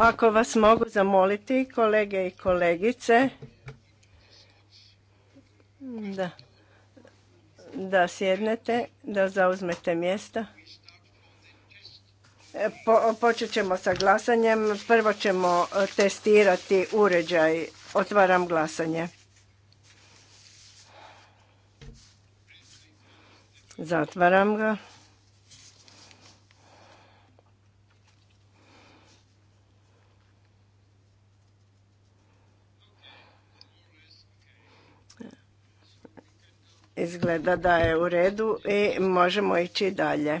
Ako vas mogu zamoliti, kolege i kolegice, da, da sjednete, da zauzmete mjesta. E, počet ćemo sa glasanjem. Prvo ćemo e, testirati uređaj. Otvaram glasanje. Zatvaram ga. Izgleda da je u redu i možemo ići dalje.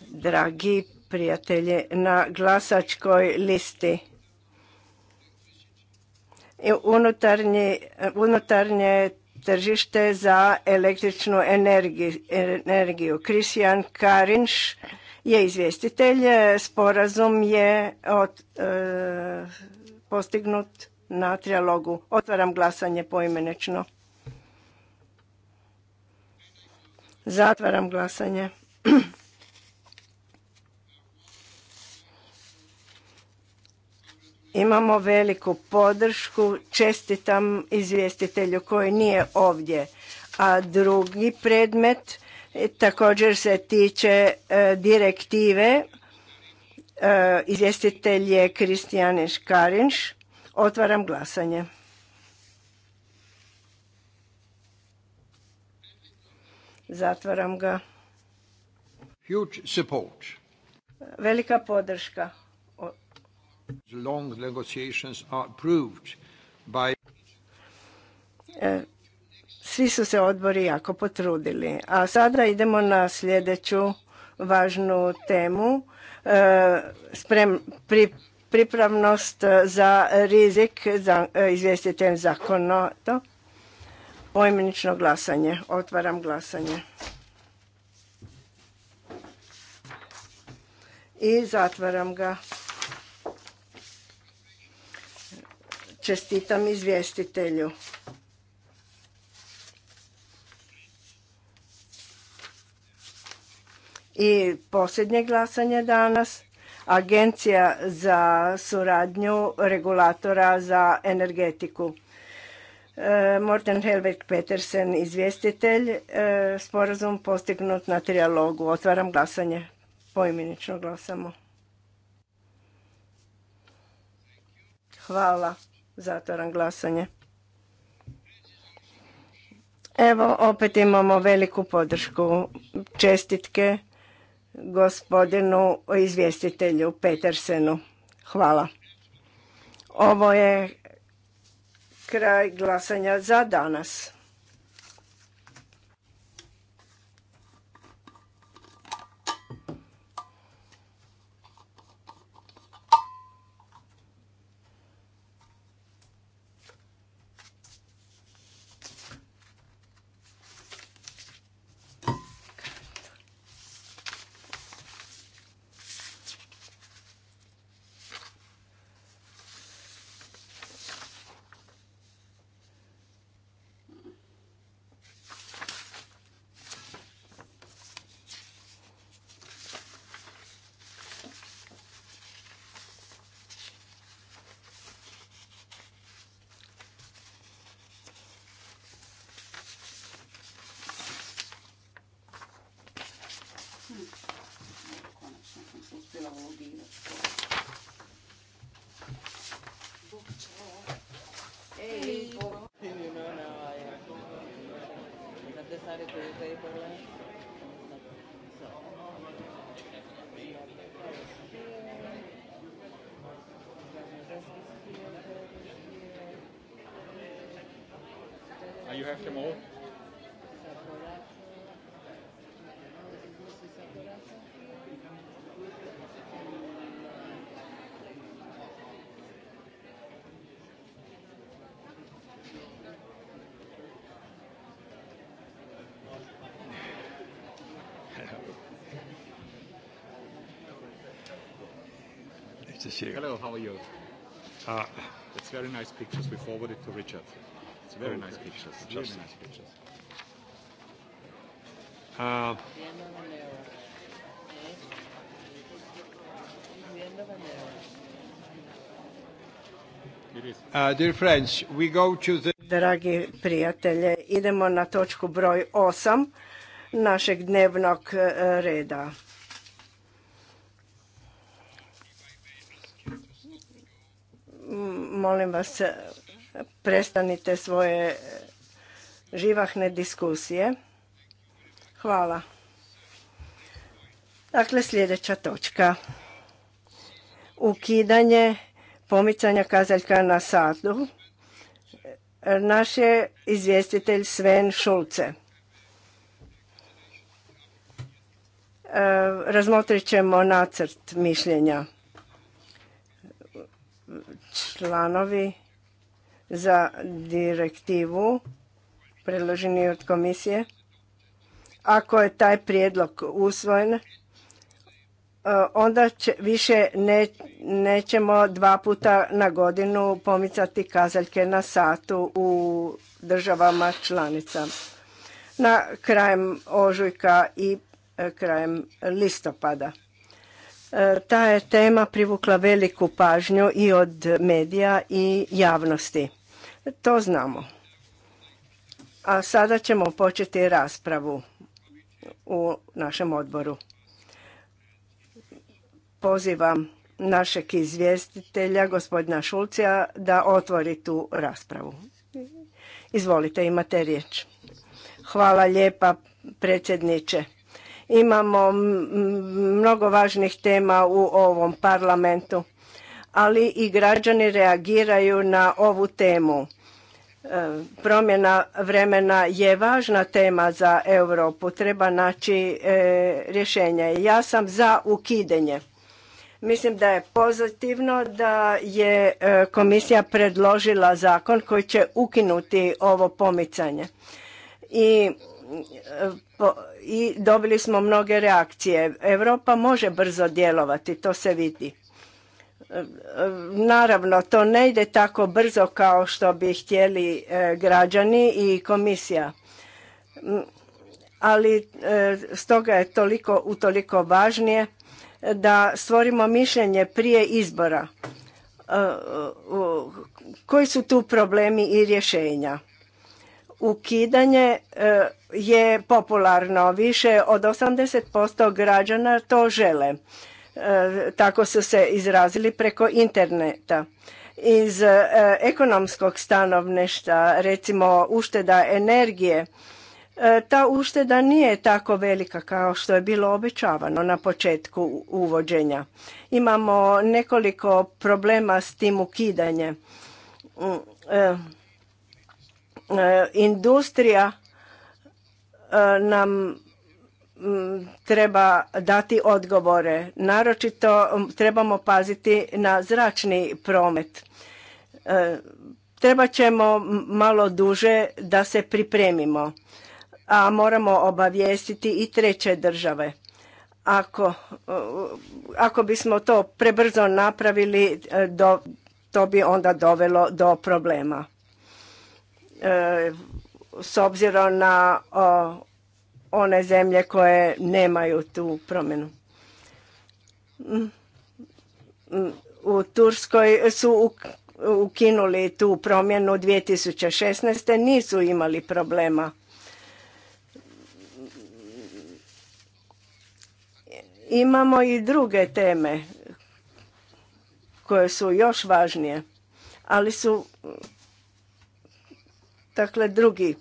Dragi prijatelji, na glasačkoj listi unutarnje, tržište za električnu energiju. Kristijan Karinš je izvjestitelj. Sporazum je e, postignut na trialogu. Otvaram glasanje poimenečno. Zatvaram glasanje. Imamo veliku podršku, čestitam izvjestitelju koji nije ovdje. A drugi predmet također se tiče e, direktive. E, izvjestitelj je kristijane Škarinš. Otvaram glasanje. Zatvaram ga. Huge support. Velika podrška. Long negotiations are approved by e, svi su se odbori jako potrudili. A sada idemo na sljedeću važnu temu. E, sprem, pripravnost za rizik za e, izvjestitelj to. Poimenično glasanje. Otvaram glasanje. I zatvaram ga. Čestitam izvjestitelju. I posljednje glasanje danas. Agencija za suradnju regulatora za energetiku. E, Morten Helberg Petersen, izvjestitelj, e, sporazum postignut na trijalogu. Otvaram glasanje. Poimenično glasamo. Hvala. Zatvaram glasanje. Evo, opet imamo veliku podršku. Čestitke gospodinu izvjestitelju Petersenu. Hvala. Ovo je kraj glasanja za danas. to see you. Hello, how are you? Uh, it's very nice pictures. We forwarded to Richard. It's very okay. nice pictures. Just very nice pictures. Uh, dear friends, we go to the... Dragi prijatelje, idemo na točku broj 8 našeg dnevnog e, reda. molim vas prestanite svoje živahne diskusije. Hvala. Dakle, sljedeća točka. Ukidanje pomicanja kazaljka na sadu. Naš je izvjestitelj Sven Šulce. E, razmotrit ćemo nacrt mišljenja članovi za direktivu predloženi od komisije. Ako je taj prijedlog usvojen, e, onda će, više ne, nećemo dva puta na godinu pomicati kazaljke na satu u državama članica. Na krajem ožujka i e, krajem listopada. E, ta je tema privukla veliku pažnju i od medija i javnosti. To znamo. A sada ćemo početi raspravu u našem odboru. Pozivam našeg izvjestitelja, gospodina Šulcija, da otvori tu raspravu. Izvolite, imate riječ. Hvala lijepa, predsjedniče. Imamo mnogo važnih tema u ovom parlamentu, ali i građani reagiraju na ovu temu. E, promjena vremena je važna tema za Europu, treba naći e, rješenje. Ja sam za ukidenje. Mislim da je pozitivno da je e, komisija predložila zakon koji će ukinuti ovo pomicanje. I i dobili smo mnoge reakcije. Europa može brzo djelovati, to se vidi. Naravno, to ne ide tako brzo kao što bi htjeli e, građani i komisija. Mm, ali e, stoga je toliko utoliko važnije da stvorimo mišljenje prije izbora. E, koji su tu problemi i rješenja? Ukidanje je popularno. Više od 80% građana to žele. E, tako su se izrazili preko interneta. Iz e, ekonomskog stanovništva, recimo ušteda energije, e, ta ušteda nije tako velika kao što je bilo obećavano na početku uvođenja. Imamo nekoliko problema s tim ukidanjem. Mm, industrija nam mm, treba dati odgovore. Naročito mm, trebamo paziti na zračni promet. E, treba ćemo malo duže da se pripremimo, a moramo obavijestiti i treće države. Ako, e, ako bismo to prebrzo napravili, e, to bi onda dovelo do problema s obzirom na one zemlje koje nemaju tu promjenu. Mm, mm, u Turskoj su ukinuli tu promjenu 2016. nisu imali problema. Imamo i druge teme koje su još važnije, ali su Dakle, drugi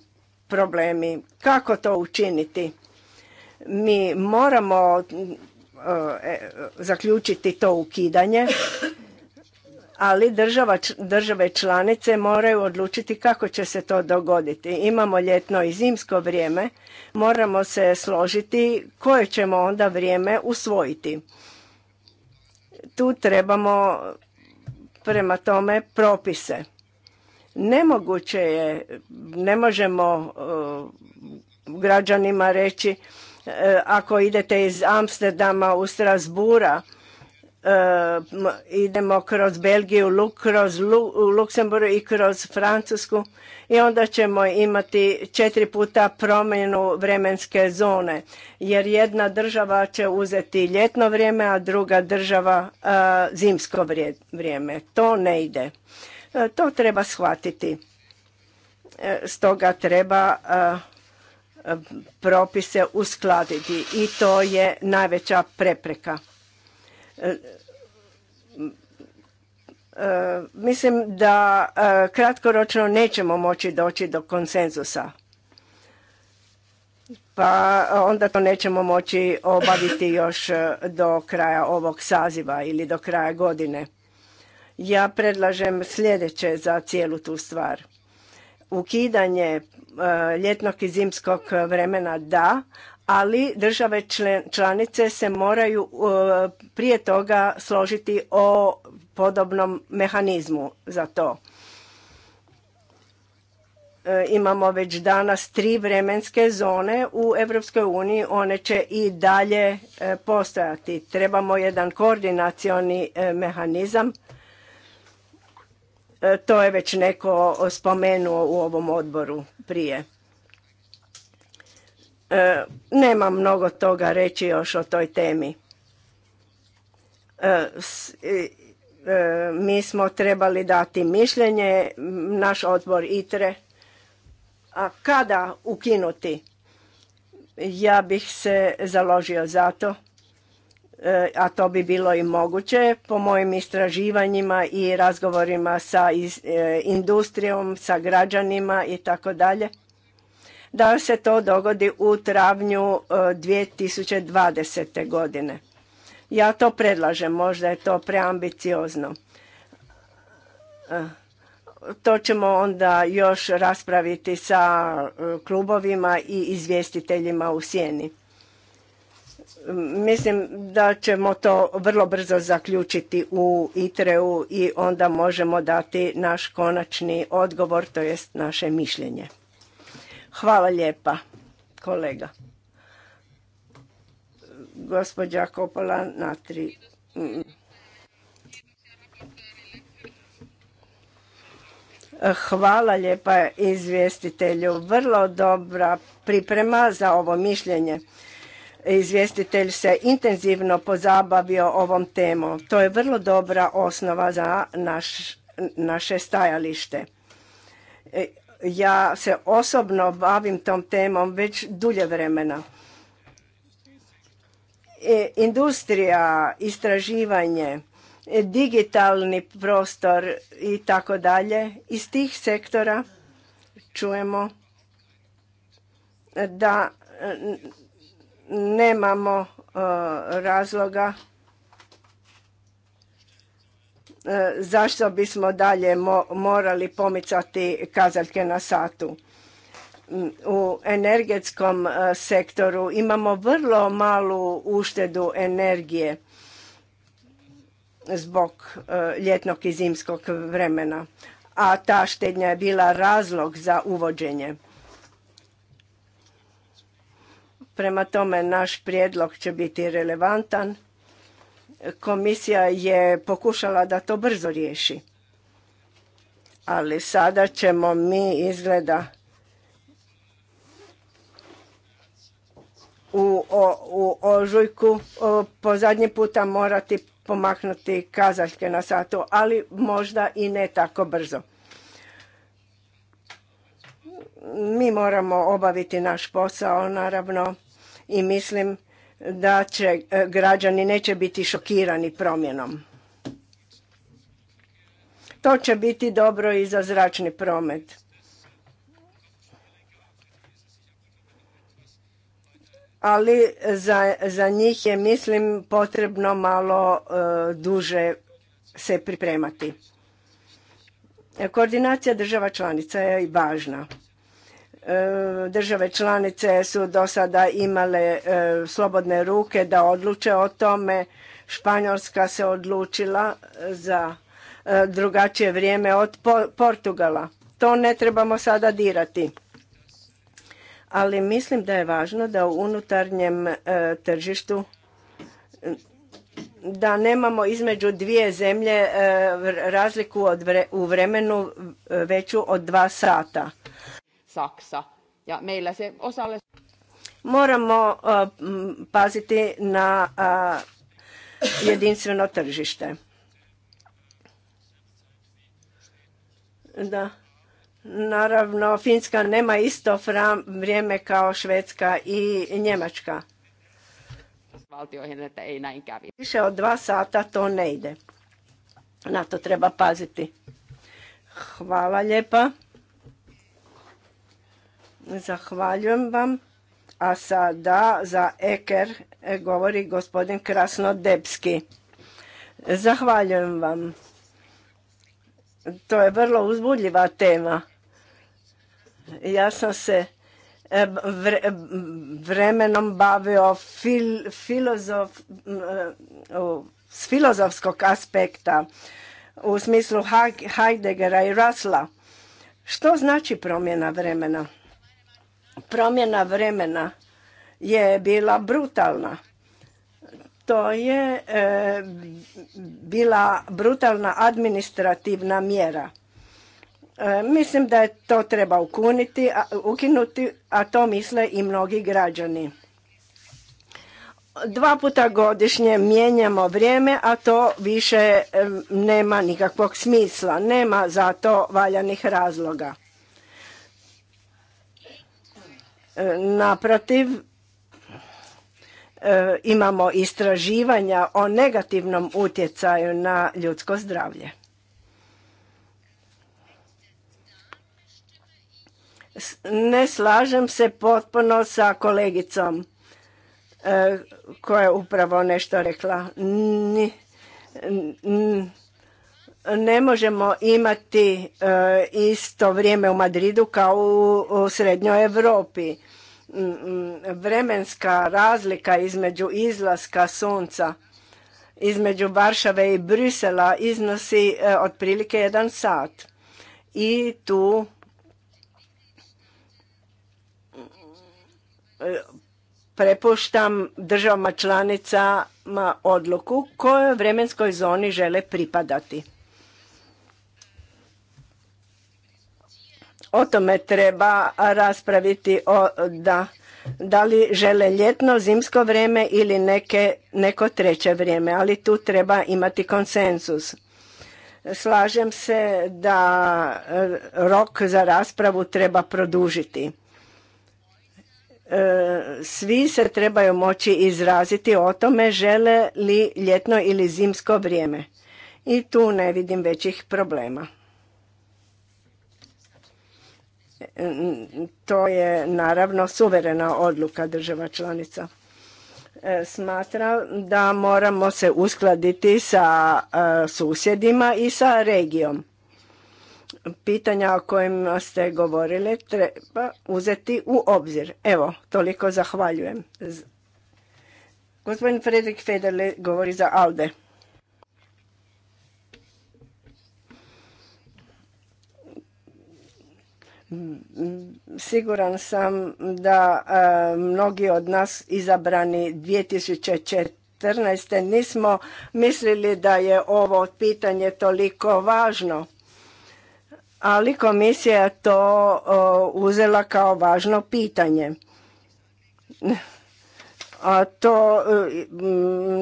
problemi. Kako to učiniti? Mi moramo eh, zaključiti to ukidanje, ali država, države članice moraju odlučiti kako će se to dogoditi. Imamo ljetno i zimsko vrijeme, moramo se složiti koje ćemo onda vrijeme usvojiti. Tu trebamo prema tome propise. Nemoguće je, ne možemo e, građanima reći e, ako idete iz Amsterdama u Strasbura, e, idemo kroz Belgiju, kroz Luksemburg i kroz Francusku i onda ćemo imati četiri puta promjenu vremenske zone jer jedna država će uzeti ljetno vrijeme, a druga država zimsko vrijeme. To ne ide. E, to treba shvatiti. E, stoga treba e, propise uskladiti i to je najveća prepreka. Mislim da kratkoročno nećemo moći doći do konsenzusa. Pa onda to nećemo moći obaviti još do kraja ovog saziva ili do kraja godine. Ja predlažem sljedeće za cijelu tu stvar. Ukidanje e, ljetnog i zimskog vremena da, ali države članice se moraju e, prije toga složiti o podobnom mehanizmu za to. E, imamo već danas tri vremenske zone u Europskoj uniji, one će i dalje postojati. Trebamo jedan koordinacioni mehanizam E, to je već neko spomenuo u ovom odboru prije. E, nema mnogo toga reći još o toj temi. E, mi smo trebali dati mišljenje, naš odbor ITRE, a kada ukinuti? Ja bih se založio za to E, a to bi bilo i moguće po mojim istraživanjima i razgovorima sa e, industrijom, sa građanima i tako dalje, da se to dogodi u travnju 2020. E, godine. Ja to predlažem, možda je to preambiciozno. To ćemo onda još raspraviti sa klubovima i izvjestiteljima u sjeni. Mislim da ćemo to vrlo brzo zaključiti u itreu i onda možemo dati naš konačni odgovor, to jest naše mišljenje. Hvala lijepa, kolega. Gospođa Kopola, Hvala lijepa izvjestitelju. Vrlo dobra priprema za ovo mišljenje. Izvjestitelj se intenzivno pozabavio ovom temom. To je vrlo dobra osnova za naš, naše stajalište. E, ja se osobno bavim tom temom već dulje vremena. E, industrija, istraživanje, e, digitalni prostor i tako dalje. Iz tih sektora čujemo da nemamo e, razloga e, zašto bismo dalje morali pomicati kazaljke na satu. Mm, u energetskom e, sektoru imamo vrlo malu uštedu energije zbog ljetnog i zimskog vremena, a ta štednja je bila razlog za uvođenje Prema tome, naš prijedlog će biti relevantan. Komisija je pokušala da to brzo riješi. Ali sada ćemo mi izgleda u, o, ožujku o, po zadnji puta morati pomaknuti kazaljke na satu, ali možda i ne tako brzo. Mi moramo obaviti naš posao, naravno i mislim da će e, građani neće biti šokirani promjenom. To će biti dobro i za zračni promet. Ali za, za njih je, mislim, potrebno malo e, duže se pripremati. Koordinacija država članica je i važna. E, države članice su do sada imale e, slobodne ruke da odluče o tome. Španjolska se odlučila za e, drugačije vrijeme od Portugala. To ne trebamo sada dirati. Ali mislim da je važno da u unutarnjem tržištu da nemamo između dvije zemlje razliku u vremenu veću od dva sata. Saksa. Ja meillä se osalle... Moramo e, paziti na e, jedinstveno tržište. Da. Naravno, Finska nema isto vrijeme kao Švedska i Njemačka. Više od dva sata to ne ide. Na to treba paziti. Hvala lijepa. Zahvaljujem vam. A sada za Eker govori gospodin Krasnodebski. Zahvaljujem vam. To je vrlo uzbudljiva tema. Ja sam se e, vremenom bavio filozof, e, s filozofskog aspekta u smislu Heideggera i Rasla. Što znači promjena vremena? Promjena vremena je bila brutalna. To je e, bila brutalna administrativna mjera. E, mislim da je to treba ukuniti, a, ukinuti, a to misle i mnogi građani. Dva puta godišnje mijenjamo vrijeme, a to više e, nema nikakvog smisla, nema za to valjanih razloga. Naprotiv, e, imamo istraživanja o negativnom utjecaju na ljudsko zdravlje. Ne slažem se potpuno sa kolegicom e, koja je upravo nešto rekla. ni ne možemo imati e, isto vrijeme u Madridu kao u srednjoj Europi. Mm, mm, vremenska razlika između izlaska sunca između Varšave i Brisela iznosi e, otprilike jedan sat. I tu e, prepuštam državama članicama odluku kojoj vremenskoj zoni žele pripadati. O tome treba raspraviti o, da, da li žele ljetno, zimsko vrijeme ili neke, neko treće vrijeme, ali tu treba imati konsenzus. Slažem se da e, rok za raspravu treba produžiti. E, svi se trebaju moći izraziti o tome žele li ljetno ili zimsko vrijeme. I tu ne vidim većih problema. To je naravno suverena odluka država članica. E, smatram da moramo se uskladiti sa e, susjedima i sa regijom. Pitanja o kojima ste govorili treba uzeti u obzir. Evo, toliko zahvaljujem. Gospodin Fredrik Federle govori za ALDE. Mm, siguran sam da e, mnogi od nas izabrani 2014. nismo mislili da je ovo pitanje toliko važno, ali komisija je to uzela kao važno pitanje. A to, e,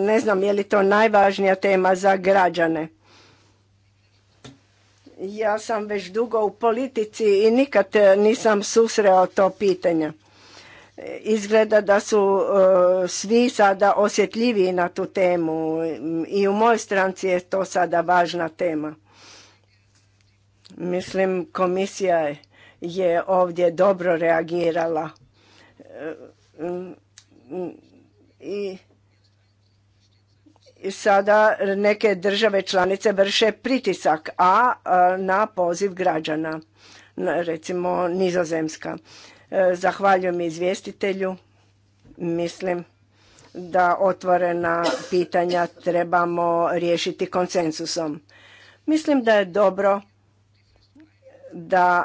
ne znam je li to najvažnija tema za građane. Ja sam već dugo u politici i nikad e, nisam susreo to pitanje. Izgleda da su e, svi sada osjetljiviji na tu temu i u mojoj stranci je to sada važna tema. Mislim komisija je, ovdje dobro reagirala. E, i sada neke države članice vrše pritisak, a na poziv građana, recimo nizozemska. E, zahvaljujem izvjestitelju, mislim da otvorena pitanja trebamo riješiti konsensusom. Mislim da je dobro da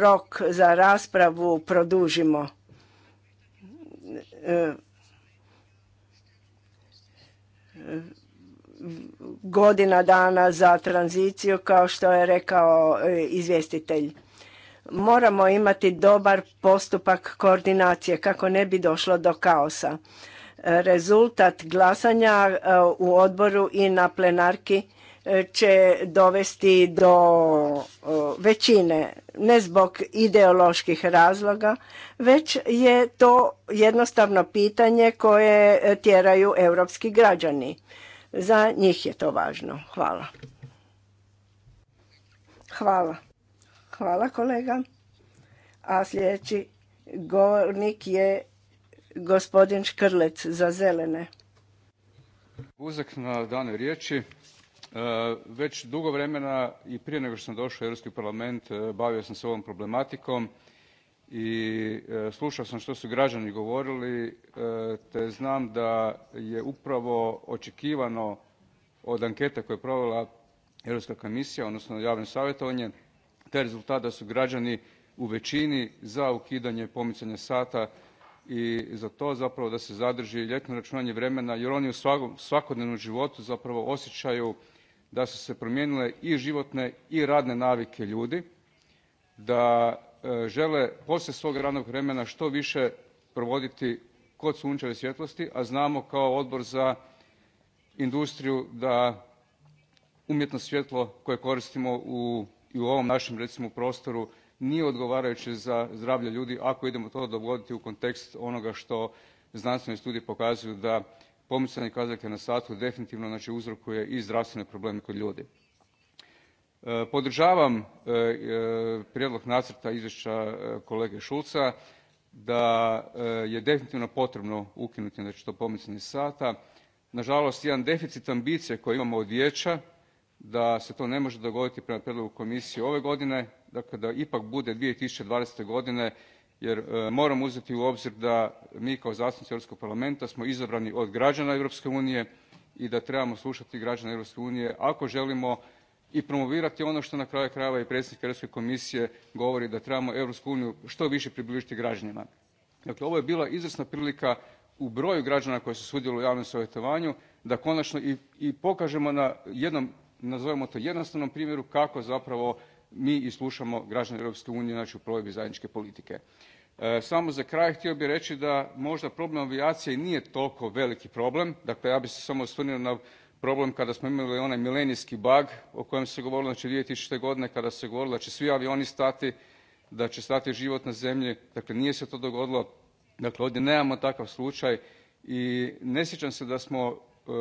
rok za raspravu produžimo e, godina dana za tranziciju kao što je rekao e, izvjestitelj. Moramo imati dobar postupak koordinacije kako ne bi došlo do kaosa. Rezultat glasanja e, u odboru i na plenarki će dovesti do većine, ne zbog ideoloških razloga, već je to jednostavno pitanje koje tjeraju europski građani. Za njih je to važno. Hvala. Hvala. Hvala kolega. A sljedeći govornik je gospodin Škrlec za zelene. Uzak na dane riječi. E, već dugo vremena i prije nego što sam došao u Europski parlament e, bavio sam se ovom problematikom i e, slušao sam što su građani govorili te znam da je upravo očekivano od ankete koju je provela Europska komisija, odnosno javno savjetovanje, taj rezultat da su građani u većini za ukidanje pomicanja sata i za to zapravo da se zadrži ljetno računanje vremena jer oni u svakodnevnom životu zapravo osjećaju da su se promijenile i životne i radne navike ljudi, da e, žele poslije svog radnog vremena što više provoditi kod sunčeve svjetlosti, a znamo kao odbor za industriju da umjetno svjetlo koje koristimo u, i u ovom našem recimo prostoru nije odgovarajuće za zdravlje ljudi ako idemo to dovoditi u kontekst onoga što znanstveni studije pokazuju da pomicanje kazaljka na satu definitivno znači uzrokuje i zdravstvene probleme kod ljudi. E, podržavam e, e, prijedlog nacrta izvješća kolege Šulca da je definitivno potrebno ukinuti znači to pomicanje sata. Nažalost, jedan deficit ambicije koji imamo od vijeća da se to ne može dogoditi prema prijedlogu komisije ove godine, dakle da ipak bude 2020. godine jer e, moramo uzeti u obzir da mi kao zastupnici europskog parlamenta smo izabrani od građana europske unije i da trebamo slušati građane europske unije ako želimo i promovirati ono što na kraju krajeva i predsjednik europske komisije govori da trebamo europsku uniju što više približiti građanima. dakle ovo je bila izvrsna prilika u broju građana koji su sudjelovali u javnom savjetovanju da konačno i pokažemo na jednom nazovimo to jednostavnom primjeru kako zapravo mi i slušamo građane Europske unije znači u provedbi zajedničke politike. E, samo za kraj htio bih reći da možda problem avijacije nije toliko veliki problem, dakle ja bih se samo osvrnuo na problem kada smo imali onaj milenijski bag o kojem se govorilo znači 2000. godine kada se govorilo da će svi avioni stati, da će stati život na zemlji, dakle nije se to dogodilo. Dakle, ovdje nemamo takav slučaj i ne sjećam se da smo e,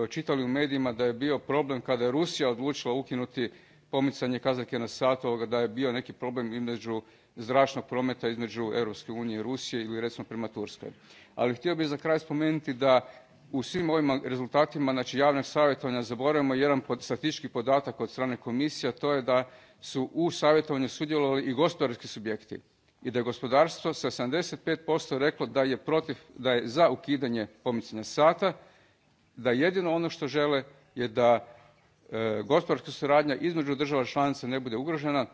čitali u medijima da je bio problem kada je Rusija odlučila ukinuti pomicanje kazaljke na sat da je bio neki problem između zračnog prometa između europske unije i rusije ili recimo prema turskoj. ali htio bih za kraj spomenuti da u svim ovim rezultatima znači javnog savjetovanja zaboravimo jedan statistički podatak od strane komisije a to je da su u savjetovanju sudjelovali i gospodarski subjekti i da je gospodarstvo sa 75% reklo da je protiv, da je za ukidanje pomicanja sata, da jedino ono što žele je da E, gospodarska suradnja između država članica ne bude ugrožena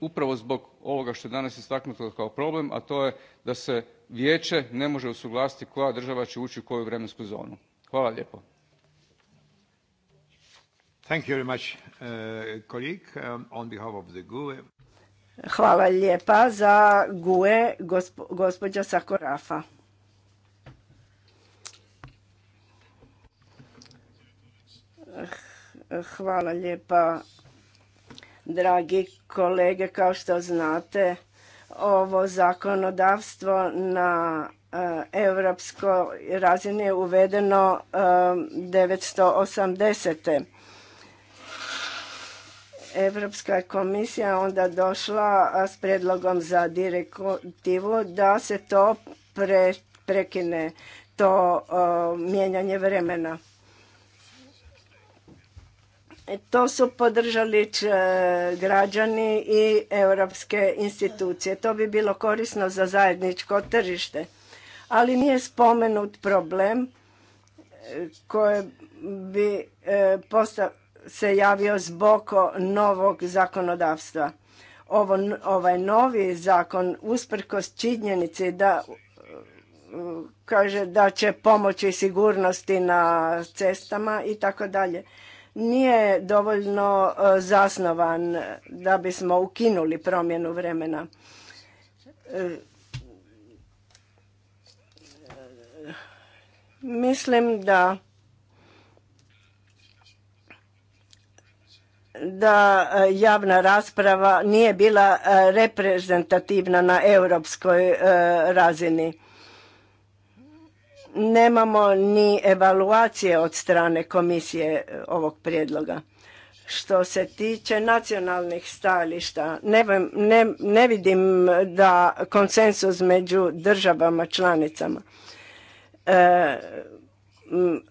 upravo zbog ovoga što je danas istaknuto kao problem, a to je da se vijeće ne može usuglasiti koja država će ući u koju vremensku zonu. Hvala lijepo. Thank you very much, uh, um, On behalf of the GUE. Hvala lijepa za GUE, gospođa Sakorafa. Hvala lijepa, dragi kolege. Kao što znate, ovo zakonodavstvo na europskoj razini je uvedeno 980. E, Evropska je komisija onda došla s predlogom za direktivu da se to prekine to e, mijenjanje vremena. To su podržali e, građani i europske institucije. To bi bilo korisno za zajedničko tržište. Ali nije spomenut problem e, koji bi e, se javio zbog novog zakonodavstva. ovaj novi zakon, usprkos činjenici da kaže da će pomoći sigurnosti na cestama i tako dalje nije dovoljno e, zasnovan da bismo ukinuli promjenu vremena. E, mislim da da e, javna rasprava nije bila reprezentativna na europskoj razini nemamo ni evaluacije od strane komisije e, ovog prijedloga. Što se tiče nacionalnih stajališta, ne, vidim e, da konsensus među državama članicama. E,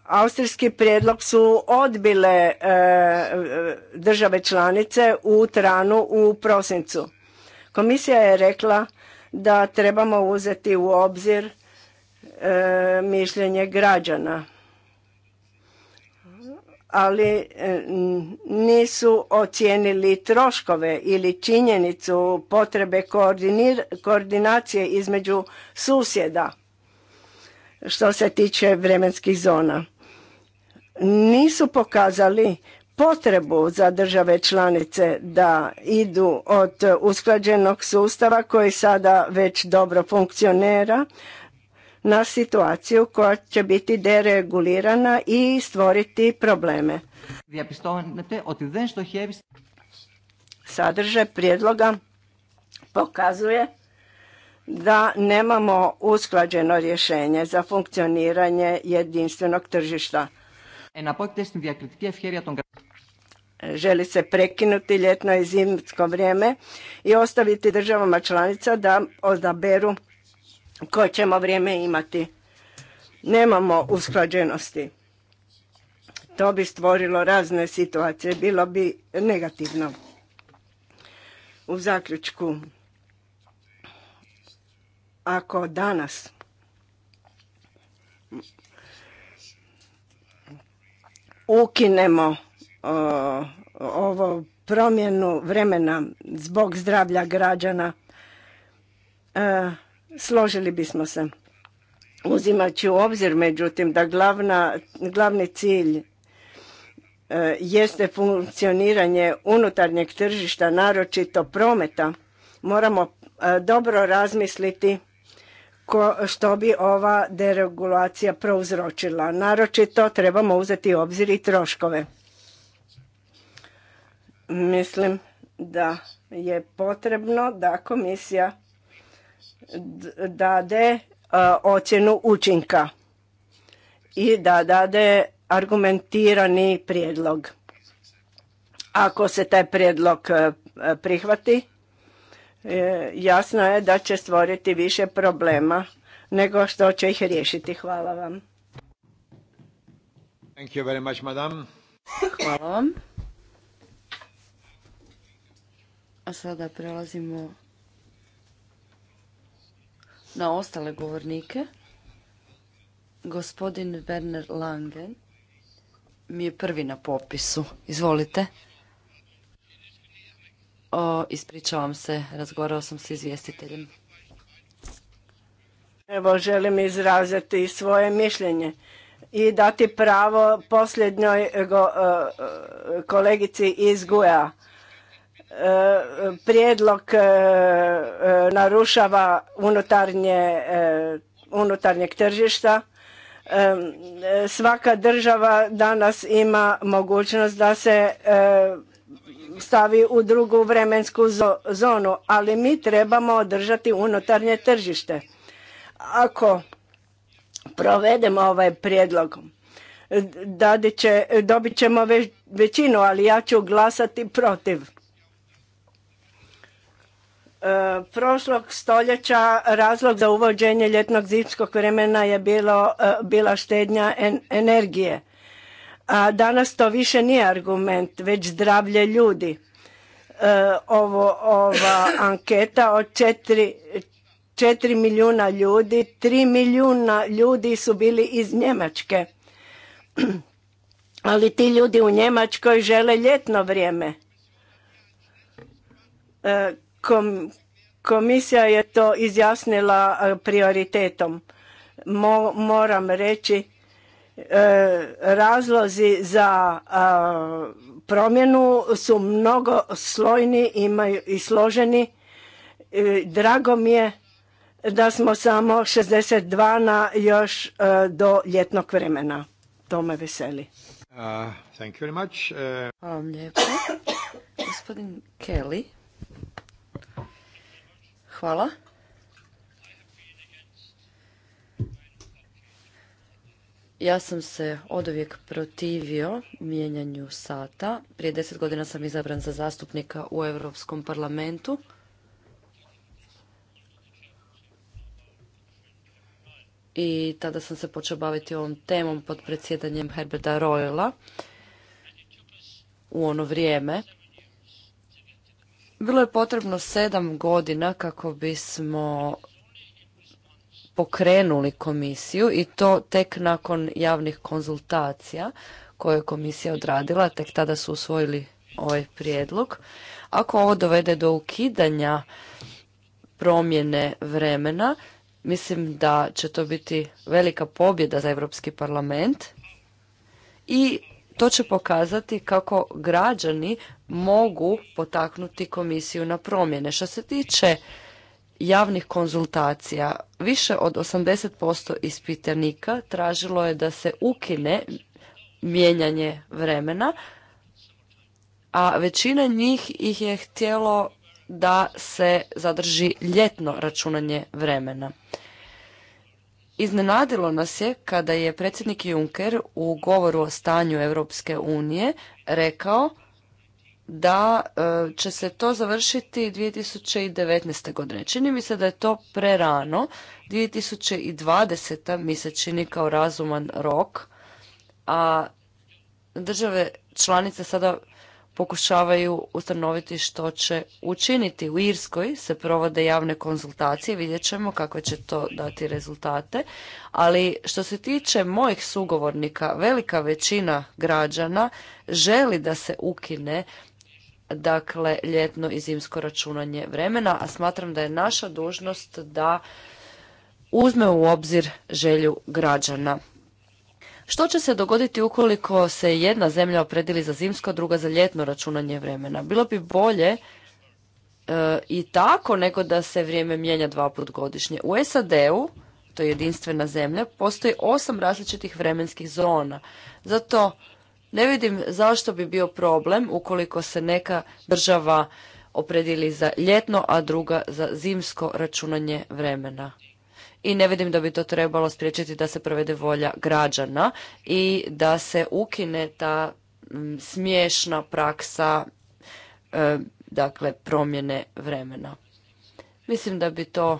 austrijski prijedlog su odbile države članice u tranu u prosincu. Komisija je rekla da trebamo uzeti u obzir E, mišljenje građana ali e, nisu ocijenili troškove ili činjenicu potrebe koordinacije između susjeda što se tiče vremenskih zona. Nisu pokazali potrebu za države članice da idu od usklađenog sustava koji sada već dobro funkcionira na situaciju koja će biti deregulirana i stvoriti probleme. Sadržaj prijedloga pokazuje da nemamo usklađeno rješenje za funkcioniranje jedinstvenog tržišta. E, Želi se prekinuti ljetno i zimsko vrijeme i ostaviti državama članica da odaberu koje ćemo vrijeme imati. Nemamo usklađenosti. To bi stvorilo razne situacije, bilo bi negativno. U zaključku, ako danas ukinemo ovu ovo promjenu vremena zbog zdravlja građana, e, Složili bismo se. Uzimaći u obzir, međutim, da glavna, glavni cilj e, jeste funkcioniranje unutarnjeg tržišta, naročito prometa, moramo e, dobro razmisliti što bi ova deregulacija prouzročila. Naročito trebamo uzeti u obzir i troškove. Mislim da je potrebno da komisija dade ocjenu učinka i da dade argumentirani prijedlog. Ako se taj prijedlog prihvati, e, jasno je da će stvoriti više problema nego što će ih riješiti. Hvala vam. Thank Hvala vam. A sada prelazimo na ostale govornike. Gospodin Werner Langen mi je prvi na popisu. Izvolite. O, ispričavam se, razgovarao sam s izvjestiteljem. Evo, želim izraziti svoje mišljenje i dati pravo posljednjoj e, e, kolegici iz Guja prijedlog e, e, narušava e, unutarnjeg tržišta. Svaka država danas ima mogućnost da se stavi u drugu vremensku zonu, ali mi trebamo održati unutarnje tržište. Ako provedemo ovaj prijedlog, će, dobit ćemo većinu, ali ja ću glasati protiv E, prošlog stoljeća razlog za uvođenje ljetnog zimskog vremena je bilo, e, bila štednja energije. A danas to više nije argument, već zdravlje ljudi. E, ovo, ova anketa od četiri, milijuna ljudi, tri milijuna ljudi su bili iz Njemačke. Ali ti ljudi u Njemačkoj žele ljetno vrijeme komisija je to izjasnila e, prioritetom. moram reći, e, razlozi za promjenu su mnogo slojni imaju i složeni. E, drago mi je da smo samo 62 na još do ljetnog vremena. To me veseli. Uh, uh, Hvala vam lijepo. Gospodin Kelly. Hvala. Ja sam se oduvijek protivio mijenjanju sata. Prije deset godina sam izabran za zastupnika u Europskom parlamentu. I tada sam se počeo baviti ovom temom pod predsjedanjem Herberta Royala u ono vrijeme. Bilo je potrebno sedam godina kako bismo pokrenuli komisiju i to tek nakon javnih konzultacija koje je komisija odradila, tek tada su usvojili ovaj prijedlog. Ako ovo dovede do ukidanja promjene vremena, mislim da će to biti velika pobjeda za Europski parlament i to će pokazati kako građani mogu potaknuti komisiju na promjene. Što se tiče javnih konzultacija, više od 80% ispitanika tražilo je da se ukine mijenjanje vremena, a većina njih ih je htjelo da se zadrži ljetno računanje vremena. Iznenadilo nas je kada je predsjednik Juncker u govoru o stanju Europske unije rekao da e, će se to završiti 2019. godine. Čini mi se da je to prerano. 2020. mi se čini kao razuman rok, a države članice sada pokušavaju ustanoviti što će učiniti. U Irskoj se provode javne konzultacije, vidjet ćemo kakve će to dati rezultate, ali što se tiče mojih sugovornika, velika većina građana želi da se ukine dakle ljetno i zimsko računanje vremena, a smatram da je naša dužnost da uzme u obzir želju građana. Što će se dogoditi ukoliko se jedna zemlja opredili za zimsko, a druga za ljetno računanje vremena? Bilo bi bolje e, i tako nego da se vrijeme mijenja dva put godišnje. U SAD-u, to je jedinstvena zemlja, postoji osam različitih vremenskih zona. Zato ne vidim zašto bi bio problem ukoliko se neka država opredili za ljetno, a druga za zimsko računanje vremena i ne vidim da bi to trebalo spriječiti da se provede volja građana i da se ukine ta mm, smiješna praksa e, dakle promjene vremena. Mislim da bi to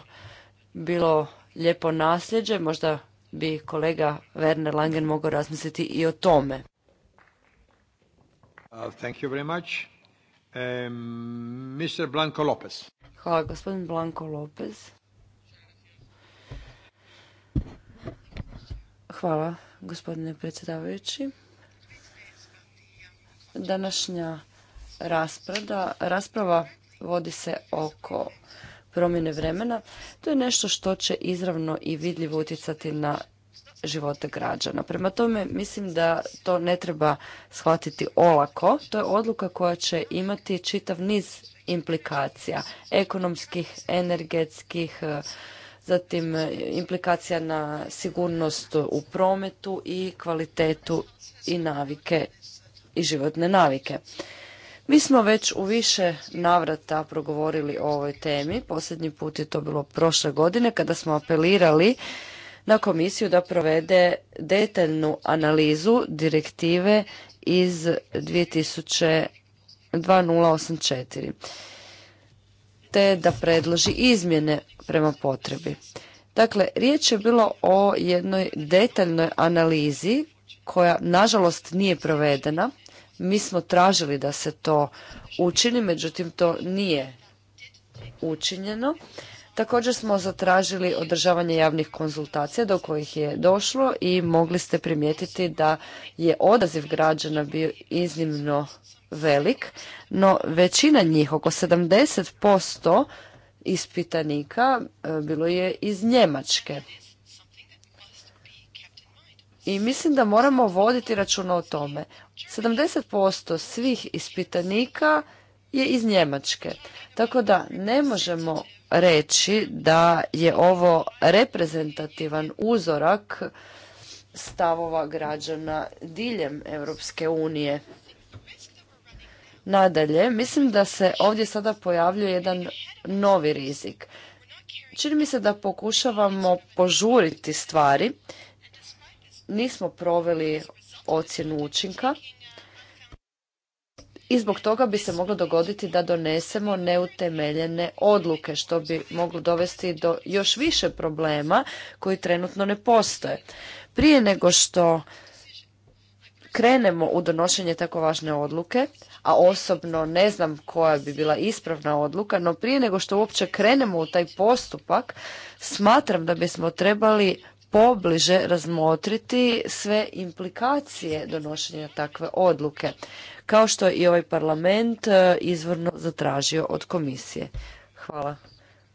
bilo lijepo nasljeđe, možda bi kolega Werner Langen mogao razmisliti i o tome. Uh, thank you um, Hvala, gospodin Blanko Lopez. Hvala, gospodine predsjedavajući. Današnja rasprava, rasprava vodi se oko promjene vremena. To je nešto što će izravno i vidljivo utjecati na živote građana. Prema tome, mislim da to ne treba shvatiti olako. To je odluka koja će imati čitav niz implikacija ekonomskih, energetskih, zatim e, implikacija na sigurnost u prometu i kvalitetu i navike i životne navike. Mi smo već u više navrata progovorili o ovoj temi. Posljednji put je to bilo prošle godine kada smo apelirali na komisiju da provede detaljnu analizu direktive iz 2000 te da predloži izmjene prema potrebi. Dakle, riječ je bilo o jednoj detaljnoj analizi koja nažalost nije provedena. Mi smo tražili da se to učini, međutim to nije učinjeno. Također smo zatražili održavanje javnih konzultacija do kojih je došlo i mogli ste primijetiti da je odaziv građana bio iznimno velik, no većina njih, oko 70%, ispitanika e, bilo je iz Njemačke. I mislim da moramo voditi računa o tome. 70% svih ispitanika je iz Njemačke. Tako da ne možemo reći da je ovo reprezentativan uzorak stavova građana diljem Europske unije. Nadalje, mislim da se ovdje sada pojavljuje jedan novi rizik. Čini mi se da pokušavamo požuriti stvari. Nismo proveli ocjenu učinka i zbog toga bi se moglo dogoditi da donesemo neutemeljene odluke, što bi moglo dovesti do još više problema koji trenutno ne postoje. Prije nego što krenemo u donošenje tako važne odluke, a osobno ne znam koja bi bila ispravna odluka, no prije nego što uopće krenemo u taj postupak, smatram da bismo trebali pobliže razmotriti sve implikacije donošenja takve odluke, kao što je i ovaj parlament e, izvorno zatražio od komisije. Hvala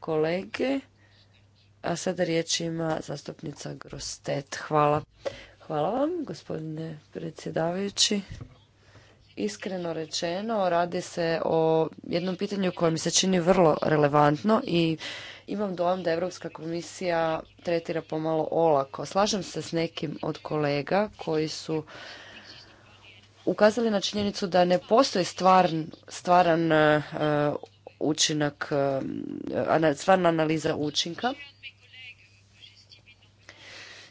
kolege. A sada riječ ima zastupnica Grostet. Hvala. Hvala vam, gospodine predsjedavajući. Iskreno rečeno, radi se o jednom pitanju koje mi se čini vrlo relevantno i imam dojam da Europska komisija tretira pomalo olako. Slažem se s nekim od kolega koji su ukazali na činjenicu da ne postoji stvaran e, učinak, e, stvarna analiza učinka.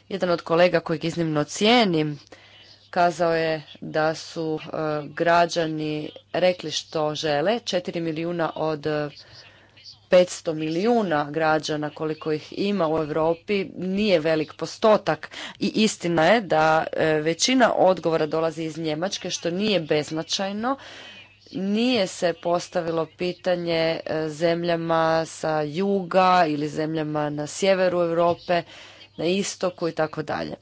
Jedan od kolega kojeg iznimno cijenim kazao je da su e, građani rekli što žele, 4 milijuna od 500 e, milijuna građana koliko ih ima u Europi nije velik postotak i istina je da e, većina odgovora dolazi iz Njemačke što nije beznačajno. Nije se postavilo pitanje zemljama sa juga ili zemljama na sjeveru Europe, na istoku i tako dalje.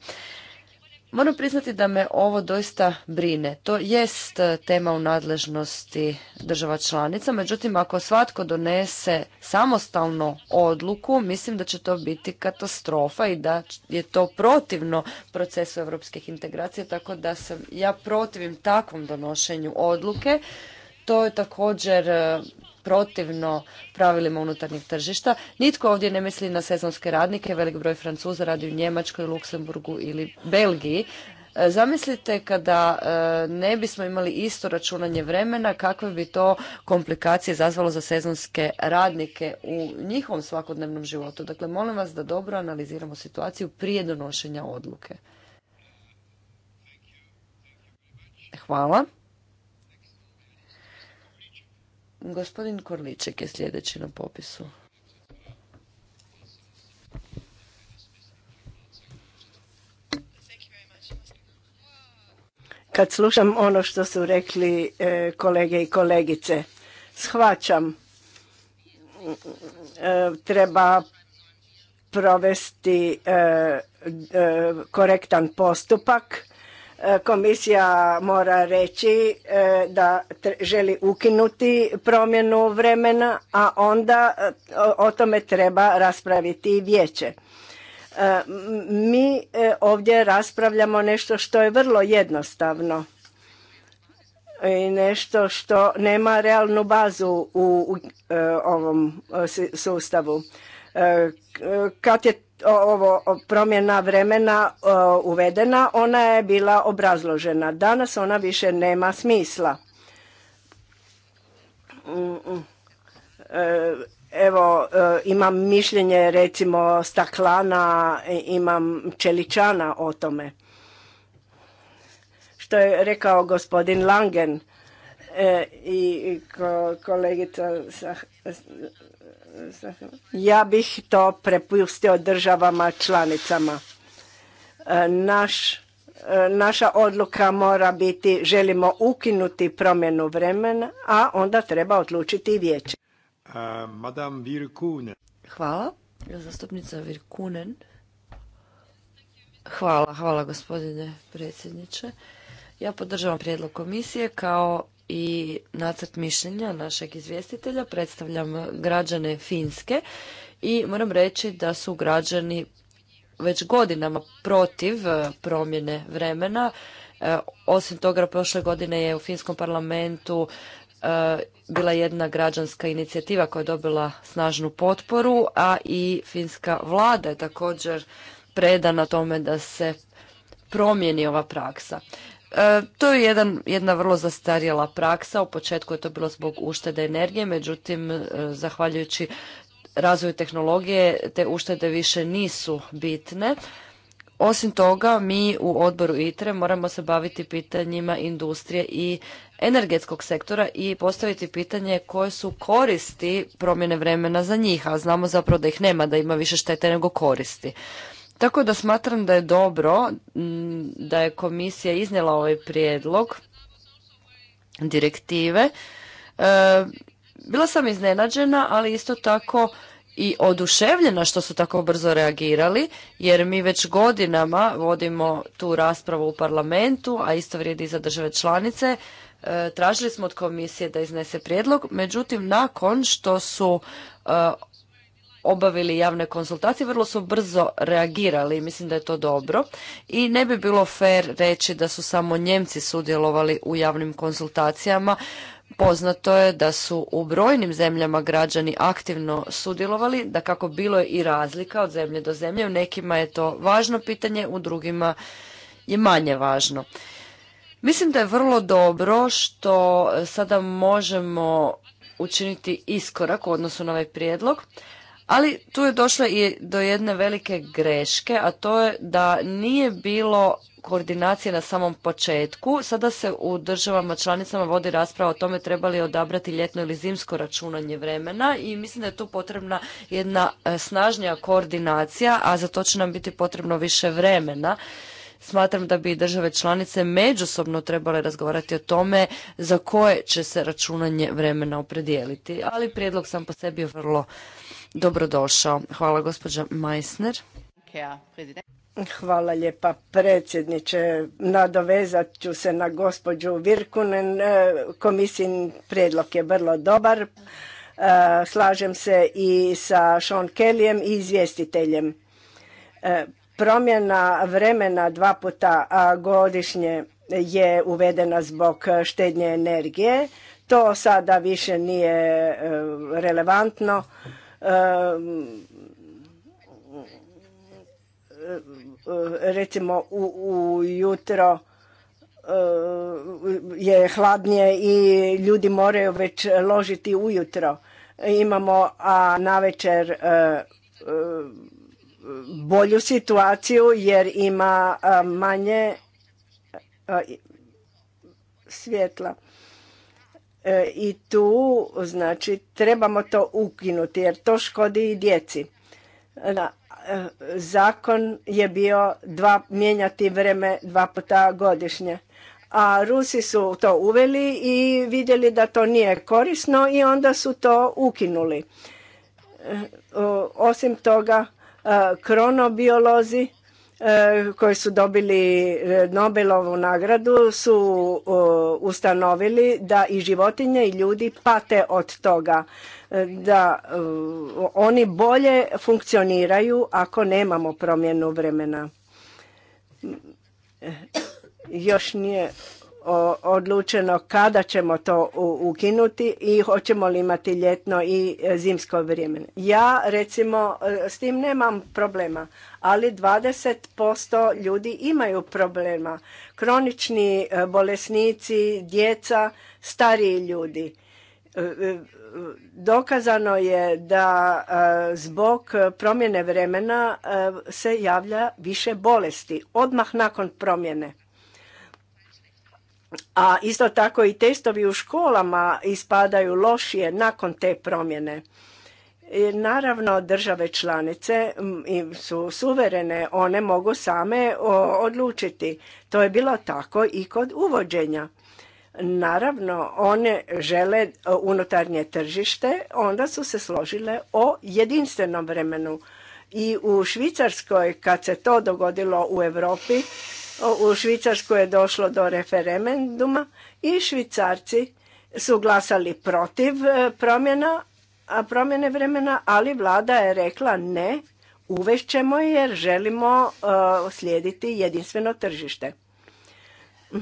Moram priznati da me ovo doista brine. To jest e, tema u nadležnosti država članica, međutim ako svatko donese samostalno odluku, mislim da će to biti katastrofa i da je to protivno procesu europskih integracija, tako da sam ja protivim takvom donošenju odluke to je također e, protivno pravilima unutarnjih tržišta. Nitko ovdje ne misli na sezonske radnike, velik broj Francuza radi u Njemačkoj, Luksemburgu ili Belgiji. E, zamislite kada e, ne bismo imali isto računanje vremena, kakve bi to komplikacije zazvalo za sezonske radnike u njihovom svakodnevnom životu. Dakle, molim vas da dobro analiziramo situaciju prije donošenja odluke. Hvala. Gospodin Korliček je sljedeći na popisu. Kad slušam ono što su rekli e, kolege i kolegice, shvaćam e, treba provesti e, korektan postupak E, komisija mora reći e, da želi ukinuti promjenu vremena, a onda e, o tome treba raspraviti i vijeće. Mi ovdje raspravljamo nešto što je vrlo jednostavno i nešto što nema realnu bazu u, ovom sustavu. Kad je ovo promjena vremena uvedena, ona je bila obrazložena. Danas ona više nema smisla. E, evo, e, imam mišljenje recimo staklana, e, imam čeličana o tome. Što je rekao gospodin Langen i kolegica ja bih to prepustio državama članicama. E, naš, e, naša odluka mora biti želimo ukinuti promjenu vremena, a onda treba odlučiti i vijeće. E, hvala. Zastupnica Virkunen. Hvala, hvala gospodine predsjedniče. Ja podržavam prijedlog komisije kao i nacrt mišljenja našeg izvjestitelja. Predstavljam građane Finske i moram reći da su građani već godinama protiv e, promjene vremena. E, osim toga, prošle godine je u Finskom parlamentu e, bila jedna građanska inicijativa koja je dobila snažnu potporu, a i finska vlada je također predana tome da se promijeni ova praksa. E, to je jedan, jedna vrlo zastarjela praksa. U početku je to bilo zbog uštede energije, međutim, e, zahvaljujući razvoju tehnologije, te uštede više nisu bitne. Osim toga, mi u odboru ITRE moramo se baviti pitanjima industrije i energetskog sektora i postaviti pitanje koje su koristi promjene vremena za njih, a znamo zapravo da ih nema, da ima više štete nego koristi. Tako da smatram da je dobro mm, da je komisija iznijela ovaj prijedlog direktive. E, bila sam iznenađena, ali isto tako i oduševljena što su tako brzo reagirali, jer mi već godinama vodimo tu raspravu u parlamentu, a isto vrijedi i za države članice. E, tražili smo od komisije da iznese prijedlog, međutim nakon što su e, obavili javne konsultacije, vrlo su brzo reagirali i mislim da je to dobro. I ne bi bilo fair reći da su samo Njemci sudjelovali u javnim konsultacijama. Poznato je da su u brojnim zemljama građani aktivno sudjelovali, da kako bilo je i razlika od zemlje do zemlje, u nekima je to važno pitanje, u drugima je manje važno. Mislim da je vrlo dobro što sada možemo učiniti iskorak u odnosu na ovaj prijedlog, ali tu je došlo i do jedne velike greške, a to je da nije bilo koordinacije na samom početku. Sada se u državama članicama vodi rasprava o tome treba li odabrati ljetno ili zimsko računanje vremena i mislim da je tu potrebna jedna e, snažnija koordinacija, a za to će nam biti potrebno više vremena. Smatram da bi države članice međusobno trebale razgovarati o tome za koje će se računanje vremena opredijeliti, ali prijedlog sam po sebi vrlo dobrodošao. Hvala gospođa Meissner. Hvala lijepa predsjedniče. Nadovezat ću se na gospođu Virkunen. E, Komisijin prijedlog je vrlo dobar. E, slažem se i sa Sean Kellyem i izvjestiteljem. E, promjena vremena dva puta godišnje je uvedena zbog štednje energije. To sada više nije relevantno recimo u, jutro eh, je hladnije i ljudi moraju već ložiti ujutro. Imamo a večer eh, eh, bolju situaciju jer ima manje svjetla. E, i tu znači trebamo to ukinuti jer to škodi i djeci. E, zakon je bio dva, mijenjati vreme dva puta godišnje. A Rusi su to uveli i vidjeli da to nije korisno i onda su to ukinuli. E, osim toga, kronobiolozi E, koji su dobili e, Nobelovu nagradu su e, ustanovili da i životinje i ljudi pate od toga da oni bolje funkcioniraju ako nemamo promjenu vremena. Još nije odlučeno kada ćemo to ukinuti i hoćemo li imati ljetno i e, zimsko vrijeme. Ja recimo e, s tim nemam problema, ali 20% ljudi imaju problema. Kronični e, bolesnici, djeca, stariji ljudi. Dokazano je da zbog promjene vremena se javlja više bolesti odmah nakon promjene a isto tako i testovi u školama ispadaju lošije nakon te promjene. naravno, države članice su suverene, one mogu same odlučiti. To je bilo tako i kod uvođenja. Naravno, one žele e, unutarnje tržište, onda su se složile o jedinstvenom vremenu. I u Švicarskoj, kad se to dogodilo u Europi, u Švicarskoj je došlo do referenduma i Švicarci su glasali protiv e, promjena, a promjene vremena, ali vlada je rekla ne, uvešćemo jer želimo uh, slijediti jedinstveno tržište. Mm,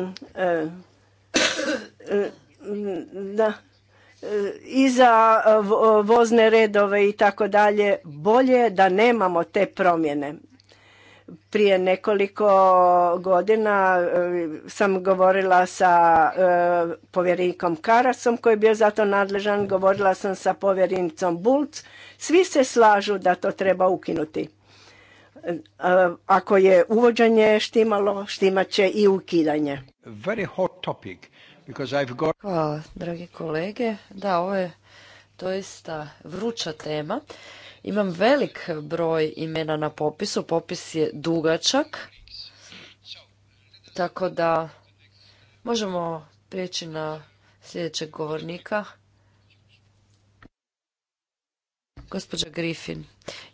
mm, e, mm, da, i za vozne redove i tako dalje, bolje da nemamo te promjene. Prije nekoliko godina e, sam govorila sa e, povjerenikom Karasom koji je bio za to nadležan, govorila sam sa povjerenicom Bulc. Svi se slažu da to treba ukinuti. E, ako je uvođenje štimalo, štimat će i ukidanje. Hvala, dragi kolege. Da, ovo je doista vruća tema. Imam velik broj imena na popisu, popis je dugačak, tako da možemo prijeći na sljedećeg govornika. Gospođa Griffin,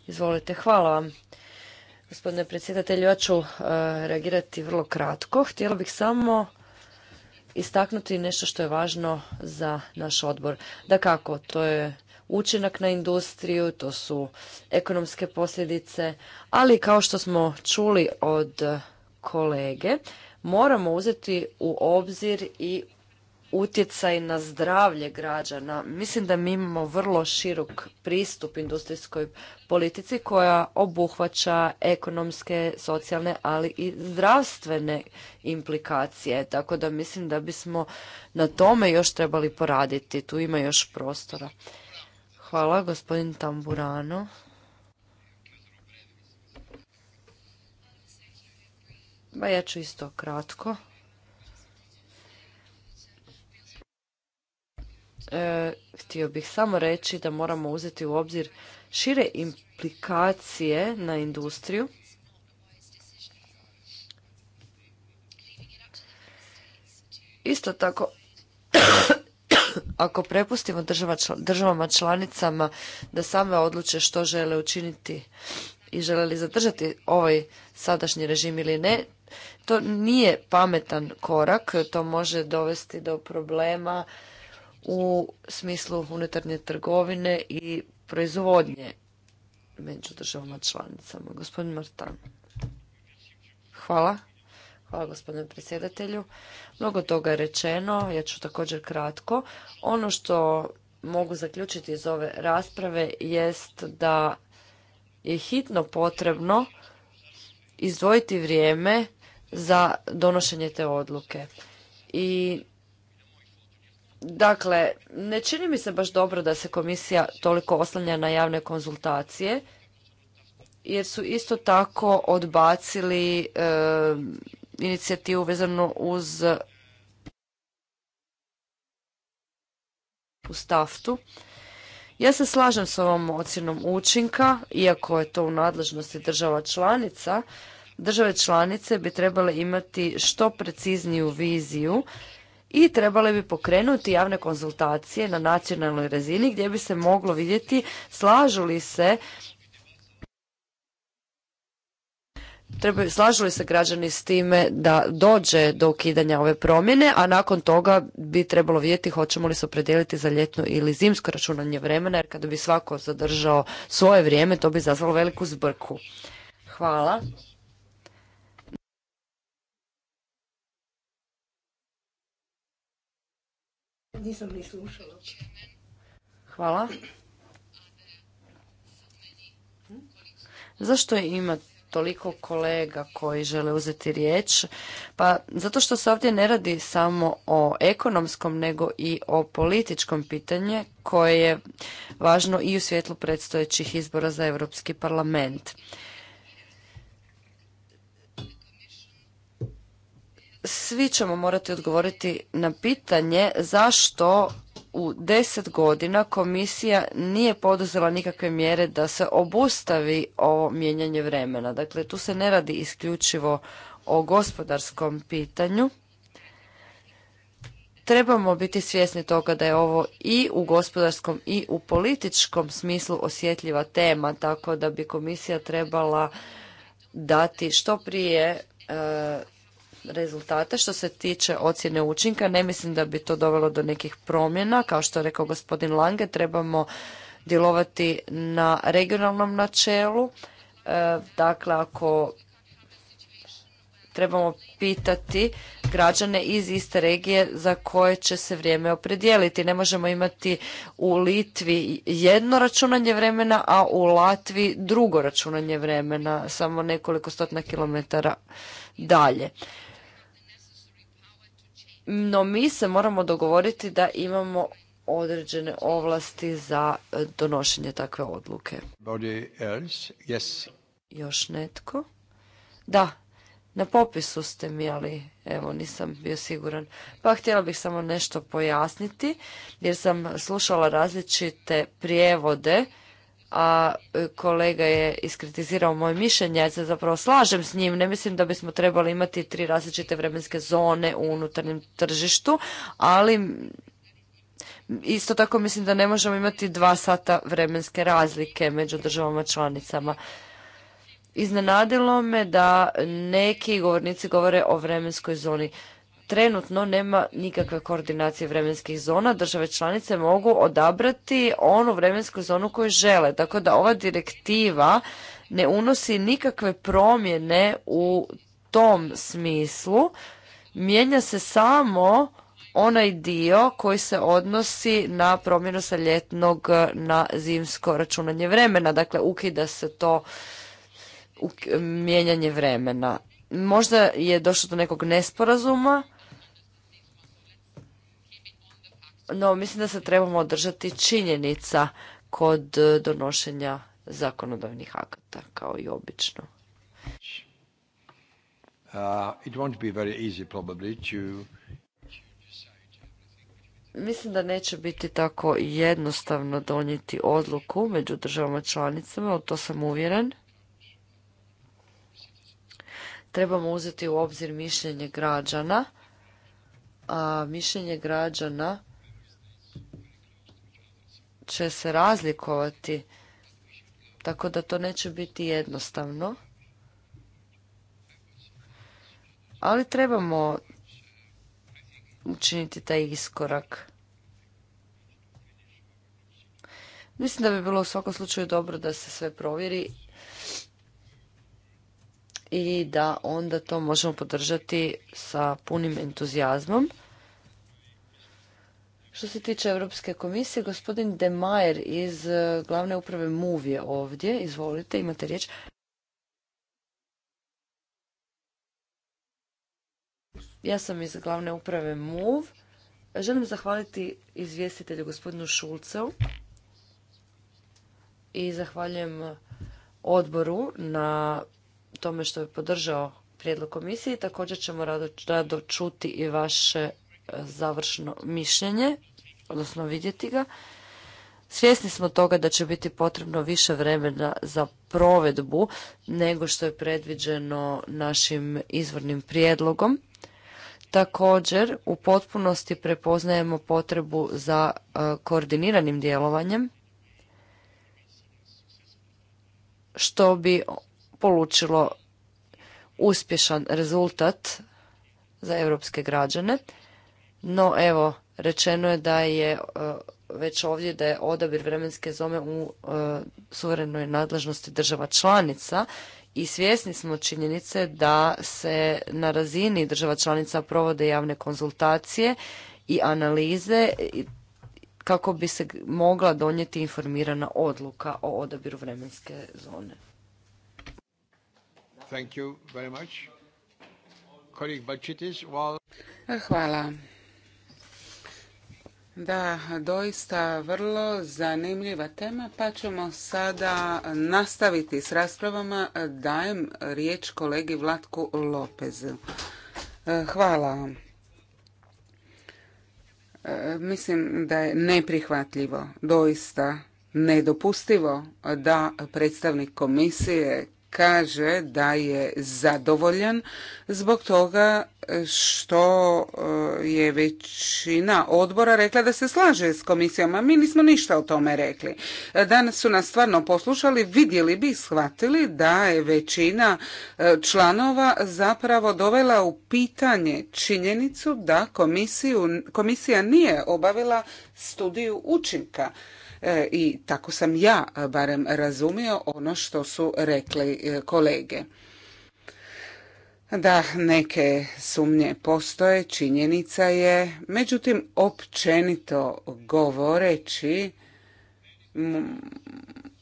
izvolite, hvala vam. Gospodine predsjedatelju, ja ću e, reagirati vrlo kratko. Htjela bih samo istaknuti nešto što je važno za naš odbor. Da kako, to je učinak na industriju, to su ekonomske posljedice, ali kao što smo čuli od kolege, moramo uzeti u obzir i utjecaj na zdravlje građana. Mislim da mi imamo vrlo širok pristup industrijskoj politici koja obuhvaća ekonomske, socijalne, ali i zdravstvene implikacije. Tako da mislim da bismo na tome još trebali poraditi. Tu ima još prostora. Hvala, gospodin Tamburano. Ba ja ću isto kratko. E, htio bih samo reći da moramo uzeti u obzir šire implikacije na industriju. Isto tako ako prepustimo državama članicama da same odluče što žele učiniti i žele li zadržati ovaj sadašnji režim ili ne, to nije pametan korak, to može dovesti do problema u smislu unutarnje trgovine i proizvodnje među državama članicama. Gospodin Martan. Hvala. Hvala gospodine predsjedatelju. Mnogo toga je rečeno, ja ću također kratko. Ono što mogu zaključiti iz ove rasprave jest da je hitno potrebno izdvojiti vrijeme za donošenje te odluke. I Dakle, ne čini mi se baš dobro da se komisija toliko oslanja na javne konzultacije, jer su isto tako odbacili inicijativu vezano uz u staftu. Ja se slažem s ovom ocjenom učinka, iako je to u nadležnosti država članica, države članice bi trebale imati što precizniju viziju i trebale bi pokrenuti javne konzultacije na nacionalnoj razini gdje bi se moglo vidjeti slažu li se treba slažu li se građani s time da dođe do ukidanja ove promjene, a nakon toga bi trebalo vidjeti hoćemo li se opredijeliti za ljetno ili zimsko računanje vremena, jer kada bi svako zadržao svoje vrijeme, to bi zazvalo veliku zbrku. Hvala. Hvala. Zašto ima toliko kolega koji žele uzeti riječ. Pa zato što se ovdje ne radi samo o ekonomskom nego i o političkom pitanju koje je važno i u svjetlu predstojećih izbora za Europski parlament. Svi ćemo morati odgovoriti na pitanje zašto u deset godina komisija nije poduzela nikakve mjere da se obustavi ovo mijenjanje vremena. Dakle, tu se ne radi isključivo o gospodarskom pitanju. Trebamo biti svjesni toga da je ovo i u gospodarskom i u političkom smislu osjetljiva tema, tako da bi komisija trebala dati što prije e, rezultate. Što se tiče ocjene učinka, ne mislim da bi to dovelo do nekih promjena. Kao što je rekao gospodin Lange, trebamo djelovati na regionalnom načelu. E, dakle, ako trebamo pitati građane iz iste regije za koje će se vrijeme opredijeliti. Ne možemo imati u Litvi jedno računanje vremena, a u Latvi drugo računanje vremena, samo nekoliko stotina kilometara dalje no mi se moramo dogovoriti da imamo određene ovlasti za e, donošenje takve odluke. Još netko? Da, na popisu ste mi, ali evo nisam bio siguran. Pa htjela bih samo nešto pojasniti jer sam slušala različite prijevode a e, kolega je iskritizirao moje mišljenje, ja se zapravo slažem s njim, ne mislim da bismo trebali imati tri različite vremenske zone u unutarnjem tržištu, ali isto tako mislim da ne možemo imati dva sata vremenske razlike među državama članicama. Iznenadilo me da neki govornici govore o vremenskoj zoni trenutno nema nikakve koordinacije vremenskih zona. Države članice mogu odabrati onu vremensku zonu koju žele. Tako da ova direktiva ne unosi nikakve promjene u tom smislu. Mijenja se samo onaj dio koji se odnosi na promjenu sa ljetnog eh, na zimsko računanje vremena. Dakle, ukida se to mijenjanje vremena. Možda je došlo do nekog nesporazuma no mislim da se trebamo održati činjenica kod e, donošenja zakonodavnih akata, kao i obično. Uh, mislim da neće biti tako jednostavno donijeti odluku među državama članicama, o to sam uvjeren. Trebamo uzeti u obzir mišljenje građana, a mišljenje građana će se razlikovati, tako da to neće biti jednostavno. Ali trebamo učiniti taj iskorak. Mislim da bi bilo u svakom slučaju dobro da se sve provjeri i da onda to možemo podržati sa punim entuzijazmom. Što se tiče Europske komisije, gospodin De Maier iz eh, glavne uprave MUV je ovdje. Izvolite, imate riječ. Ja sam iz glavne uprave MUV. Želim zahvaliti izvjestitelju gospodinu Šulcu i zahvaljujem odboru na tome što je podržao prijedlog komisije također ćemo rado, rado čuti i vaše eh, završno mišljenje odnosno vidjeti ga. Svjesni smo toga da će biti potrebno više vremena za provedbu nego što je predviđeno našim izvornim prijedlogom. Također, u potpunosti prepoznajemo potrebu za e, koordiniranim djelovanjem, što bi polučilo uspješan rezultat za europske građane. No evo, Rečeno je da je e, već ovdje da je odabir vremenske zone u e, suverenoj nadležnosti država članica i svjesni smo činjenice da se na razini država članica provode javne konzultacije i analize kako bi se mogla donijeti informirana odluka o odabiru vremenske zone. Hvala. Da, doista vrlo zanimljiva tema, pa ćemo sada nastaviti s raspravama. Dajem riječ kolegi Vlatku Lopezu. E, hvala. E, mislim da je neprihvatljivo, doista nedopustivo da predstavnik komisije kaže da je zadovoljan zbog toga što e, je većina odbora rekla da se slaže s komisijom, a mi nismo ništa o tome rekli. E, danas su nas stvarno poslušali, vidjeli bi, shvatili da je većina e, članova zapravo dovela u pitanje činjenicu da komisija nije obavila studiju učinka E, i tako sam ja e, barem razumio ono što su rekli e, kolege. Da, neke sumnje postoje, činjenica je, međutim, općenito govoreći,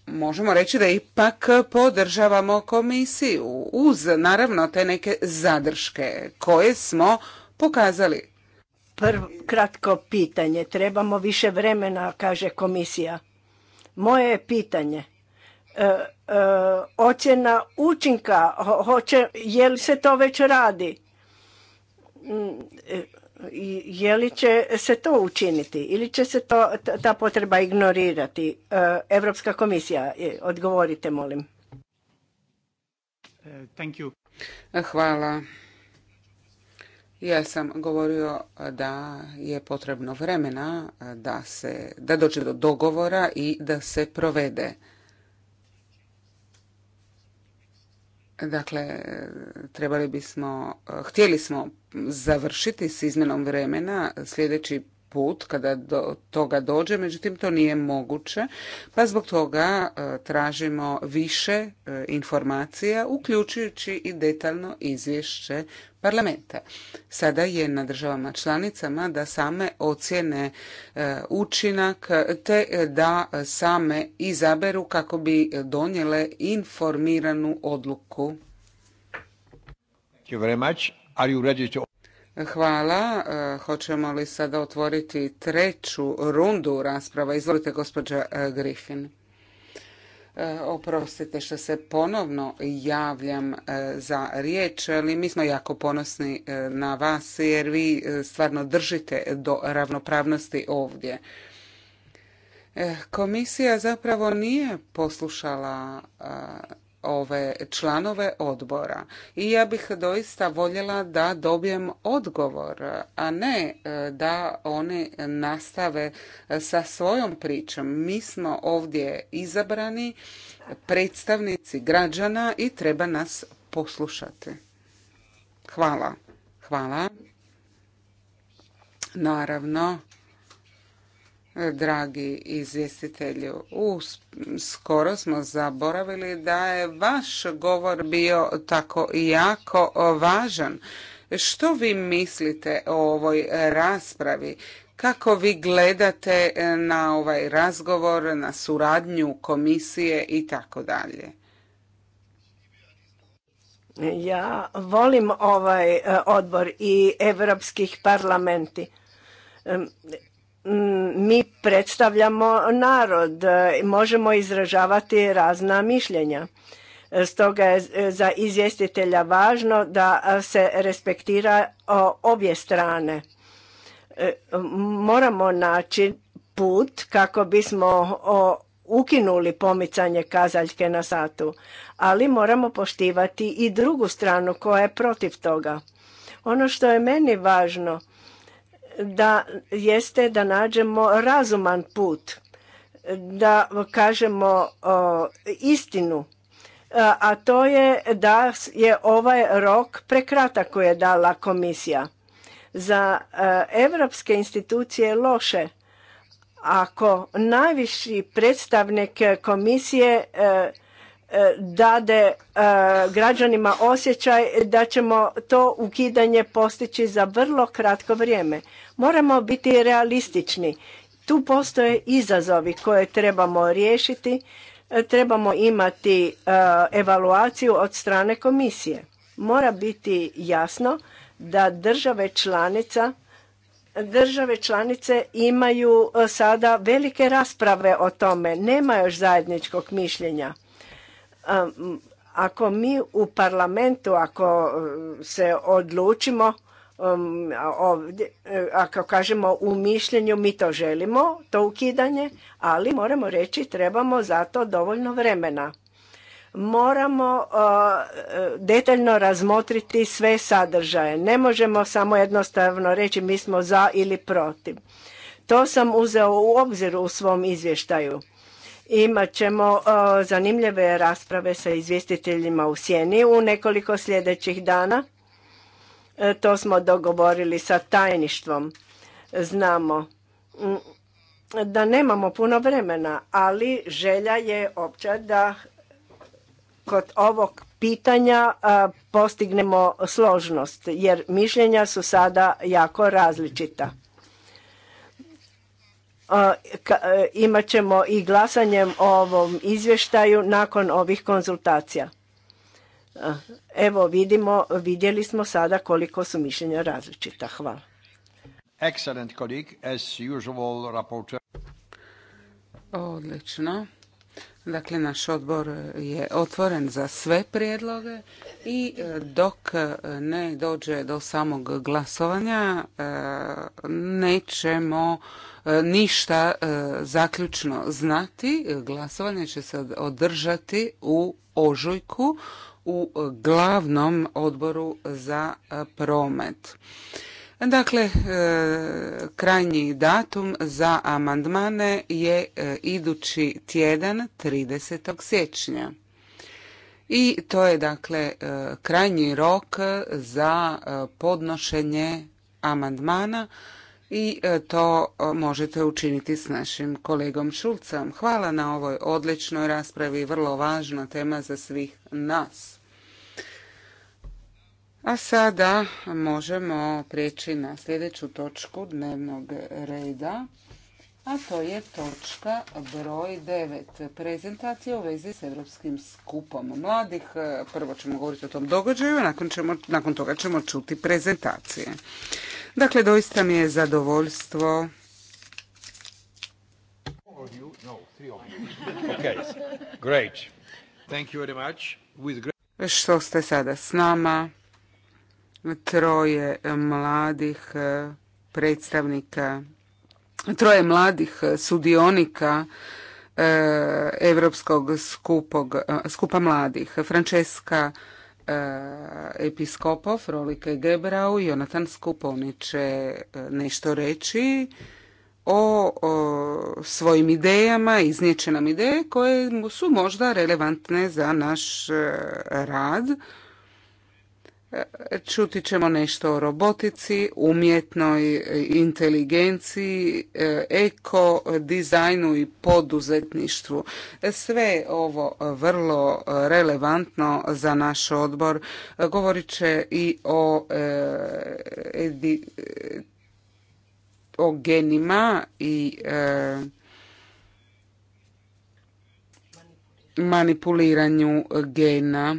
možemo reći da ipak podržavamo komisiju uz naravno te neke zadrške koje smo pokazali Prvo, kratko pitanje. Trebamo više vremena, kaže komisija. Moje je pitanje. E, e, ocjena učinka, hoće, je li se to već radi? Mm, e, je li će se to učiniti ili će se to, ta potreba ignorirati? Europska komisija, odgovorite molim. E, thank Hvala. Ja sam govorio da je potrebno vremena da se, da dođe do dogovora i da se provede. Dakle, trebali bismo, htjeli smo završiti s izmjenom vremena sljedeći put kada do toga dođe, međutim to nije moguće, pa zbog toga e, tražimo više e, informacija, uključujući i detaljno izvješće parlamenta. Sada je na državama članicama da same ocjene e, učinak te da same izaberu kako bi donijele informiranu odluku. Hvala. E, hoćemo li sada otvoriti treću rundu rasprava? Izvolite, gospođa e, Griffin. E, oprostite što se ponovno javljam e, za riječ, ali mi smo jako ponosni e, na vas jer vi stvarno držite do ravnopravnosti ovdje. Komisija zapravo nije poslušala ove članove odbora i ja bih doista voljela da dobijem odgovor, a ne e, da oni nastave e, sa svojom pričom. Mi smo ovdje izabrani predstavnici građana i treba nas poslušati. Hvala. Hvala. Naravno, dragi izvjestitelju. skoro smo zaboravili da je vaš govor bio tako jako važan. Što vi mislite o ovoj raspravi? Kako vi gledate na ovaj razgovor, na suradnju komisije i tako dalje? Ja volim ovaj e, odbor i evropskih parlamenti mi predstavljamo narod, e, možemo izražavati razna mišljenja. E, stoga je e, za izvjestitelja važno da se respektira obje strane. Moramo naći put kako bismo ukinuli pomicanje kazaljke na satu, ali moramo poštivati i drugu stranu koja je protiv toga. Ono što je meni važno da jeste da nađemo razuman put, da kažemo istinu, a to je da je ovaj rok prekrata koji je dala komisija. Za e, evropske institucije loše ako najviši predstavnik komisije e, E, dade e, građanima osjećaj da ćemo to ukidanje postići za vrlo kratko vrijeme. Moramo biti realistični. Tu postoje izazovi koje trebamo riješiti, e, trebamo imati evaluaciju od strane komisije. Mora biti jasno da države članica države članice imaju sada velike rasprave o tome, nema još zajedničkog mišljenja ako mi u parlamentu, ako e, se odlučimo, um, ovdje, e, ako kažemo u mišljenju mi to želimo, to ukidanje, ali moramo reći trebamo za to dovoljno vremena. Moramo e, detaljno razmotriti sve sadržaje. Ne možemo samo jednostavno reći mi smo za ili protiv. To sam uzeo u obzir u svom izvještaju. Imat ćemo zanimljive rasprave sa izvjestiteljima u Sjeni u nekoliko sljedećih dana. E, to smo dogovorili sa tajništvom. Znamo da nemamo puno vremena, ali želja je opća da kod ovog pitanja postignemo složnost, jer mišljenja su sada jako različita. E, imat ćemo i glasanjem o ovom izvještaju nakon ovih konzultacija. Evo vidimo, vidjeli smo sada koliko su mišljenja različita. Hvala. Excellent as usual Odlično. Dakle, naš odbor je otvoren za sve prijedloge i e, dok ne dođe do samog glasovanja e, nećemo ništa e, zaključno znati. Glasovanje će se održati u ožujku u glavnom odboru za promet. Dakle, e, krajnji datum za amandmane je e, idući tjedan 30. siječnja. I to je dakle krajnji rok za podnošenje amandmana i e, to e, možete učiniti s našim kolegom Šulcem. Hvala na ovoj odličnoj raspravi, vrlo važna tema za svih nas. A sada možemo prijeći na sljedeću točku dnevnog reda, a to je točka broj 9. Prezentacija u vezi s Europskim skupom mladih. Prvo ćemo govoriti o tom događaju, nakon, nakon toga ćemo čuti prezentacije. Dakle, doista mi je zadovoljstvo što ste sada s nama. Troje mladih eh, predstavnika, troje mladih sudionika Europskog eh, eh, skupa mladih. Francesca Eh, episkopov, Rolike Gebrau i Jonatan Skuponi će eh, nešto reći o, svojim idejama, iznijeće nam ideje koje su možda relevantne za naš eh, rad. Čuti ćemo nešto o robotici, umjetnoj inteligenciji, eko dizajnu i poduzetništvu. Sve ovo vrlo relevantno za naš odbor. Govorit će i o e, o genima i e, manipuliranju gena.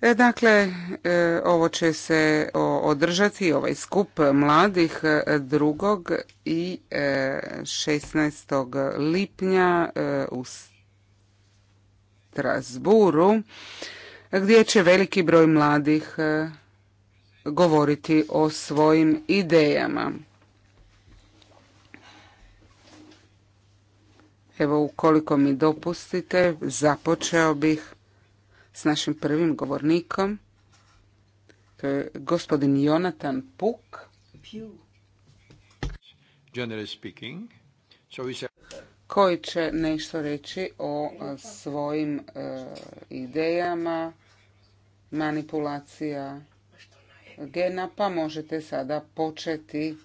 E, dakle, e, ovo će se održati, ovaj skup mladih 2. E, i 16. lipnja u Strasburu, gdje će veliki broj mladih govoriti o svojim idejama. Evo, ukoliko mi dopustite, započeo bih s našim prvim govornikom, to je gospodin Jonatan Puk. Koji će nešto reći o svojim e, idejama, manipulacija gena, pa možete sada početi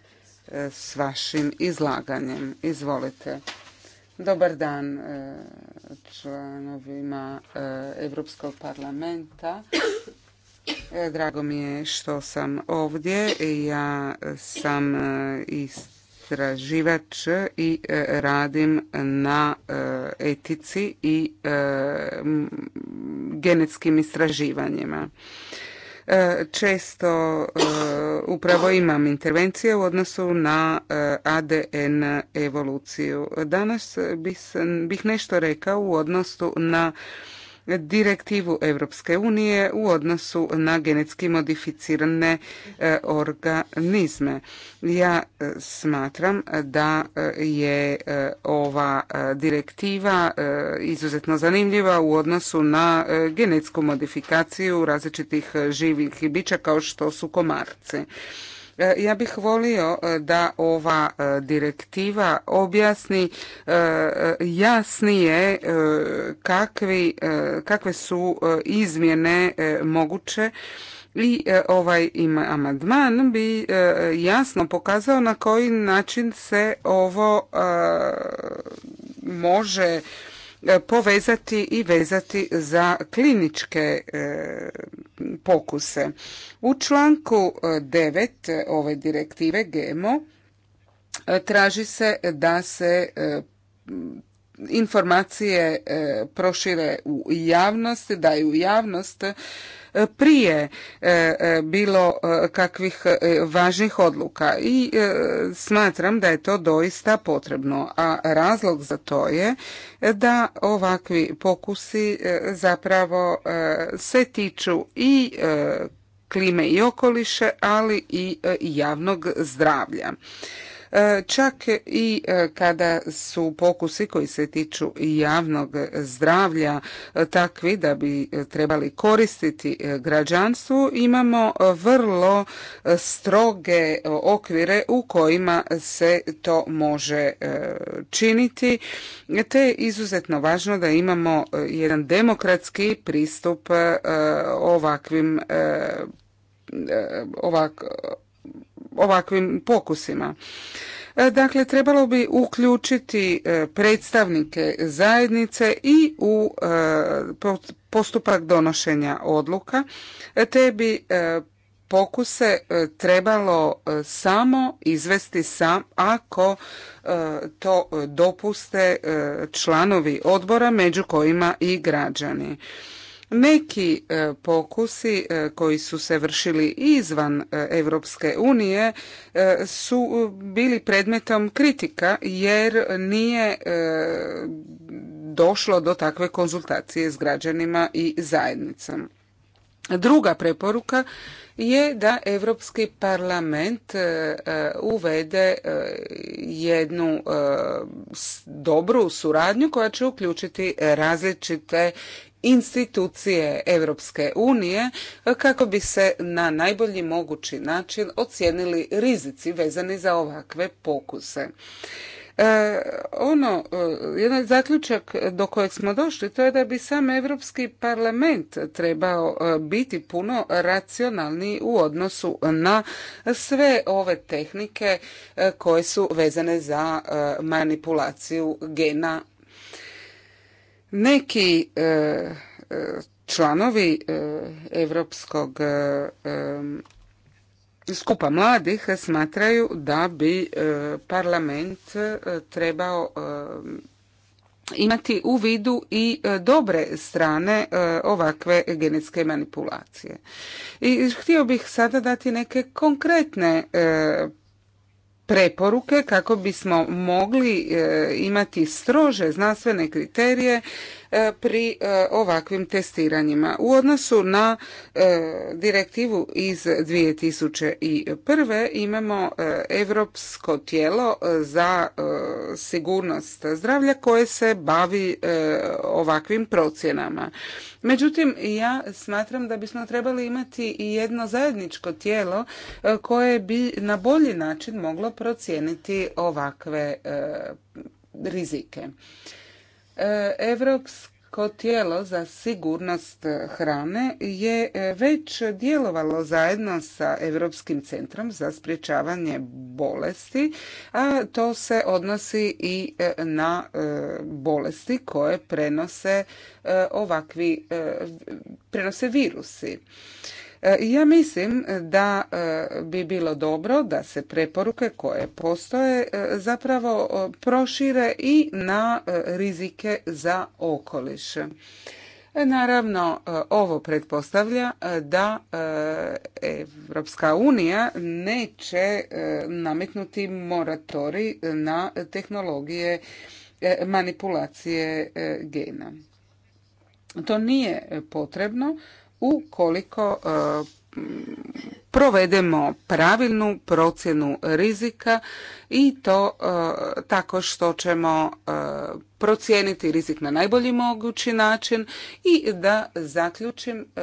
e, s vašim izlaganjem. Izvolite. Dobar dan e, članovima Europskog parlamenta. E, drago mi je što sam ovdje. Ja sam e, istraživač i radim na etici i genetskim istraživanjima. E, često e, upravo imam intervencije u odnosu na e, ADN evoluciju. Danas bih nešto rekao u odnosu na direktivu Europske unije u odnosu na genetski modificirane e, organizme. Ja e, smatram da e, je ova direktiva izuzetno zanimljiva u odnosu na genetsku modifikaciju različitih živih bića kao što su komarci. E, ja bih volio e, da ova e, direktiva objasni jasnije kakvi, kakve su izmjene moguće i ovaj amandman bi jasno pokazao na koji način se ovo može E, povezati i vezati za kliničke e, pokuse. U članku 9 e, ove direktive GMO traži se da se informacije e, prošire u javnost, daju u javnost e, prije e, bilo kakvih važnih odluka i smatram da je to doista potrebno. A razlog za to je da ovakvi pokusi zapravo se tiču i klime i okoliše, ali i javnog zdravlja. E, čak i e, kada su pokusi koji se tiču javnog zdravlja e, takvi da bi trebali koristiti građanstvu, imamo vrlo stroge okvire u kojima se to može činiti, te je izuzetno važno da imamo jedan demokratski pristup ovakvim ovak, ovakvim pokusima. E, dakle, trebalo bi uključiti e, predstavnike zajednice i u e, postupak donošenja odluka, te bi pokuse trebalo samo izvesti sam ako to dopuste članovi odbora među kojima i građani. Neki e, pokusi e, koji su se vršili izvan Europske unije e, su bili predmetom kritika jer nije došlo do takve konzultacije s građanima i zajednicom. Druga preporuka je da Europski parlament uvede jednu dobru suradnju koja će uključiti različite institucije Europske unije kako bi se na najbolji mogući način ocijenili rizici vezani za ovakve pokuse. E, ono, e, jedan zaključak do kojeg smo došli, to je da bi sam Europski parlament trebao e, biti puno racionalniji u odnosu na sve ove tehnike koje su vezane za manipulaciju gena neki e, e, članovi Europskog e, skupa mladih smatraju da bi parlament trebao imati u vidu i dobre strane ovakve genetske manipulacije. I htio bih sada dati neke konkretne preporuke kako bismo mogli e, imati strože znanstvene kriterije E, pri e, ovakvim testiranjima. U odnosu na e, direktivu iz 2001. imamo Europsko tijelo za sigurnost zdravlja koje se bavi ovakvim procjenama. Međutim, ja smatram da bismo trebali imati i jedno zajedničko tijelo koje bi na bolji način moglo procijeniti ovakve rizike. Europsko tijelo za sigurnost hrane je e, već djelovalo zajedno sa Europskim centrom za sprječavanje bolesti, a to se odnosi i e, na e, bolesti koje prenose ovakvi, prenose virusi. E, ja mislim da e, bi bilo dobro da se preporuke koje postoje e, zapravo prošire i na rizike za okoliš. Naravno, ovo pretpostavlja da europska unija neće nametnuti moratori na tehnologije manipulacije gena. To nije potrebno ukoliko e, provedemo pravilnu procjenu rizika i to e, tako što ćemo e, procijeniti rizik na najbolji mogući način i da zaključim e,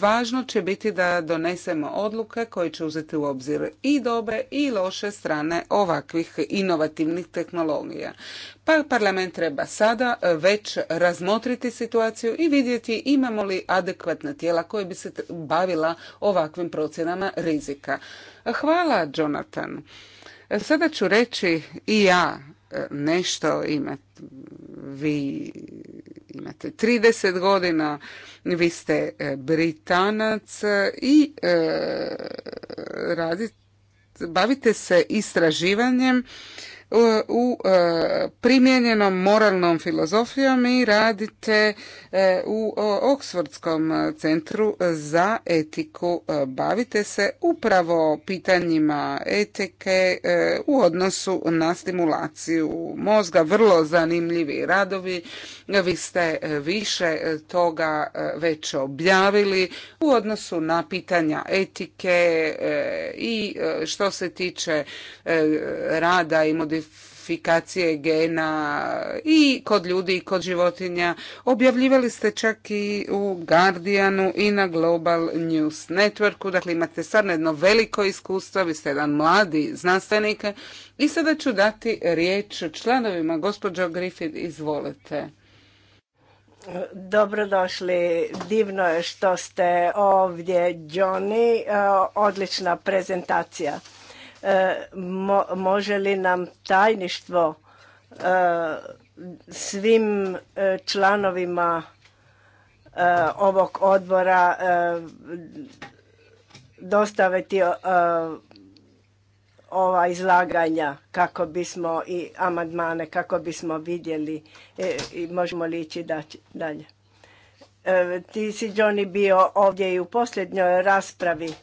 važno će biti da donesemo odluke koje će uzeti u obzir i dobre i loše strane ovakvih inovativnih tehnologija. Pa parlament treba sada već razmotriti situaciju i vidjeti imamo li adekvatna tijela koje bi se bavila ovakvim procjenama rizika. Hvala, Jonathan. Sada ću reći i ja e, nešto imate, vi imate 30 godina, vi ste e, Britanac i e, bavite se istraživanjem u e, primijenjenom moralnom filozofijom i radite e, u Oksfordskom centru za etiku. E, bavite se upravo pitanjima etike u odnosu na stimulaciju mozga. Vrlo zanimljivi radovi. Vi ste više toga već objavili u odnosu na pitanja etike i što se tiče rada i modifikacije modifikacije gena i kod ljudi i kod životinja. Objavljivali ste čak i u Guardianu i na Global News Networku. Dakle, imate stvarno jedno veliko iskustvo. Vi ste jedan mladi znanstvenik. I sada ću dati riječ članovima. Gospođo Griffith, izvolite. Dobrodošli, divno je što ste ovdje, Johnny, e, odlična prezentacija. E, može li nam tajništvo e, svim e, članovima ovog odbora dostaviti ova izlaganja kako bismo i amandmane kako bismo vidjeli i možemo li ići dalje. Ti si Johnny bio ovdje i u posljednjoj raspravi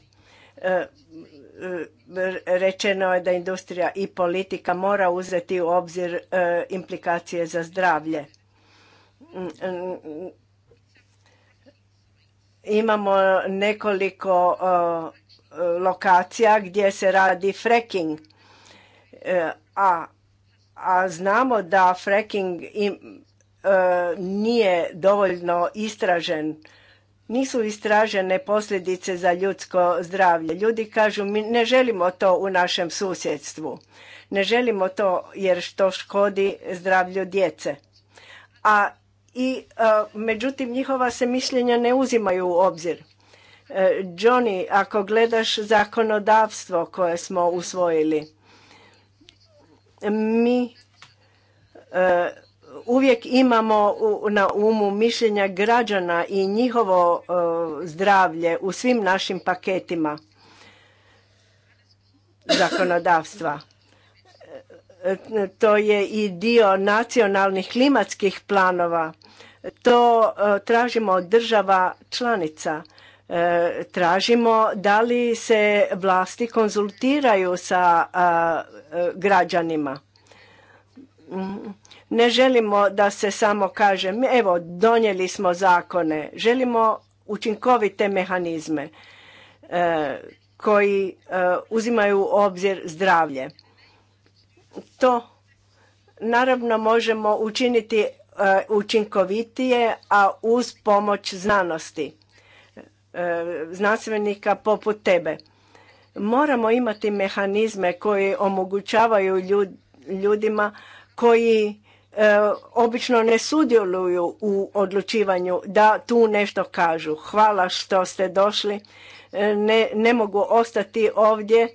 rečeno je da industrija i politika mora uzeti u obzir e, implikacije za zdravlje. Imamo nekoliko e, lokacija gdje se radi fracking, e, a, a znamo da fracking nije dovoljno istražen nisu istražene posljedice za ljudsko zdravlje. Ljudi kažu mi ne želimo to u našem susjedstvu. Ne želimo to jer što škodi zdravlju djece. A i e, međutim njihova se mišljenja ne uzimaju u obzir. E, Johnny, ako gledaš zakonodavstvo koje smo usvojili, mi e, uvijek imamo na umu mišljenja građana i njihovo e, zdravlje u svim našim paketima zakonodavstva. E, to je i dio nacionalnih klimatskih planova. To e, tražimo od država članica. Tražimo da li se vlasti konzultiraju sa građanima. Mm. Ne želimo da se samo kaže, evo, donijeli smo zakone, želimo učinkovite mehanizme e, koji e, uzimaju u obzir zdravlje. To naravno možemo učiniti e, učinkovitije, a uz pomoć znanosti, znanstvenika poput tebe. Moramo imati mehanizme koji omogućavaju ljudima koji E, obično ne sudjeluju u odlučivanju da tu nešto kažu. Hvala što ste došli. E, ne, ne mogu ostati ovdje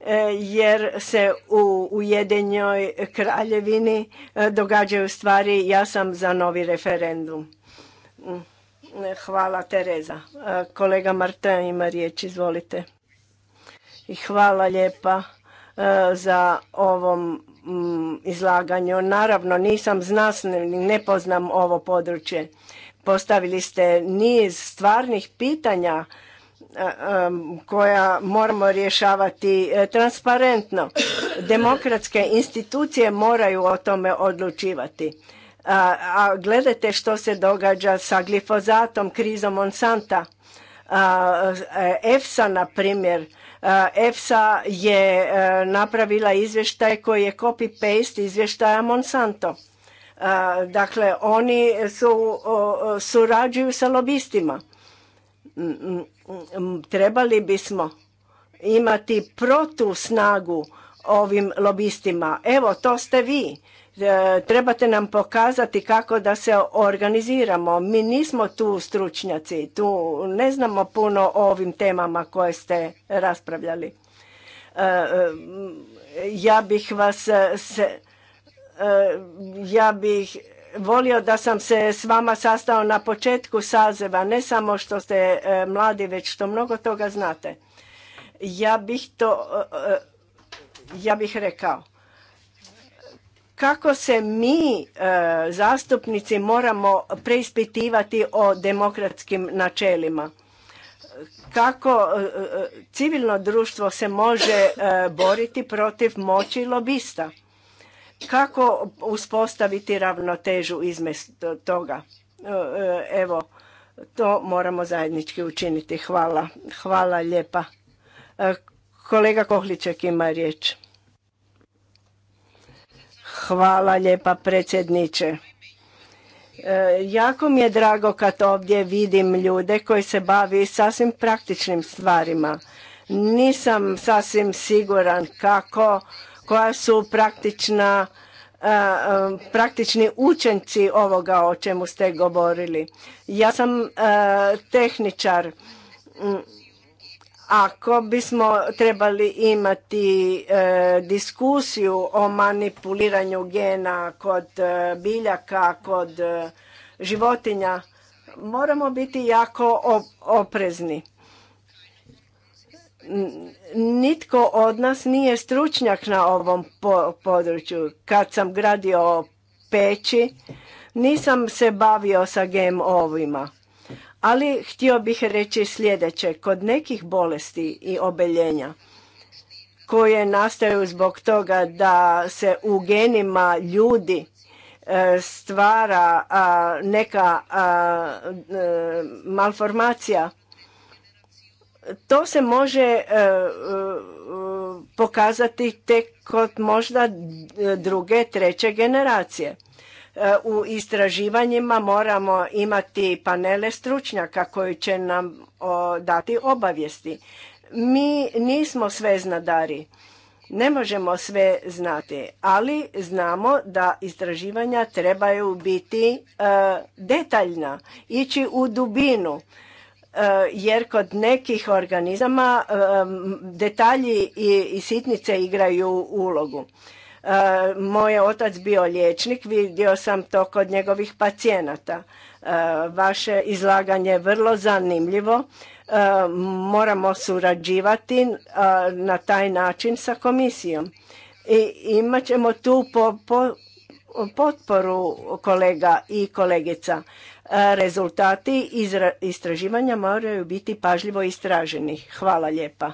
e, jer se u Ujedinjoj kraljevini događaju stvari. Ja sam za novi referendum. Mm, hvala Tereza. Kolega Marta ima riječ, izvolite. I hvala lijepa za ovom Mm, izlaganju. Naravno, nisam znanstvenik, ne poznam ovo područje. Postavili ste niz stvarnih pitanja koja moramo rješavati e, transparentno. Demokratske institucije moraju o tome odlučivati. A gledajte što se događa sa glifozatom, krizom Monsanta. E, EFSA, na primjer, Eh, EFSA je eh, napravila izvještaj koji je copy-paste izvještaja Monsanto. Eh, dakle, oni su, surađuju sa lobistima. Mm, mm, mm, trebali bismo imati protu snagu ovim lobistima. Evo, to ste vi. E, trebate nam pokazati kako da se organiziramo. Mi nismo tu stručnjaci, tu ne znamo puno o ovim temama koje ste raspravljali. E, e, ja bih vas se, ja bih volio da sam se s vama sastao na početku sazeva, ne samo što ste mladi, već što mnogo toga znate. Ja bih to, ja bih rekao, kako se mi e, zastupnici moramo preispitivati o demokratskim načelima kako e, e, civilno društvo se može boriti protiv moći lobista kako uspostaviti ravnotežu između toga evo to moramo zajednički učiniti hvala hvala lijepa kolega Kohliček ima riječ Hvala lijepa predsjedniče. E, jako mi je drago kad ovdje vidim ljude koji se bavi sasvim praktičnim stvarima. Nisam sasvim siguran kako, koja su praktična e, e, praktični učenci ovoga o čemu ste govorili. Ja sam tehničar mm, ako bismo trebali imati e, diskusiju o manipuliranju gena kod e, biljaka, kod e, životinja, moramo biti jako oprezni. Nitko od nas nije stručnjak na ovom području. Kad sam gradio peći, nisam se bavio sa GMO-ovima ali htio bih reći sljedeće, kod nekih bolesti i obeljenja koje nastaju zbog toga da se u genima ljudi e, stvara neka e, malformacija, to se može e, pokazati tek kod možda druge, treće generacije. E, u istraživanjima moramo imati panele stručnjaka koji će nam dati obavijesti. Mi nismo sve znadari, ne možemo sve znati, ali znamo da istraživanja trebaju biti e, detaljna, ići u dubinu e, jer kod nekih organizama detalji i sitnice igraju ulogu. E, moj otac bio liječnik, vidio sam to kod njegovih pacijenata. E, vaše izlaganje je vrlo zanimljivo. E, moramo surađivati na taj način sa komisijom. I imat ćemo tu po, potporu kolega i kolegica. Rezultati istraživanja moraju biti pažljivo istraženi. Hvala lijepa.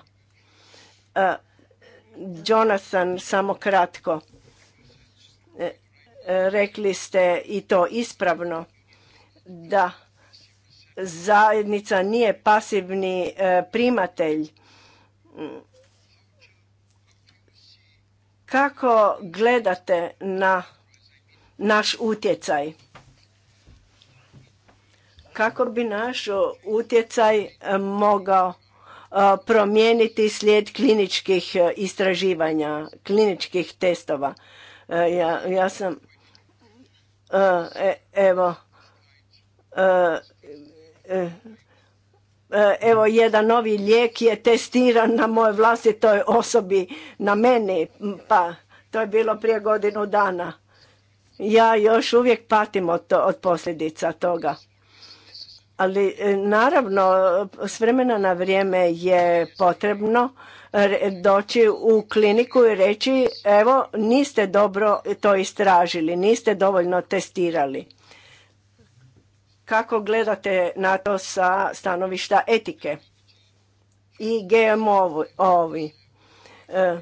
Jonathan, samo kratko. E, e, rekli ste i to ispravno da zajednica nije pasivni e, primatelj. Kako gledate na naš utjecaj? Kako bi naš utjecaj mogao promijeniti slijed kliničkih e, istraživanja, kliničkih testova. E, ja, sam, e, evo, evo jedan novi lijek je testiran na mojoj vlastitoj osobi, na meni, pa to je bilo prije godinu dana. Ja još uvijek patim od posljedica toga ali e, naravno s vremena na vrijeme je potrebno doći u kliniku i reći evo niste dobro to istražili, niste dovoljno testirali. Kako gledate na to sa stanovišta etike i GMO-ovi? E,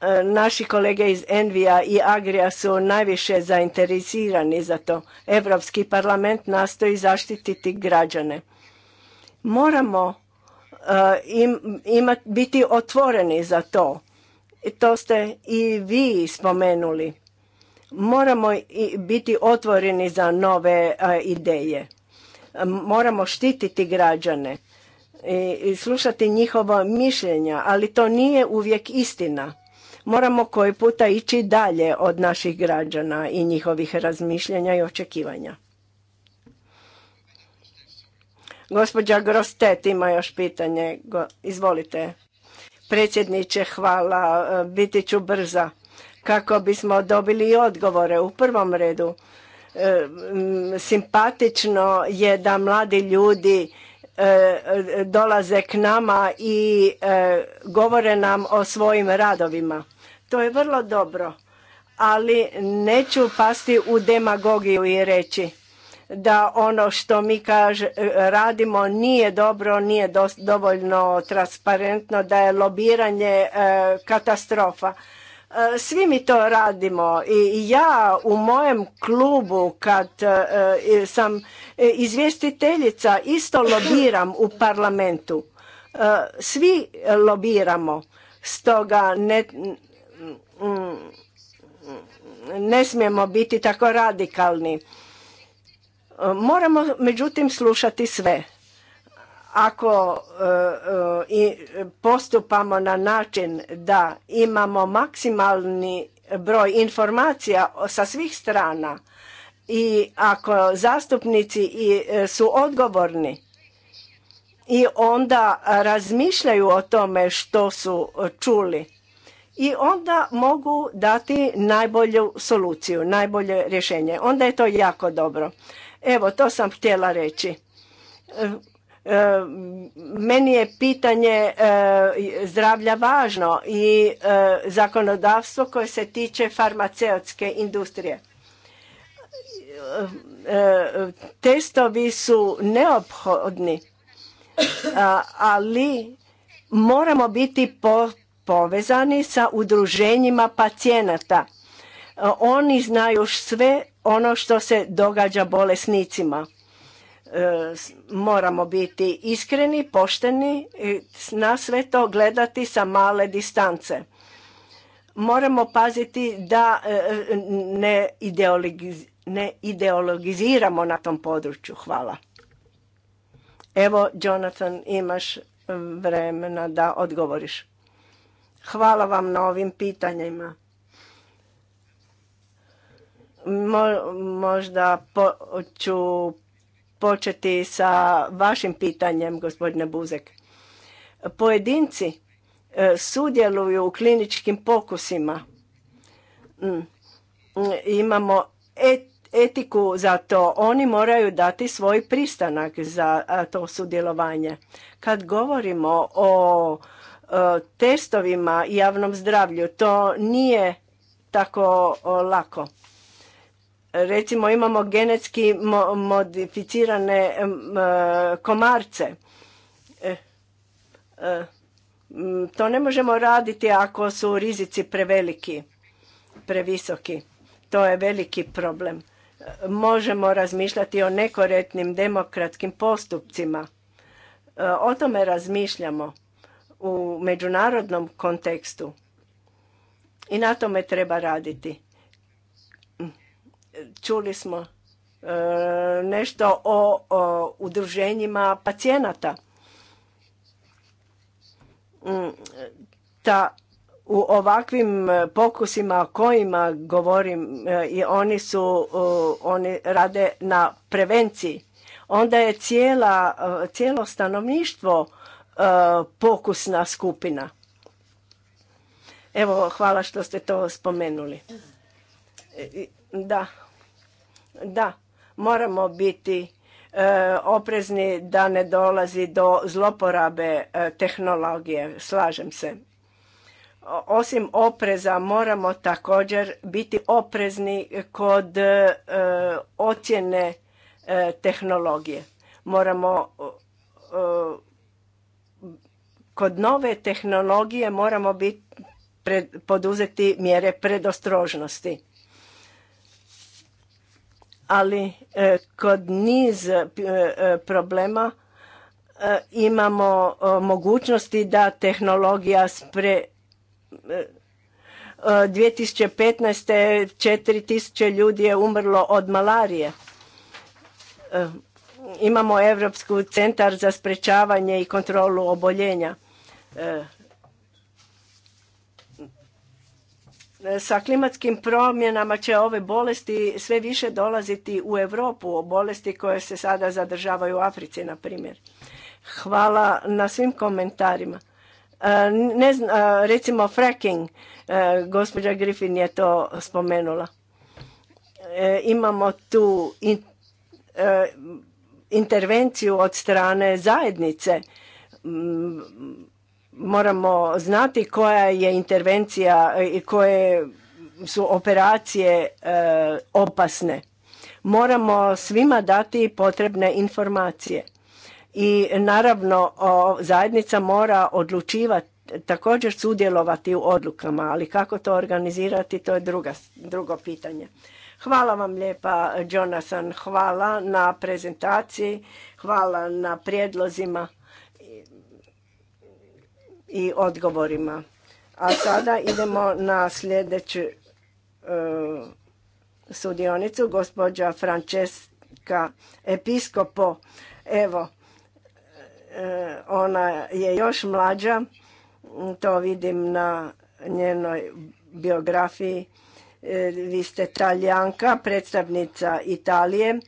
E, naši kolege iz Envija i Agrija su najviše zainteresirani za to. Europski parlament nastoji zaštititi građane. Moramo e, biti otvoreni za to. E, to ste i vi spomenuli. Moramo biti otvoreni za nove ideje. Moramo štititi građane i slušati njihova mišljenja, ali to nije uvijek istina. Moramo koji puta ići dalje od naših građana i njihovih razmišljanja i očekivanja. Gospođa Grostet ima još pitanje. Izvolite. Predsjedniče, hvala. Biti ću brza kako bismo dobili i odgovore. U prvom redu, e, simpatično je da mladi ljudi e, dolaze k nama i e, govore nam o svojim radovima. To je vrlo dobro, ali neću pasti u demagogiju i reći da ono što mi kaže radimo nije dobro, nije dovoljno transparentno, da je lobiranje e, katastrofa. E, svi mi to radimo i ja u mojem klubu kad e, sam izvjestiteljica isto lobiram u parlamentu. Svi lobiramo, stoga ne, Mm, ne smijemo biti tako radikalni. E, moramo međutim slušati sve. Ako e, e, i postupamo na način da imamo maksimalni broj informacija sa svih strana i ako zastupnici su odgovorni i onda razmišljaju o tome što su čuli i onda mogu dati najbolju soluciju, najbolje rješenje. Onda je to jako dobro. Evo, to sam htjela reći. E, e, meni je pitanje e, zdravlja važno i zakonodavstvo koje se tiče farmaceutske industrije. Testovi su neophodni, ali moramo biti povezani sa udruženjima pacijenata. E, oni znaju sve ono što se događa bolesnicima. E, moramo biti iskreni, pošteni, i na sve to gledati sa male distance. Moramo paziti da e, ne, ne ideologiziramo na tom području. Hvala. Evo, Jonathan, imaš vremena da odgovoriš. Hvala vam na ovim pitanjima. možda po, ću početi sa vašim pitanjem, gospodine Buzek. Pojedinci e, sudjeluju u kliničkim pokusima. Mm. Imamo etiku za to. Oni moraju dati svoj pristanak za to sudjelovanje. Kad govorimo o E, testovima i javnom zdravlju. To nije tako e, lako. Recimo imamo genetski modificirane e, komarce. To ne možemo raditi ako su rizici preveliki, previsoki. To je veliki problem. Možemo razmišljati o nekoretnim demokratskim postupcima. O tome razmišljamo u međunarodnom kontekstu i na tome treba raditi. Čuli smo e, nešto o, udruženjima pacijenata. Mm, ta u ovakvim e, pokusima o kojima govorim e, i oni su oni rade na prevenciji onda je cijela, cijelo stanovništvo E, pokusna skupina. Evo, hvala što ste to spomenuli. E, da, da, moramo biti e, oprezni da ne dolazi do zloporabe tehnologije, slažem se. Osim opreza moramo također biti oprezni kod ocjene tehnologije. Moramo Kod nove tehnologije moramo biti poduzeti mjere predostrožnosti. Ali e, kod niz e, problema e, imamo mogućnosti da tehnologija spre 2015. 4000 ljudi je umrlo od malarije. Imamo Europsku centar za sprečavanje i kontrolu oboljenja E, sa klimatskim promjenama će ove bolesti sve više dolaziti u Europu, bolesti koje se sada zadržavaju u Africi, na primjer. Hvala na svim komentarima. E, ne e, recimo fracking, gospođa Griffin je to spomenula. Imamo tu intervenciju od strane zajednice moramo znati koja je intervencija e, i koje su operacije e, opasne. Moramo svima dati potrebne informacije. I naravno o, zajednica mora odlučivati, također sudjelovati u odlukama, ali kako to organizirati to je druga, drugo pitanje. Hvala vam lijepa, Jonathan, hvala na prezentaciji, hvala na prijedlozima i odgovorima. A sada idemo na sljedeću e, sudionicu, gospođa Francesca Episkopo. Evo, e, ona je još mlađa, to vidim na njenoj biografiji. E, vi ste Talijanka, predstavnica Italije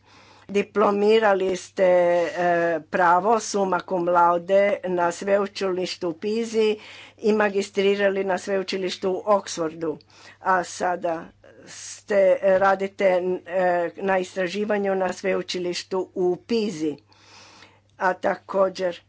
Diplomirali ste e, pravo suma cum laude na sveučilištu u Pizi i magistrirali na sveučilištu u Oxfordu. A sada ste e, radite e, na istraživanju na sveučilištu u Pizi. A također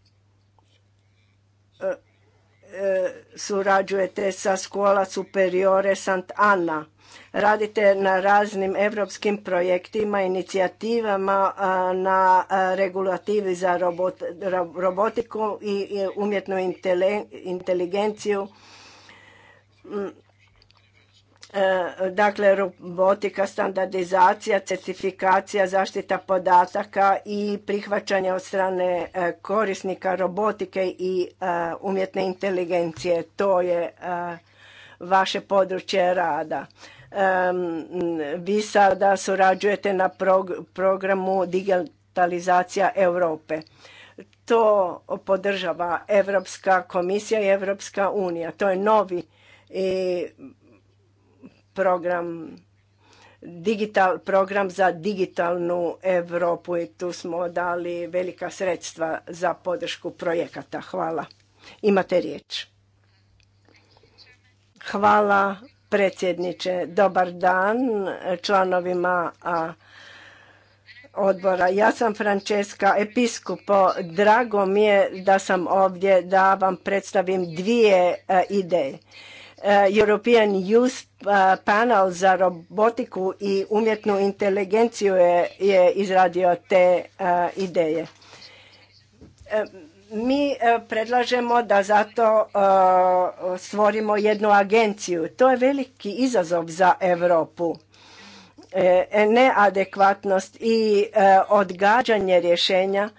surađujete sa Skola Superiore Sant Anna Radite na raznim europskim projektima, inicijativama na regulativi za robotiku i umjetnu inteligenciju. Mm. E, dakle, robotika, standardizacija, certifikacija, zaštita podataka i prihvaćanje od strane e, korisnika robotike i e, umjetne inteligencije. To je vaše područje rada. Vi sada surađujete na programu digitalizacija Europe. To podržava Europska komisija i Europska unija. To je novi program digital program za digitalnu Europu i tu smo dali velika sredstva za podršku projekata. Hvala. Imate riječ. Hvala predsjedniče. Dobar dan članovima odbora. Ja sam Francesca Episkupo. Drago mi je da sam ovdje da vam predstavim dvije e, ideje. E, European Youth e, Panel za robotiku i umjetnu inteligenciju je, je izradio te ideje mi e, predlažemo da zato e, stvorimo jednu agenciju. To je veliki izazov za Europu. E, neadekvatnost i odgađanje rješenja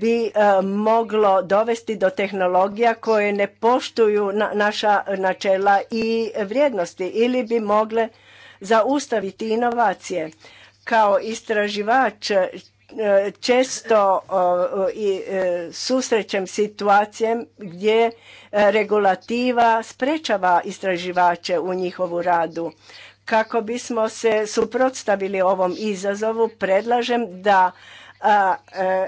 bi moglo dovesti do tehnologija koje ne poštuju naša načela i vrijednosti ili bi mogle zaustaviti inovacije. Kao istraživač često i e, susrećem situacijem gdje e, regulativa sprečava istraživače u njihovu radu. Kako bismo se suprotstavili ovom izazovu, predlažem da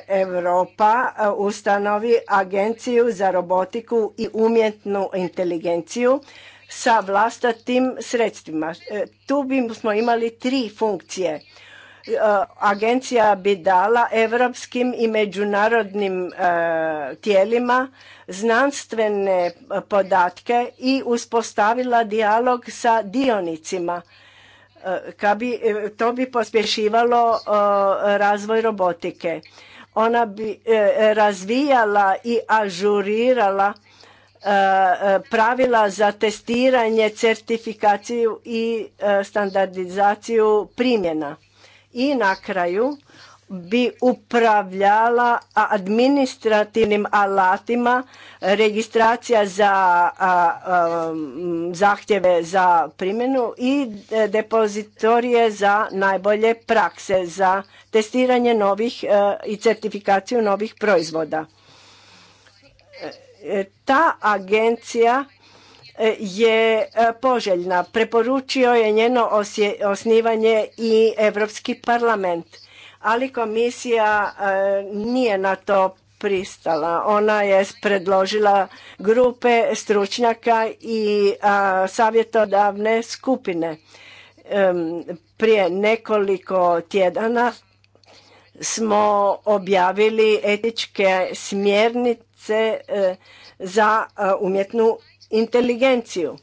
Europa ustanovi agenciju za robotiku i umjetnu inteligenciju sa vlastitim sredstvima. E, tu bismo imali tri funkcije Uh, agencija bi dala europskim i međunarodnim uh, tijelima znanstvene uh, podatke i uspostavila dijalog sa dionicima. to bi pospješivalo razvoj robotike. Ona bi razvijala i ažurirala pravila za testiranje, certifikaciju i standardizaciju primjena i na kraju bi upravljala administrativnim alatima registracija za zahtjeve za primjenu i e, depozitorije za najbolje prakse za testiranje novih e, i certifikaciju novih proizvoda. E, ta agencija je e, poželjna. Preporučio je njeno osnivanje i Europski parlament, ali komisija e, nije na to pristala. Ona je predložila grupe stručnjaka i savjetodavne skupine. Prije nekoliko tjedana smo objavili etičke smjernice e, za umjetnu inteligenciju. E,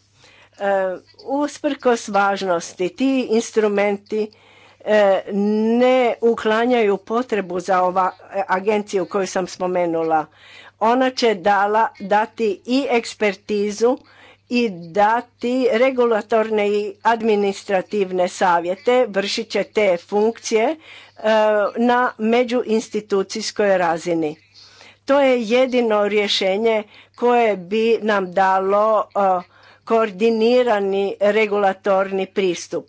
usprkos važnosti ti instrumenti e, ne uklanjaju potrebu za ova agenciju koju sam spomenula. Ona će dala, dati i ekspertizu i dati regulatorne i administrativne savjete, vršit će te funkcije e, na međuinstitucijskoj razini to je jedino rješenje koje bi nam dalo koordinirani regulatorni pristup.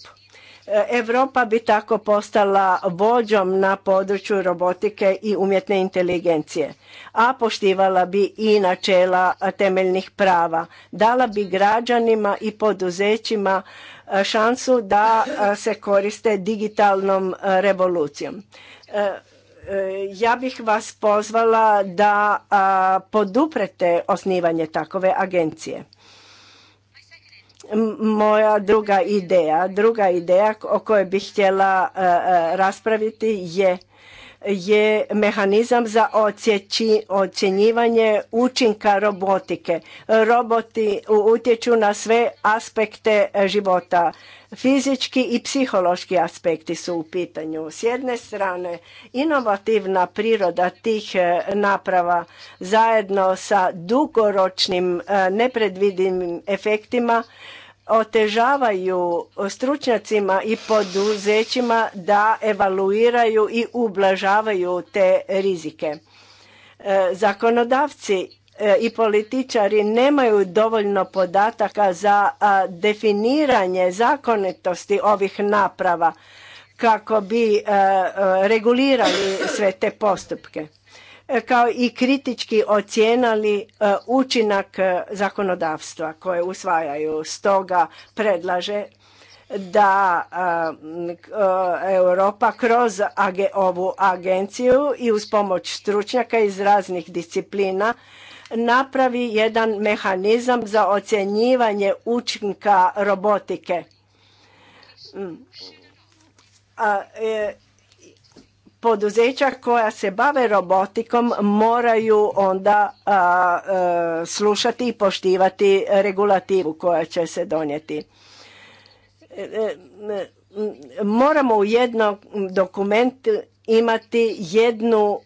E, Europa bi tako postala vođom na području robotike i umjetne inteligencije, a poštivala bi i načela temeljnih prava. Dala bi građanima i poduzećima šansu da se koriste digitalnom revolucijom. E, ja bih vas pozvala da poduprete osnivanje takove agencije. Moja druga ideja, druga ideja o kojoj bih htjela raspraviti je je mehanizam za ocjenjivanje učinka robotike. Roboti utječu na sve aspekte života. Fizički i psihološki aspekti su u pitanju. S jedne strane, inovativna priroda tih e, naprava zajedno sa dugoročnim e, nepredvidivim efektima otežavaju stručnjacima i poduzećima da evaluiraju i ublažavaju te rizike. E, zakonodavci e, i političari nemaju dovoljno podataka za definiranje zakonitosti ovih naprava kako bi e, regulirali sve te postupke. E, kao i kritički ocijenali e, učinak e, zakonodavstva koje usvajaju. Stoga predlaže da Europa kroz ovu agenciju i uz pomoć stručnjaka iz raznih disciplina napravi jedan mehanizam za ocjenjivanje učinka robotike. Mm poduzeća koja se bave robotikom moraju onda e, slušati i poštivati regulativu koja će se donijeti. E, e, moramo u jednom dokumentu imati jednu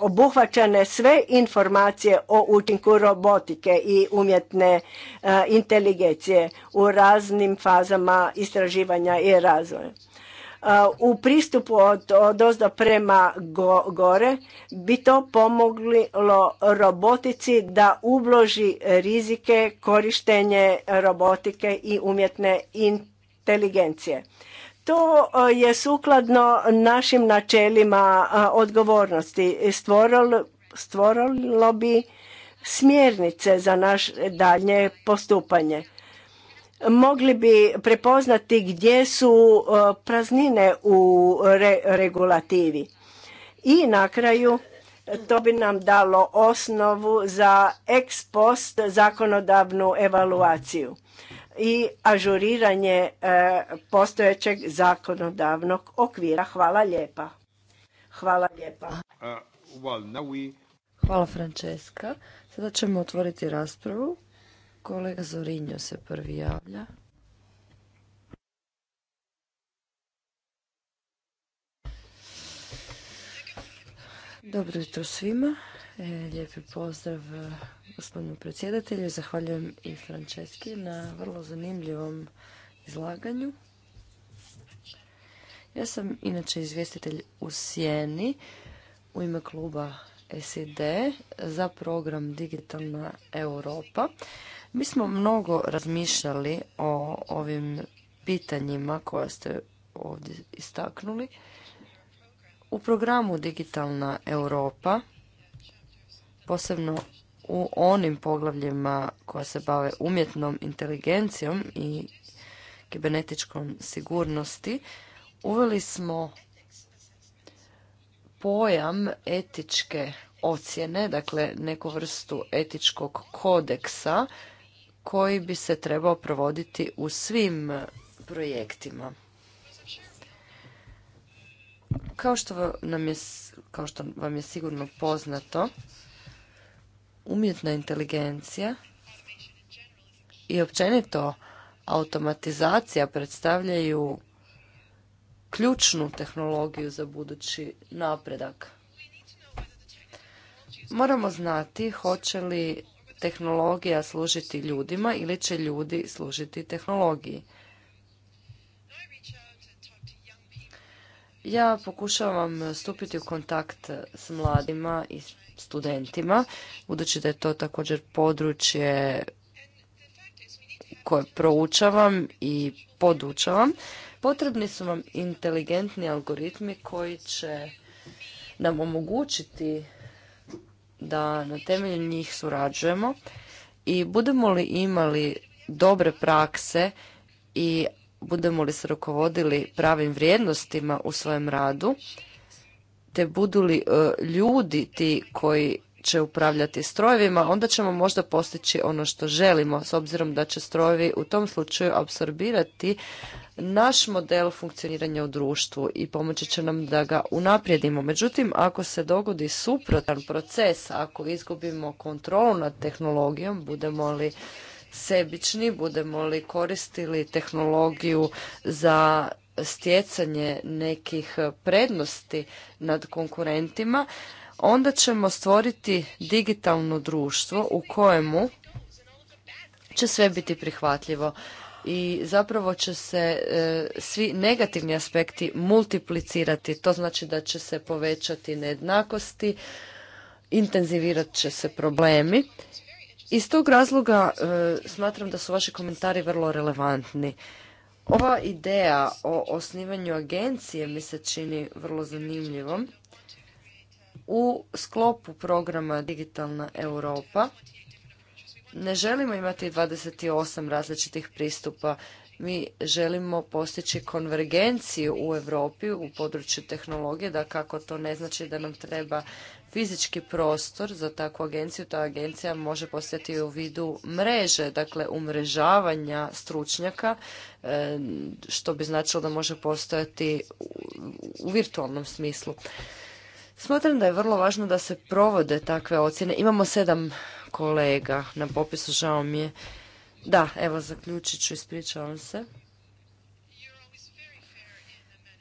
obuhvaćene sve informacije o učinku robotike i umjetne inteligencije u raznim fazama istraživanja i razvoja u pristupu od, od prema gore bi to pomoglo robotici da ubloži rizike korištenje robotike i umjetne inteligencije. To je sukladno našim načelima odgovornosti. Stvorilo, stvorilo bi smjernice za naše daljnje postupanje mogli bi prepoznati gdje su e, praznine u regulativi. I na kraju to bi nam dalo osnovu za ex post zakonodavnu evaluaciju i ažuriranje e, postojećeg zakonodavnog okvira. Hvala lijepa. Hvala lijepa. Uh, Hvala Francesca. Sada ćemo otvoriti raspravu. Kolega Zorinjo se prvi javlja. Dobro jutro svima. E, lijepi pozdrav e, gospodinu predsjedatelju. Zahvaljujem i Frančeski na vrlo zanimljivom izlaganju. Ja sam inače izvjestitelj u Sjeni u ime kluba SID za program Digitalna Europa. Mi smo mnogo razmišljali o ovim pitanjima koja ste ovdje istaknuli. U programu Digitalna Europa, posebno u onim poglavljima koja se bave umjetnom inteligencijom i kibernetičkom sigurnosti, uveli smo pojam etičke ocjene, dakle neku vrstu etičkog kodeksa koji bi se trebao provoditi u svim projektima. Kao što, je, kao što vam je sigurno poznato, umjetna inteligencija i općenito automatizacija predstavljaju ključnu tehnologiju za budući napredak. Moramo znati hoće li tehnologija služiti ljudima ili će ljudi služiti tehnologiji. Ja pokušavam stupiti u kontakt s mladima i studentima, budući da je to također područje koje proučavam i podučavam. Potrebni su vam inteligentni algoritmi koji će nam omogućiti da na temelju njih surađujemo i budemo li imali dobre prakse i budemo li se rukovodili pravim vrijednostima u svojem radu, te budu li e, ljudi ti koji će upravljati strojevima, onda ćemo možda postići ono što želimo, s obzirom da će strojevi u tom slučaju absorbirati naš model funkcioniranja u društvu i pomoći će nam da ga unaprijedimo. Međutim, ako se dogodi suprotan proces, ako izgubimo kontrolu nad tehnologijom, budemo li sebični, budemo li koristili tehnologiju za stjecanje nekih prednosti nad konkurentima, onda ćemo stvoriti digitalno društvo u kojemu će sve biti prihvatljivo i zapravo će se e, svi negativni aspekti multiplicirati. To znači da će se povećati nejednakosti, intenzivirat će se problemi. Iz tog razloga e, smatram da su vaši komentari vrlo relevantni. Ova ideja o osnivanju agencije mi se čini vrlo zanimljivom u sklopu programa Digitalna Europa ne želimo imati 28 različitih pristupa. Mi želimo postići konvergenciju u Europi u području tehnologije, da kako to ne znači da nam treba fizički prostor za takvu agenciju. Ta agencija može postati u vidu mreže, dakle umrežavanja stručnjaka, e, što bi značilo da može postojati u virtualnom smislu. Smatram da je vrlo važno da se provode takve ocjene. Imamo sedam kolega na popisu, žao mi je. Da, evo, zaključit ću, ispričavam se.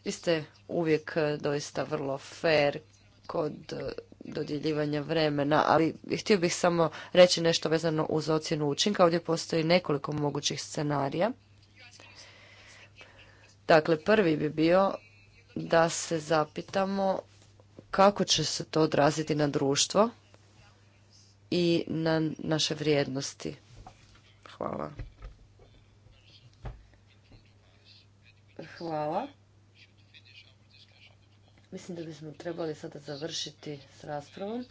Vi ste uvijek eh, doista vrlo fair kod eh, dodjeljivanja vremena, ali htio bih samo reći nešto vezano uz ocjenu učinka. Ovdje postoji nekoliko mogućih scenarija. Dakle, prvi bi bio da se zapitamo kako će se to odraziti na društvo i na naše vrijednosti. Hvala. Hvala. Mislim da bismo trebali sada završiti s raspravom.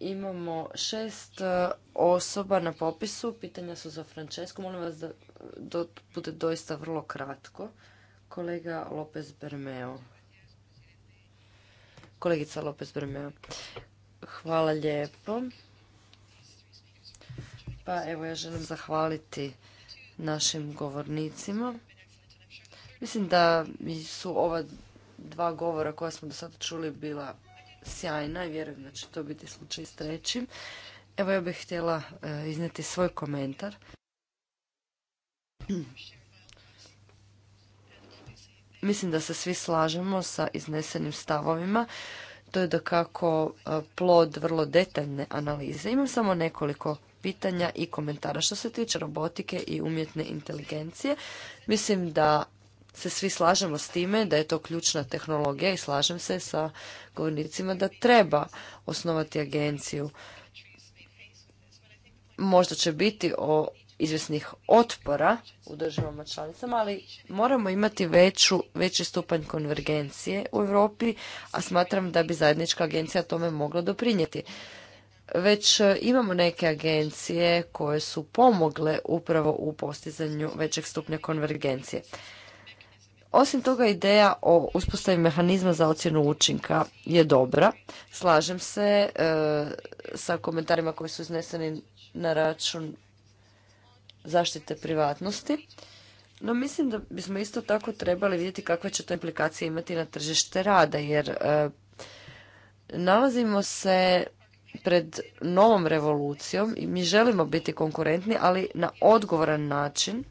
Imamo šest e, osoba na popisu. Pitanja su za Francesku. Molim vas da bude doista vrlo kratko. Kolega Lopez Bermeo. Kolegica Lopez Brmeo. Hvala lijepo. Pa evo ja želim zahvaliti našim govornicima. Mislim da su ova dva govora koja smo do sada čuli bila sjajna i vjerujem da će to biti slučaj s trećim. Evo ja bih htjela e, izneti svoj komentar. Mislim da se svi slažemo sa iznesenim stavovima. To je dakako e, plod vrlo detaljne analize. Imam samo nekoliko pitanja i komentara. Što se tiče robotike i umjetne inteligencije, mislim da se svi slažemo s time da je to ključna tehnologija i slažem se sa govornicima da treba osnovati agenciju. Možda će biti o izvjesnih otpora u državama članicama, ali moramo imati veću, veći stupanj konvergencije u Europi, a smatram da bi zajednička agencija tome mogla doprinijeti. Već e, imamo neke agencije koje su pomogle upravo u postizanju većeg stupnja konvergencije. Osim toga, ideja o uspostavi mehanizma za ocjenu učinka je dobra. Slažem se e, sa komentarima koji su izneseni na račun zaštite privatnosti. No mislim da bismo isto tako trebali vidjeti kakve će to implikacije imati na tržište rada, jer e, nalazimo se pred novom revolucijom i mi želimo biti konkurentni, ali na odgovoran način.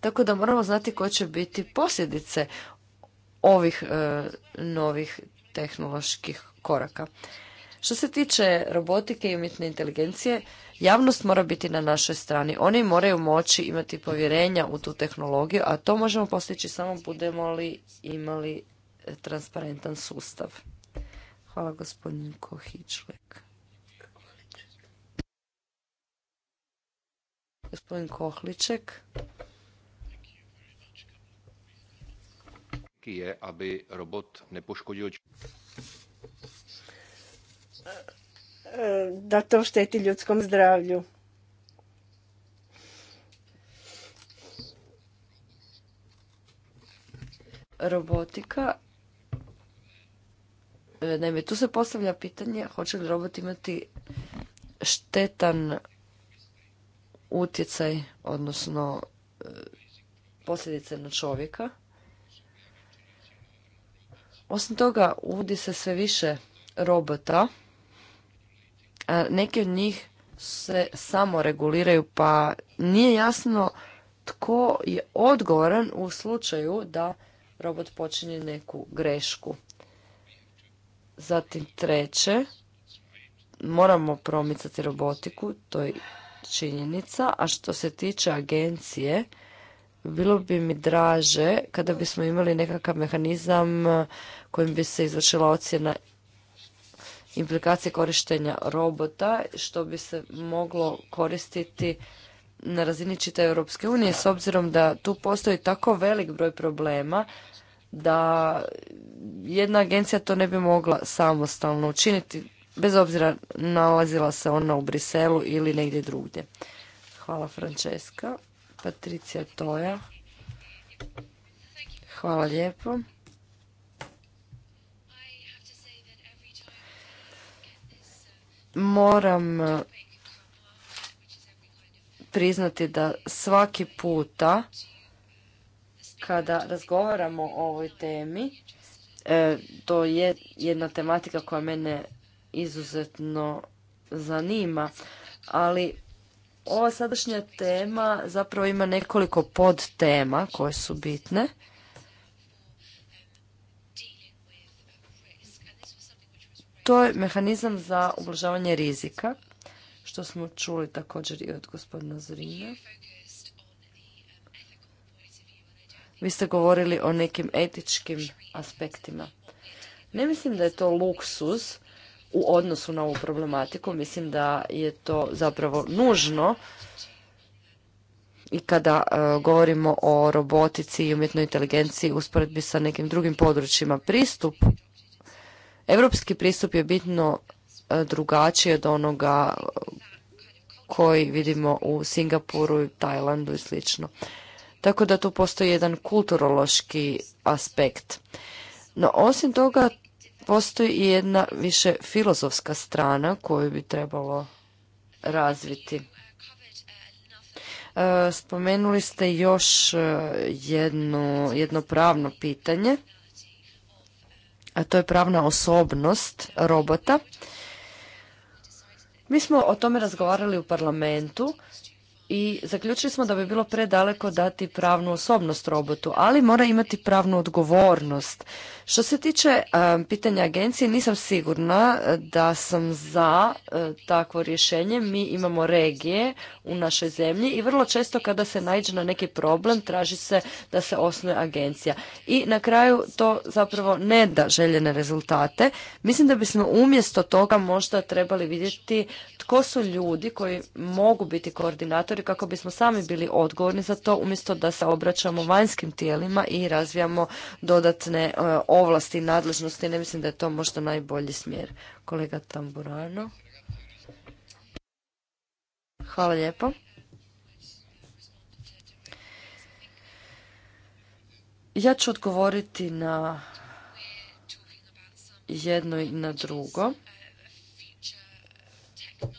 Tako da moramo znati koje će biti posljedice ovih e, novih tehnoloških koraka. Što se tiče robotike i umjetne inteligencije, javnost mora biti na našoj strani. Oni moraju moći imati povjerenja u tu tehnologiju, a to možemo postići samo budemo li imali e, transparentan sustav. Hvala gospodin Kohičlek. Gospodin Kohliček. Je, aby robot nepoškodil da to šteti ljudskom zdravlju. Robotika. E, naime, tu se postavlja pitanje hoće li robot imati štetan utjecaj, odnosno e, posljedice na čovjeka. Osim toga, uvodi se sve više robota E, neki od njih se samo reguliraju pa nije jasno tko je odgovoran u slučaju da robot počinje neku grešku. Zatim treće, moramo promicati robotiku, to je činjenica, a što se tiče agencije, bilo bi mi draže kada bismo imali nekakav mehanizam kojim bi se izvršila ocjena implikacije korištenja robota što bi se moglo koristiti na razini čita Europske unije s obzirom da tu postoji tako velik broj problema da jedna agencija to ne bi mogla samostalno učiniti bez obzira nalazila se ona u Briselu ili negdje drugdje. Hvala Francesca. Patricija Toja. Hvala lijepo. moram e, priznati da svaki puta kada razgovaramo o ovoj temi, e, to je jedna tematika koja mene izuzetno zanima, ali ova sadašnja tema zapravo ima nekoliko podtema koje su bitne. To je mehanizam za ublažavanje rizika, što smo čuli također i od gospodina Zorina. Vi ste govorili o nekim etičkim aspektima. Ne mislim da je to luksus u odnosu na ovu problematiku. Mislim da je to zapravo nužno i kada e, govorimo o robotici i umjetnoj inteligenciji usporedbi sa nekim drugim područjima. Pristup Europski pristup je bitno e, drugačiji od onoga koji vidimo u Singapuru, Tajlandu i sl. Tako da tu postoji jedan kulturološki aspekt. No, osim toga, postoji i jedna više filozofska strana koju bi trebalo razviti. E, spomenuli ste još e, jedno, jedno pravno pitanje a to je pravna osobnost robota. Mi smo o tome razgovarali u parlamentu i zaključili smo da bi bilo predaleko dati pravnu osobnost robotu, ali mora imati pravnu odgovornost. Što se tiče e, pitanja agencije, nisam sigurna e, da sam za e, takvo rješenje. Mi imamo regije u našoj zemlji i vrlo često kada se naiđe na neki problem, traži se da se osnuje agencija. I na kraju to zapravo ne da željene rezultate. Mislim da bismo umjesto toga možda trebali vidjeti tko su ljudi koji mogu biti koordinatori kako bismo sami bili odgovorni za to umjesto da se obraćamo vanjskim tijelima i razvijamo dodatne ovlasti i nadležnosti. Ne mislim da je to možda najbolji smjer. Kolega Tamburano. Hvala lijepo. Ja ću odgovoriti na jedno i na drugo.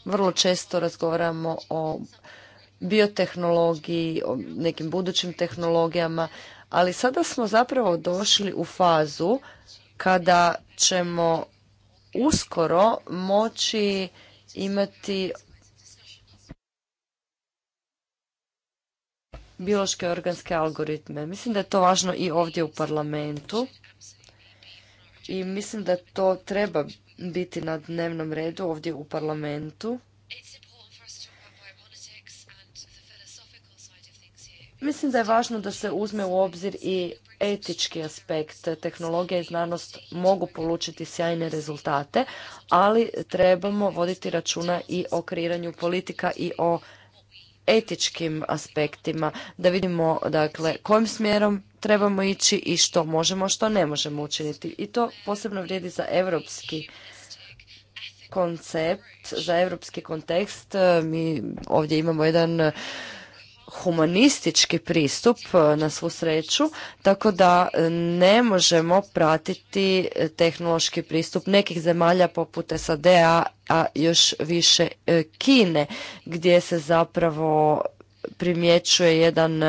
Vrlo često razgovaramo o biotehnologiji, o nekim budućim tehnologijama, ali sada smo zapravo došli u fazu kada ćemo uskoro moći imati biološke organske algoritme. Mislim da je to važno i ovdje u parlamentu i mislim da to treba biti na dnevnom redu ovdje u parlamentu. Mislim da je važno da se uzme u obzir i etički aspekt. Tehnologija i znanost mogu polučiti sjajne rezultate, ali trebamo voditi računa i o kreiranju politika i o etičkim aspektima, da vidimo dakle kojim smjerom trebamo ići i što možemo, što ne možemo učiniti. I to posebno vrijedi za europski koncept, za europski kontekst. Mi ovdje imamo jedan humanistički pristup e, na svu sreću, tako da e, ne možemo pratiti e, tehnološki pristup nekih zemalja poput SAD-a, a još više Kine, gdje se zapravo primjećuje jedan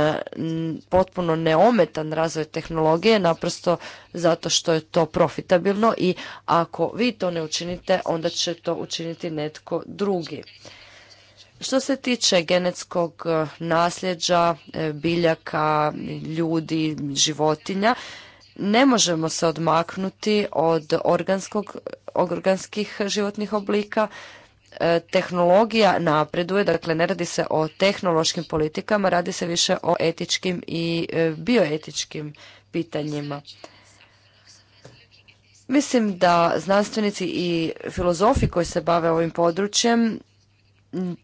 potpuno neometan razvoj tehnologije naprosto zato što je to profitabilno i ako vi to ne učinite onda će to učiniti netko drugi. Što se tiče genetskog e, nasljeđa, e, biljaka, ljudi, životinja, ne možemo se odmaknuti od organskih životnih oblika. E, tehnologija napreduje, dakle ne radi se o tehnološkim politikama, radi se više o etičkim i bioetičkim pitanjima. Mislim da znanstvenici i filozofi koji se bave ovim područjem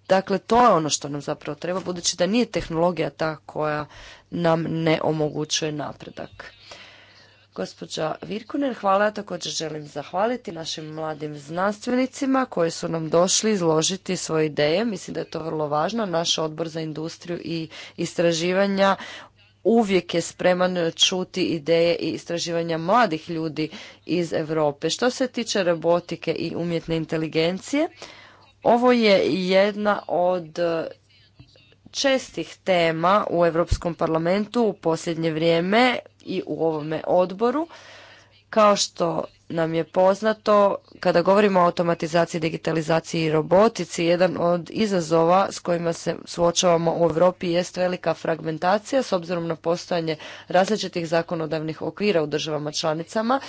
Dakle, to je ono što nam zapravo treba, budući da nije tehnologija ta koja nam ne omogućuje napredak. Gospođa Virkuner, hvala. Ja također želim zahvaliti našim mladim znanstvenicima koji su nam došli izložiti svoje ideje. Mislim da je to vrlo važno. Naš odbor za industriju i istraživanja uvijek je spreman čuti ideje i istraživanja mladih ljudi iz Europe. Što se tiče robotike i umjetne inteligencije, ovo je jedna od čestih tema u Europskom parlamentu u posljednje vrijeme i u ovome odboru. Kao što nam je poznato, kada govorimo o automatizaciji, digitalizaciji i robotici, jedan od izazova s kojima se suočavamo u Europi jest velika fragmentacija s obzirom na postojanje različitih zakonodavnih okvira u državama članicama.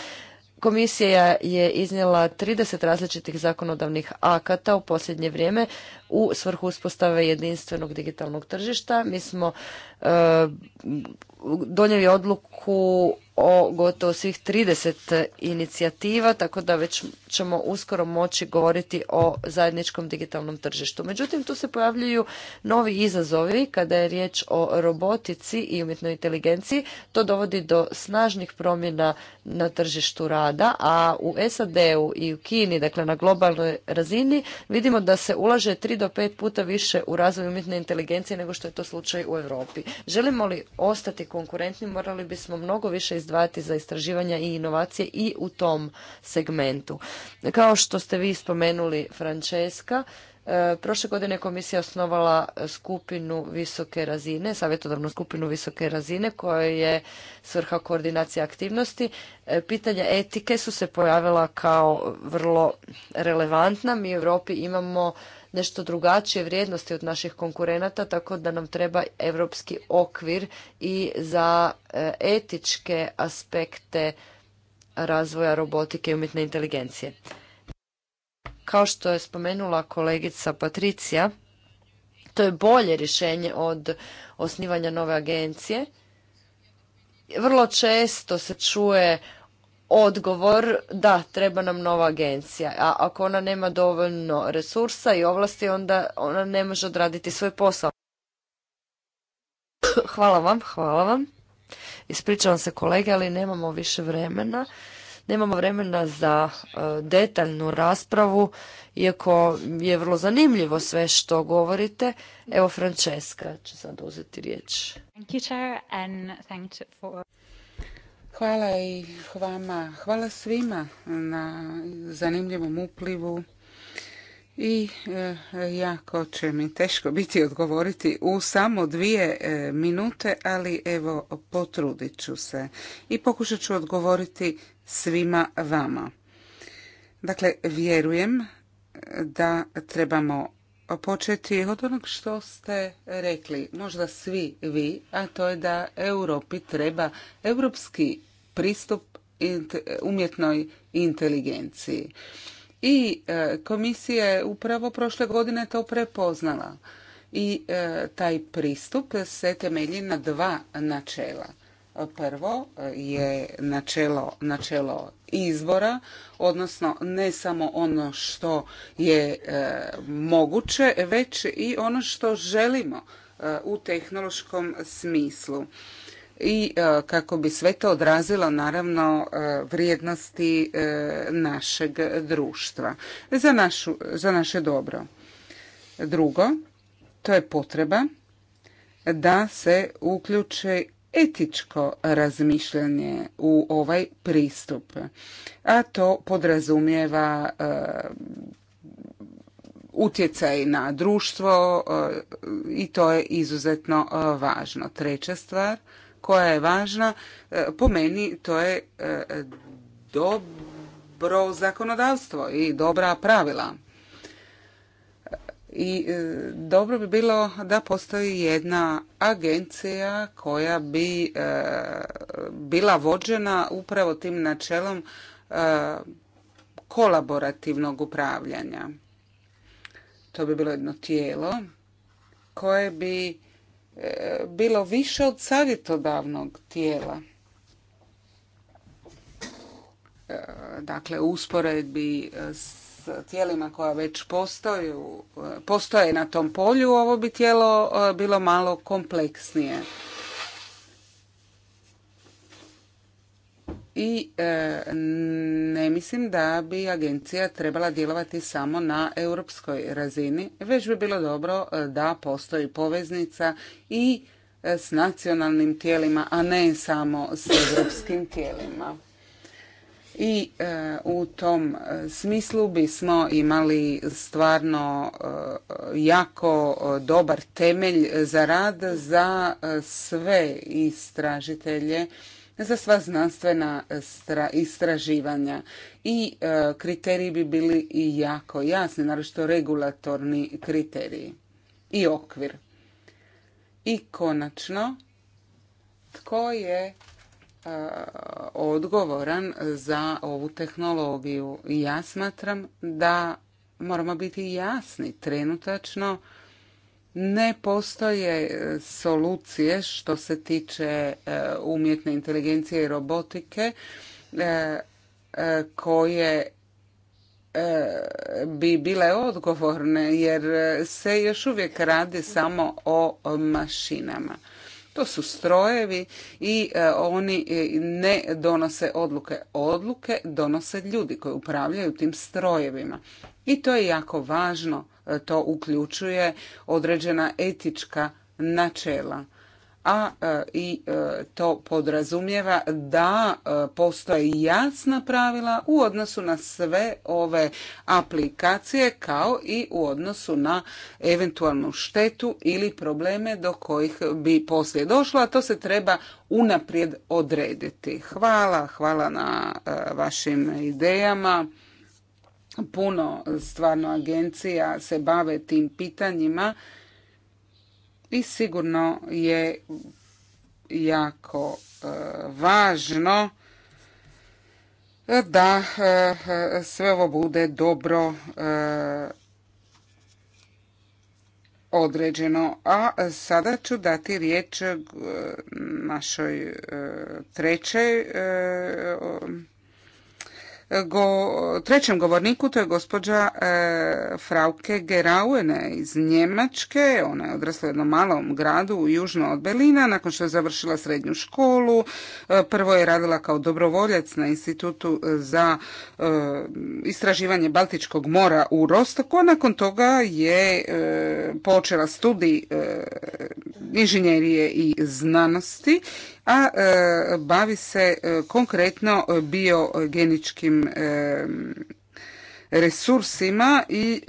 Komisija je iznijela 30 različitih zakonodavnih akata u posljednje vrijeme u svrhu uspostave jedinstvenog digitalnog tržišta. Mi smo e, donijeli odluku o gotovo svih 30 inicijativa, tako da već ćemo uskoro moći govoriti o zajedničkom digitalnom tržištu. Međutim, tu se pojavljuju novi izazovi kada je riječ o robotici i umjetnoj inteligenciji. To dovodi do snažnih promjena na tržištu rada, a u SAD-u i u Kini, dakle na globalnoj razini, vidimo da se ulaže 3 do 5 puta više u razvoj umjetne inteligencije nego što je to slučaj u Europi. Želimo li ostati konkurentni, morali bismo mnogo više iz izdvajati za istraživanja i inovacije i u tom segmentu. Kao što ste vi spomenuli, Francesca, e, Prošle godine komisija osnovala skupinu visoke razine, savjetodavnu skupinu visoke razine koja je svrha koordinacije aktivnosti. E, pitanja etike su se pojavila kao vrlo relevantna. Mi u Europi imamo nešto drugačije vrijednosti od naših konkurenata, tako da nam treba europski okvir i za e, etičke aspekte razvoja robotike i umjetne inteligencije. Kao što je spomenula kolegica Patricija, to je bolje rješenje od osnivanja nove agencije. Vrlo često se čuje odgovor da, treba nam nova agencija. A ako ona nema dovoljno resursa i ovlasti, onda ona ne može odraditi svoj posao. Hvala vam, hvala vam. Ispričavam se kolege, ali nemamo više vremena. Nemamo vremena za e, detaljnu raspravu, iako je vrlo zanimljivo sve što govorite. Evo, Francesca će sad uzeti riječ. Hvala i vama. Hvala svima na zanimljivom uplivu i eh, jako će mi teško biti odgovoriti u samo dvije eh, minute, ali evo potrudit ću se i pokušat ću odgovoriti svima vama. Dakle, vjerujem eh, da trebamo početi od onog što ste rekli, možda svi vi, a to je da Europi treba europski pristup umjetnoj inteligenciji. I e, komisija je upravo prošle godine to prepoznala. I e, taj pristup se temelji na dva načela. Prvo e, je načelo, načelo izbora, odnosno ne samo ono što je moguće, već i ono što želimo u tehnološkom smislu i e, kako bi sve to odrazilo naravno e, vrijednosti e, našeg društva za, našu, za naše dobro. Drugo, to je potreba da se uključe etičko razmišljanje u ovaj pristup, a to podrazumijeva utjecaj na društvo i to je izuzetno važno. Treća stvar koja je važna, e, po meni to je e, dobro zakonodavstvo i dobra pravila. I e, dobro bi bilo da postoji jedna agencija koja bi bila vođena upravo tim načelom kolaborativnog upravljanja. To bi bilo jedno tijelo koje bi bilo više od savjetodavnog tijela. E, dakle, usporedbi e, s tijelima koja već postoju, e, postoje na tom polju, ovo bi tijelo bilo malo kompleksnije. i e, ne mislim da bi agencija trebala djelovati samo na europskoj razini, već bi bilo dobro e, da postoji poveznica i e, s nacionalnim tijelima, a ne samo s europskim tijelima. I u tom smislu bismo imali stvarno jako dobar temelj za rad za sve istražitelje za sva znanstvena e, istraživanja. I e, kriteriji bi bili i jako jasni, naročito regulatorni kriteriji i okvir. I konačno, tko je e, odgovoran za ovu tehnologiju? Ja smatram da moramo biti jasni trenutačno ne postoje e, solucije što se tiče e, umjetne inteligencije i robotike e, koje bi bile odgovorne jer se još uvijek radi samo o mašinama. To su strojevi i e, oni e, ne donose odluke. Odluke donose ljudi koji upravljaju tim strojevima. I to je jako važno. E, to uključuje određena etička načela a e, i e, to podrazumijeva da e, postoje jasna pravila u odnosu na sve ove aplikacije kao i u odnosu na eventualnu štetu ili probleme do kojih bi poslije došlo, a to se treba unaprijed odrediti. Hvala, hvala na vašim idejama puno stvarno agencija se bave tim pitanjima i sigurno je jako e, važno da e, sve ovo bude dobro e, određeno. A sada ću dati riječ našoj trećoj go, trećem govorniku, to je gospođa e, Frauke Gerauene iz Njemačke. Ona je odrasla u jednom malom gradu u južno od Berlina. Nakon što je završila srednju školu, e, prvo je radila kao dobrovoljac na institutu za e, istraživanje Baltičkog mora u Rostoku. A nakon toga je počela studij inženjerije i znanosti a e, bavi se e, konkretno biogeničkim e, resursima i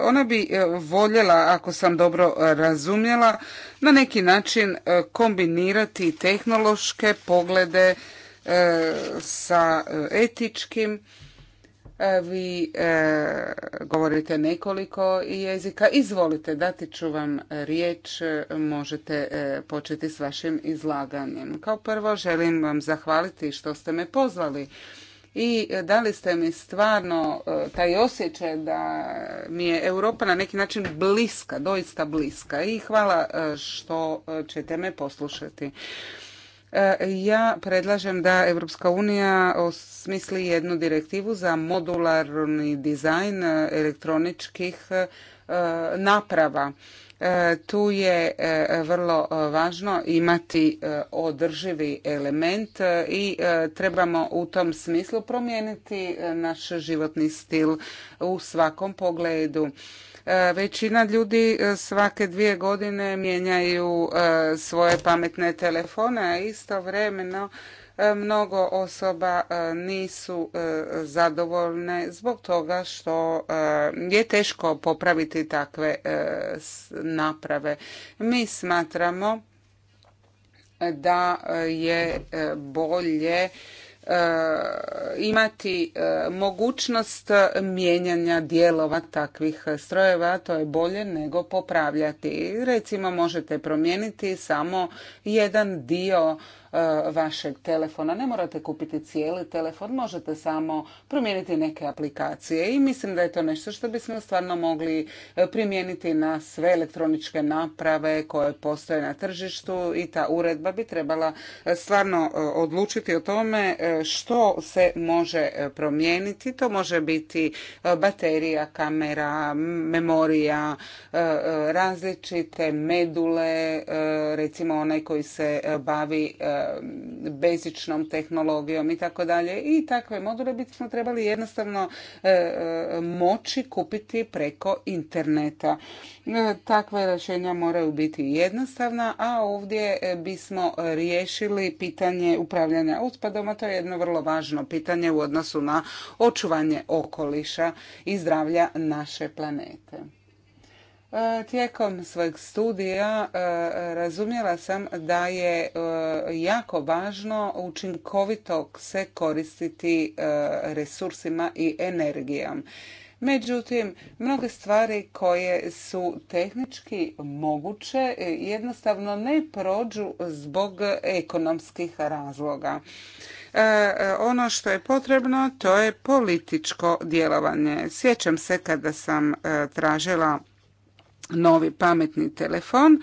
ona bi voljela, ako sam dobro razumjela, na neki način kombinirati tehnološke poglede sa etičkim E, vi e, govorite nekoliko jezika. Izvolite, dati ću vam riječ. E, možete početi s vašim izlaganjem. Kao prvo želim vam zahvaliti što ste me pozvali i dali ste mi stvarno taj osjećaj da mi je Europa na neki način bliska, doista bliska i hvala što ćete me poslušati. E, ja predlažem da Europska unija osmisli jednu direktivu za modularni dizajn elektroničkih e, naprava. E, tu je vrlo važno imati održivi element i trebamo u tom smislu promijeniti naš životni stil u svakom pogledu. E, većina ljudi e, svake dvije godine mijenjaju e, svoje pametne telefone, a istovremeno mnogo osoba nisu zadovoljne zbog toga što je teško popraviti takve naprave. Mi smatramo da je bolje E, imati e, mogućnost mijenjanja dijelova takvih strojeva, to je bolje nego popravljati. Recimo možete promijeniti samo jedan dio E, vašeg telefona. Ne morate kupiti cijeli telefon, možete samo promijeniti neke aplikacije i mislim da je to nešto što bismo stvarno mogli e, primijeniti na sve elektroničke naprave koje postoje na tržištu i ta uredba bi trebala e, stvarno odlučiti o tome što se može promijeniti. To može biti baterija, kamera, memorija, različite medule, recimo onaj koji se bavi bezičnom tehnologijom i tako dalje. I takve module bismo trebali jednostavno e, e, moći kupiti preko interneta. E, takve rješenja moraju biti jednostavna, a ovdje bismo riješili pitanje upravljanja otpadom, a to je jedno vrlo važno pitanje u odnosu na očuvanje okoliša i zdravlja naše planete. E, tijekom svojeg studija e, razumjela sam da je e, jako važno učinkovito se koristiti resursima i energijom. Međutim, mnoge stvari koje su tehnički moguće jednostavno ne prođu zbog ekonomskih razloga. Ono što je potrebno to je političko djelovanje. Sjećam se kada sam tražila novi pametni telefon.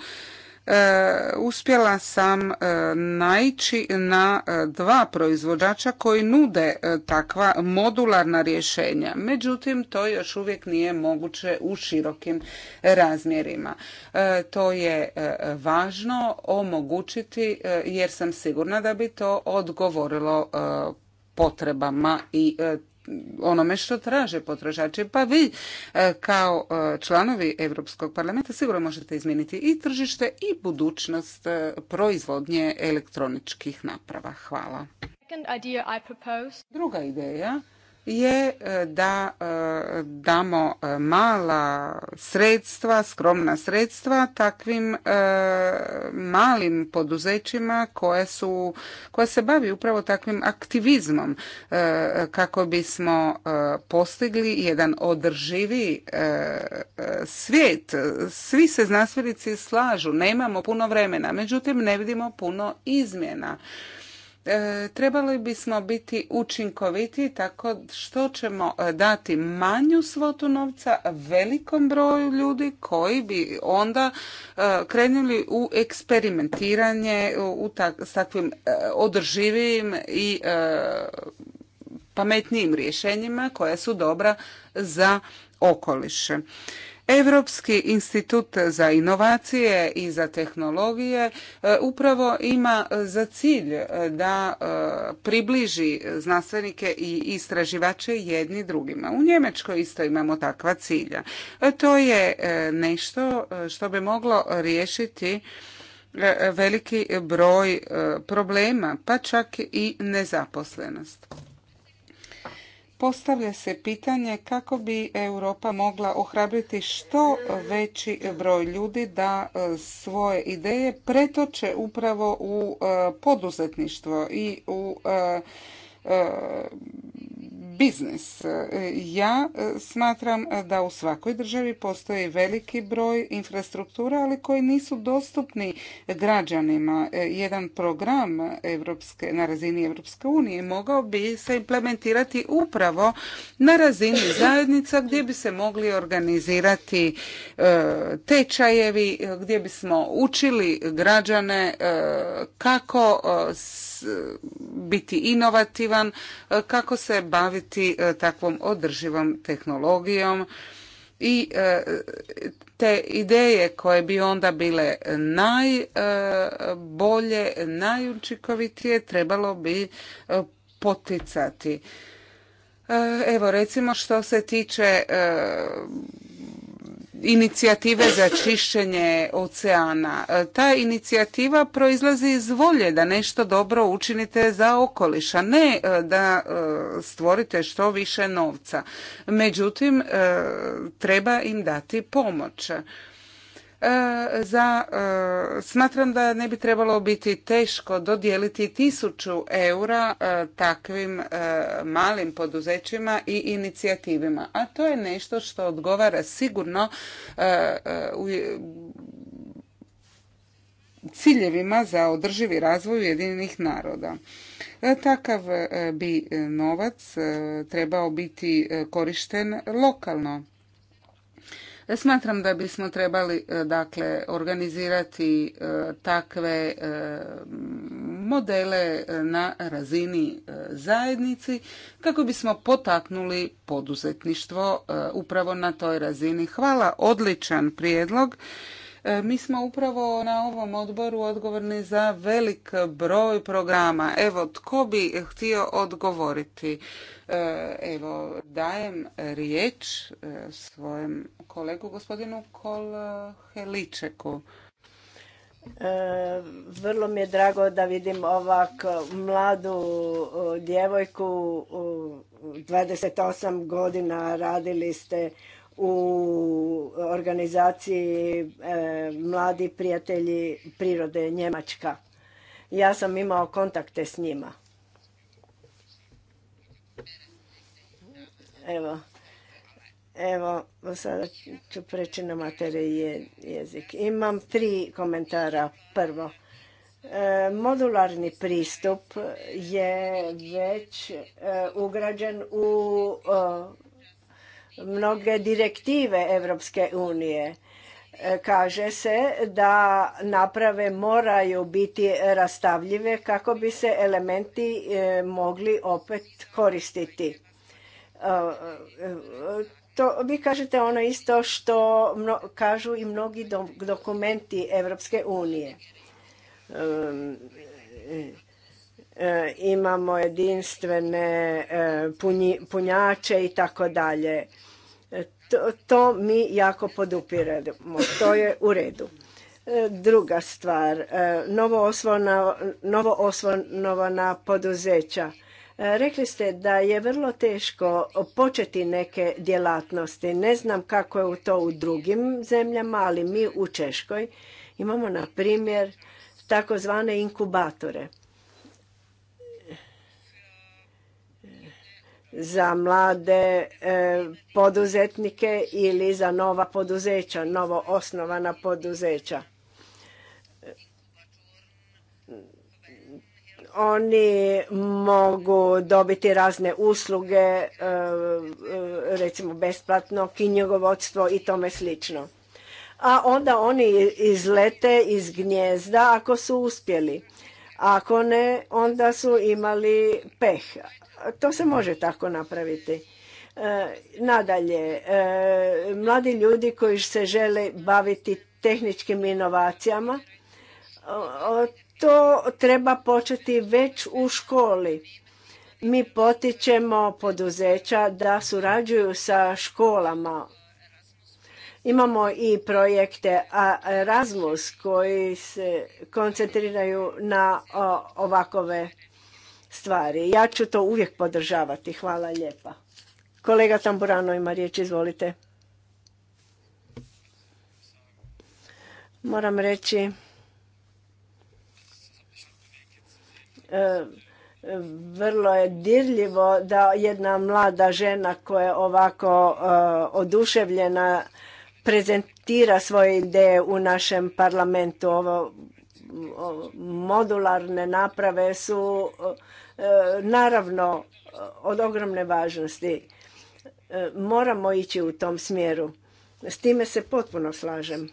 E, uspjela sam e, naići na e, dva proizvođača koji nude takva modularna rješenja. Međutim, to još uvijek nije moguće u širokim razmjerima. To je važno omogućiti jer sam sigurna da bi to odgovorilo potrebama i onome što traže potrošači. Pa vi e, kao e, članovi Europskog parlamenta sigurno možete izmijeniti i tržište i budućnost e, proizvodnje elektroničkih naprava. Hvala. Druga ideja je e, da e, damo e, mala sredstva, skromna sredstva takvim malim poduzećima koja su, se bavi upravo takvim aktivizmom kako bismo postigli jedan održivi svijet. Svi se znanstvenici slažu, nemamo puno vremena, međutim ne vidimo puno izmjena. E, trebali bismo biti učinkoviti tako što ćemo e, dati manju svotu novca velikom broju ljudi koji bi onda e, krenuli u eksperimentiranje u s takvim održivijim i pametnijim rješenjima koja su dobra za okoliš. Europski institut za inovacije i za tehnologije e, upravo ima e, za cilj e, da približi znanstvenike i istraživače jedni drugima. U Njemačkoj isto imamo takva cilja. To je nešto što bi moglo riješiti veliki broj problema, pa čak i nezaposlenost postavlja se pitanje kako bi Europa mogla ohrabriti što veći broj ljudi da e, svoje ideje pretoče upravo u e, poduzetništvo i u e, biznis. E, ja e, smatram e, da u svakoj državi postoji veliki broj infrastruktura, ali koji nisu dostupni građanima. Jedan program na razini Evropske unije mogao bi se implementirati upravo na razini zajednica gdje bi se mogli organizirati tečajevi, gdje bismo učili građane kako biti inovativan, e, kako se baviti e, takvom održivom tehnologijom i e, te ideje koje bi onda bile najbolje, najučinkovitije trebalo bi poticati. Evo recimo što se tiče inicijative za čišćenje oceana. E, ta inicijativa proizlazi iz volje da nešto dobro učinite za okoliš, a ne e, da e, stvorite što više novca. Međutim, treba im dati pomoć. E, za, e, smatram da ne bi trebalo biti teško dodijeliti tisuću eura e, takvim malim poduzećima i inicijativima. A to je nešto što odgovara sigurno ciljevima za održivi razvoj Ujedinjenih naroda. Takav bi novac trebao biti korišten lokalno Smatram da bismo trebali e, dakle organizirati e, takve e, modele na razini zajednici kako bismo potaknuli poduzetništvo upravo na toj razini. Hvala, odličan prijedlog. Mi smo upravo na ovom odboru odgovorni za velik broj programa. Evo, tko bi htio odgovoriti? E, evo, dajem riječ e, svojem kolegu gospodinu Kol Heličeku. E, vrlo mi je drago da vidim ovak mladu djevojku, 28 godina radili ste u organizaciji Mladi prijatelji prirode Njemačka. Ja sam imao kontakte s njima. Evo, evo, sada ću preći na materi jezik. Imam tri komentara. Prvo, e, modularni pristup je već e, ugrađen u e, mnoge direktive Europske unije kaže se da naprave moraju biti rastavljive kako bi se elementi mogli opet koristiti. To, vi kažete ono isto što kažu i mnogi dokumenti Europske unije. Um, e, e, imamo jedinstvene e, punjače i tako dalje. To mi jako podupiramo. To je u redu. druga stvar, novo osnovana poduzeća Rekli ste da je vrlo teško početi neke djelatnosti. Ne znam kako je to u drugim zemljama, ali mi u Češkoj imamo na primjer takozvane inkubatore. za mlade e, poduzetnike ili za nova poduzeća, novo osnovana poduzeća. Oni mogu dobiti razne usluge, e, e, recimo besplatno, kinjogovodstvo i tome slično. A onda oni izlete iz gnjezda ako su uspjeli. Ako ne, onda su imali peh. To se može tako napraviti. E, nadalje, mladi ljudi koji se žele baviti tehničkim inovacijama, to treba početi već u školi. Mi potičemo poduzeća da surađuju sa školama. Imamo i projekte Erasmus koji se koncentriraju na ovakove stvari. Ja ću to uvijek podržavati. Hvala lijepa. Kolega Tamburano ima riječ, izvolite. Moram reći E, vrlo je dirljivo da jedna mlada žena koja je ovako e, oduševljena prezentira svoje ideje u našem parlamentu. Ovo modularne naprave su e, naravno od ogromne važnosti. Moramo ići u tom smjeru. S time se potpuno slažem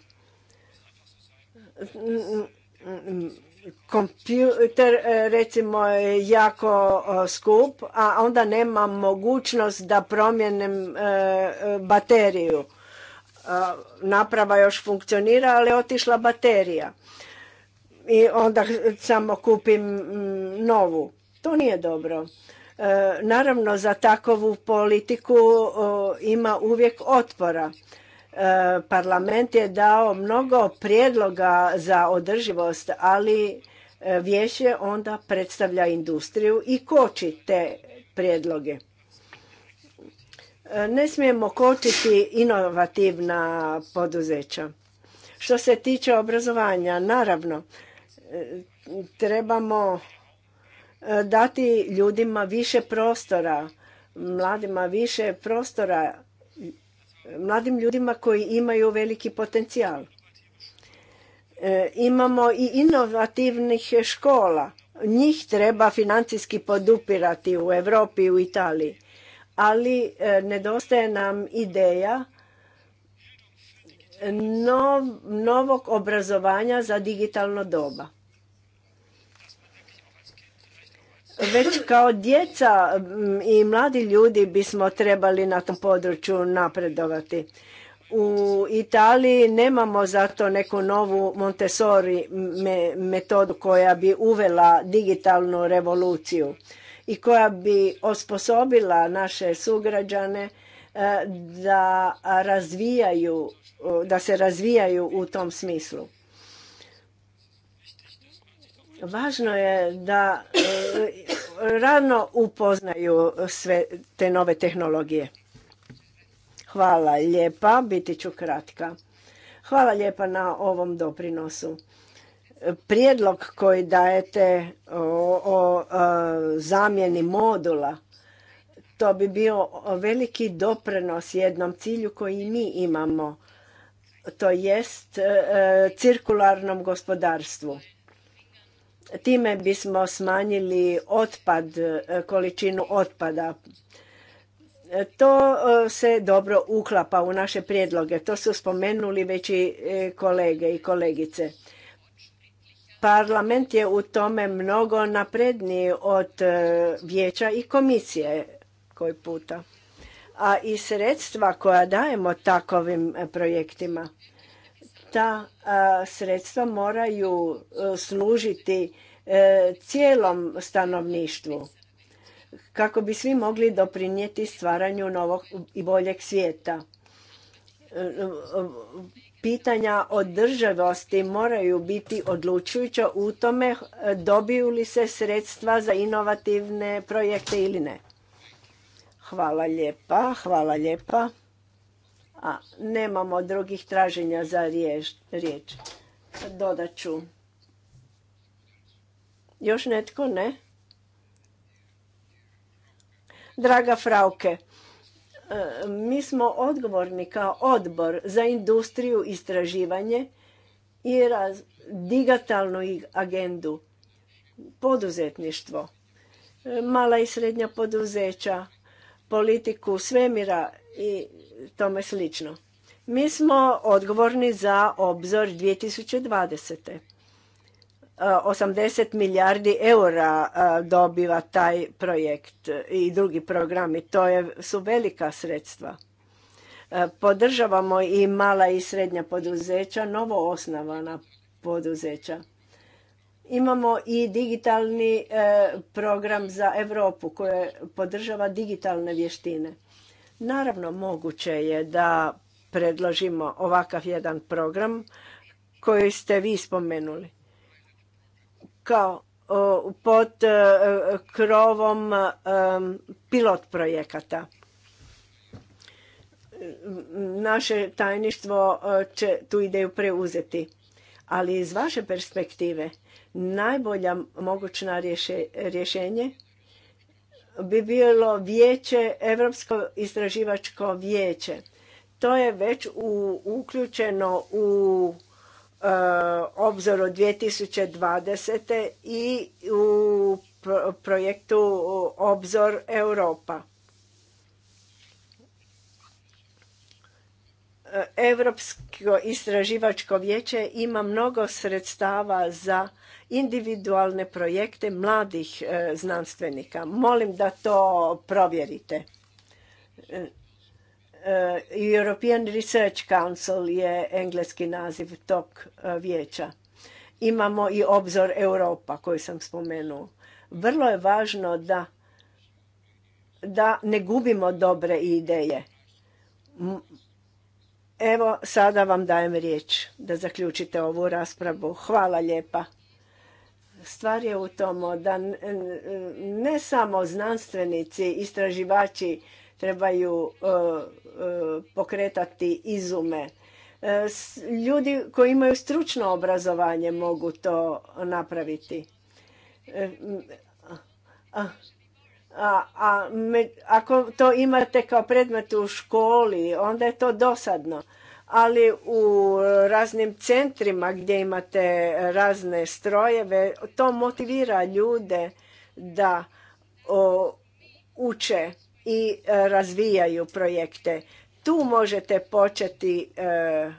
kompjuter e, recimo je jako e, skup, a onda nema mogućnost da promijenim e, bateriju. Naprava još funkcionira, ali je otišla baterija. I onda samo kupim mm, novu. To nije dobro. Naravno, za takovu politiku ima uvijek otpora. E, parlament je dao mnogo prijedloga za održivost, ali e, vijeće onda predstavlja industriju i koči te prijedloge. E, ne smijemo kočiti inovativna poduzeća. Što se tiče obrazovanja, naravno, trebamo dati ljudima više prostora, mladima više prostora mladim ljudima koji imaju veliki potencijal. E, imamo i inovativnih škola. Njih treba financijski podupirati u Europi i u Italiji. Ali e, nedostaje nam ideja novog obrazovanja za digitalno doba. Već kao djeca i mladi ljudi bismo trebali na tom području napredovati. U Italiji nemamo zato neku novu Montessori metodu koja bi uvela digitalnu revoluciju i koja bi osposobila naše sugrađane e, da razvijaju da se razvijaju u tom smislu. Važno je da e, rano upoznaju sve te nove tehnologije. Hvala lijepa, biti ću kratka. Hvala lijepa na ovom doprinosu. Prijedlog koji dajete o, e, zamjeni modula, to bi bio veliki doprinos jednom cilju koji mi imamo, to jest e, cirkularnom gospodarstvu Time bismo smanjili otpad, e, količinu otpada. E, to e, se dobro uklapa u naše prijedloge. To su spomenuli već i kolege i kolegice. Parlament je u tome mnogo napredniji od vijeća i komisije koji puta. A i sredstva koja dajemo takovim projektima ta sredstva moraju e, služiti e, cijelom stanovništvu kako bi svi mogli doprinijeti stvaranju novog i boljeg svijeta. E, pitanja održivosti moraju biti odlučujuća u tome dobiju li se sredstva za inovativne projekte ili ne. Hvala lijepa, hvala lijepa. A nemamo drugih traženja za riječ. Dodat ću. Još netko? Ne? Draga Frauke, e, mi smo odgovorni kao odbor za industriju, istraživanje i digitalnu agendu, poduzetništvo, e, mala i srednja poduzeća, politiku svemira i tome slično. Mi smo odgovorni za obzor 2020. 80 e, milijardi eura e, dobiva taj projekt i drugi programi. To je, su velika sredstva. E, podržavamo i mala i srednja poduzeća, novo osnovana poduzeća. Imamo i digitalni program za Europu koje podržava digitalne vještine. Naravno, moguće je da predložimo ovakav jedan program koji ste vi spomenuli. Kao pod e, krovom e, pilot projekata. Naše tajništvo e, će tu ideju preuzeti. Ali iz vaše perspektive najbolja mogućna rješenje bi bilo vijeće, Europsko istraživačko vijeće. To je već u, uključeno u e, obzoru 2020. i u projektu Obzor Europa. Europsko istraživačko vijeće ima mnogo sredstava za individualne projekte mladih e, znanstvenika. Molim da to provjerite. E, e, European Research Council je engleski naziv tog vijeća. Imamo i obzor Europa koji sam spomenuo. Vrlo je važno da, da ne gubimo dobre ideje Evo, sada vam dajem riječ da zaključite ovu raspravu. Hvala lijepa. Stvar je u tomu da ne samo znanstvenici, istraživači trebaju e, e, pokretati izume. E, ljudi koji imaju stručno obrazovanje mogu to napraviti. A, a ako to imate kao predmet u školi, onda je to dosadno. Ali u raznim centrima gdje imate razne strojeve, to motivira ljude da uče i e, razvijaju projekte. Tu možete početi e,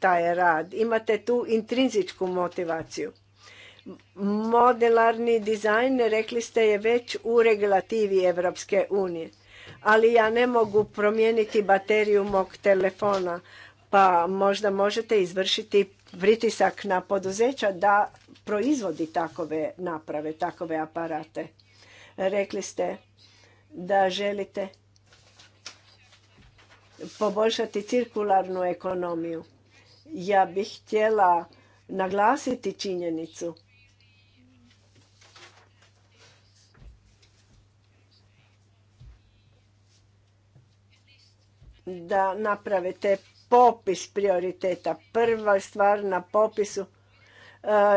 taj rad. Imate tu intrinzičku motivaciju. Modelarni dizajn, rekli ste, je već u regulativi Evropske unije. Ali ja ne mogu promijeniti bateriju mog telefona, pa možda možete izvršiti pritisak na poduzeća da proizvodi takove naprave, takove aparate. Rekli ste da želite poboljšati cirkularnu ekonomiju. Ja bih htjela naglasiti činjenicu da napravite popis prioriteta. Prva stvar na popisu e,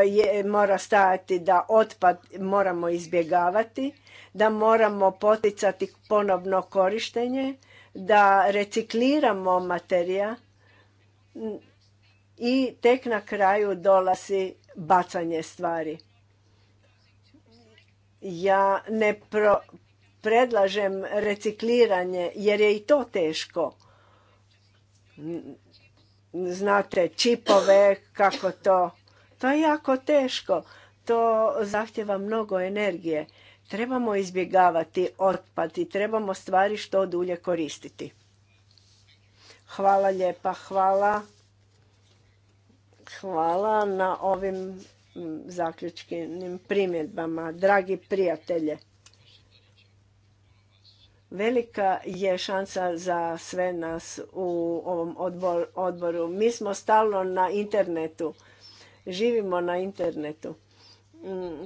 je, mora stajati da otpad moramo izbjegavati, da moramo poticati ponovno korištenje, da recikliramo materija i tek na kraju dolazi bacanje stvari. Ja ne pro, predlažem recikliranje jer je i to teško. Znate, čipove, kako to. To je jako teško. To zahtjeva mnogo energije. Trebamo izbjegavati otpad i trebamo stvari što dulje koristiti. Hvala lijepa, hvala. Hvala na ovim zaključkim primjedbama. Dragi prijatelje, Velika je šansa za sve nas u ovom odboru. Mi smo stalno na internetu. Živimo na internetu. Mm,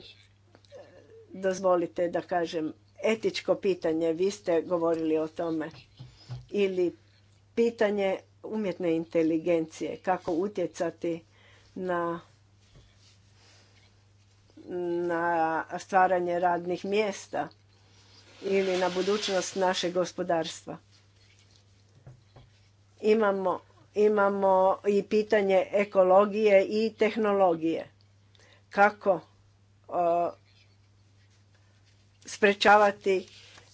dozvolite da kažem etičko pitanje. Vi ste govorili o tome. Ili pitanje umjetne inteligencije. Kako utjecati na na stvaranje radnih mjesta ili na budućnost našeg gospodarstva. Imamo, imamo i pitanje ekologije i tehnologije. Kako o, sprečavati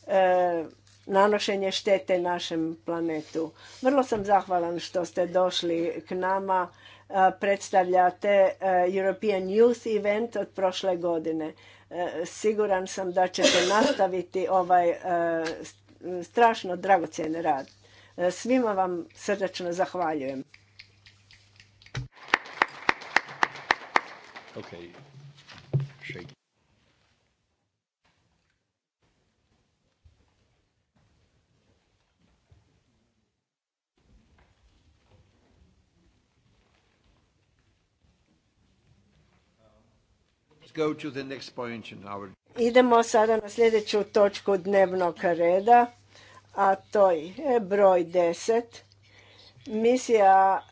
e, nanošenje štete našem planetu. Vrlo sam zahvalan što ste došli k nama. E, predstavljate e, European Youth Event od prošle godine. E, siguran sam da ćete nastaviti ovaj e, strašno dragocjen rad. E, svima vam srdačno zahvaljujem. Idemo sada na sljedeću točku dnevnog reda, a to je broj 10. Misija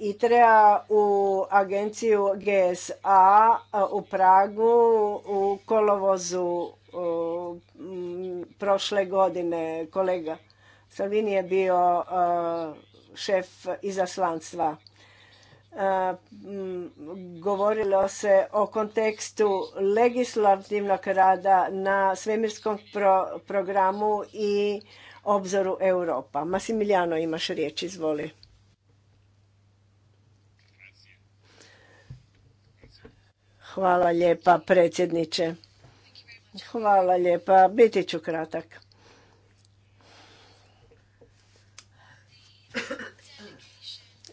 ITREA u agenciju GSA u Pragu u kolovozu prošle godine kolega Salvini je bio šef izaslanstva govorilo se o kontekstu legislativnog rada na svemirskom programu i obzoru Europa. Masimiljano imaš riječ, izvoli. Hvala lijepa predsjedniče. Hvala lijepa, biti ću kratak.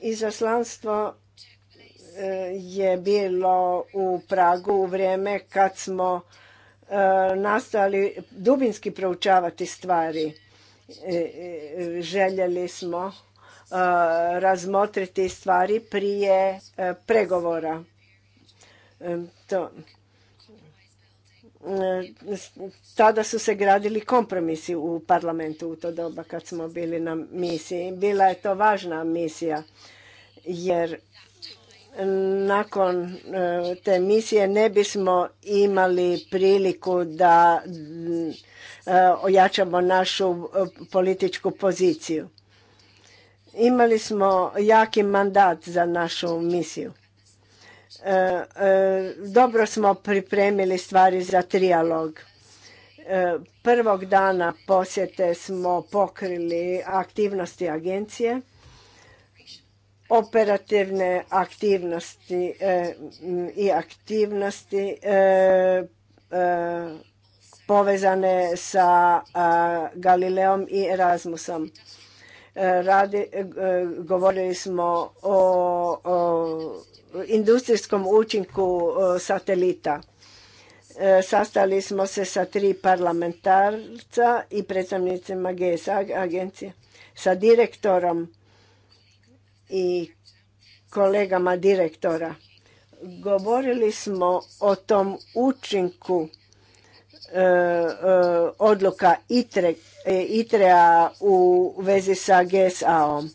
Izaslanstvo je bilo u Pragu u vrijeme kad smo e, nastali dubinski proučavati stvari. E, e, željeli smo razmotriti stvari prije pregovora. To. Tada su se gradili kompromisi u parlamentu u to doba kad smo bili na misiji. Bila je to važna misija jer nakon e, te misije ne bismo imali priliku da e, ojačamo našu e, političku poziciju. Imali smo jaki mandat za našu misiju. Dobro smo pripremili stvari za trijalog. Prvog dana posjete smo pokrili aktivnosti agencije operativne aktivnosti e, i aktivnosti e, e, povezane sa Galileom i Erasmusom. Radi, govorili smo o, industrijskom učinku satelita. Sastali smo se sa tri parlamentarca i predstavnicima GSA agencije, sa direktorom i kolegama direktora. Govorili smo o tom učinku e, e, odluka ITRE, e, a u vezi sa GSA-om.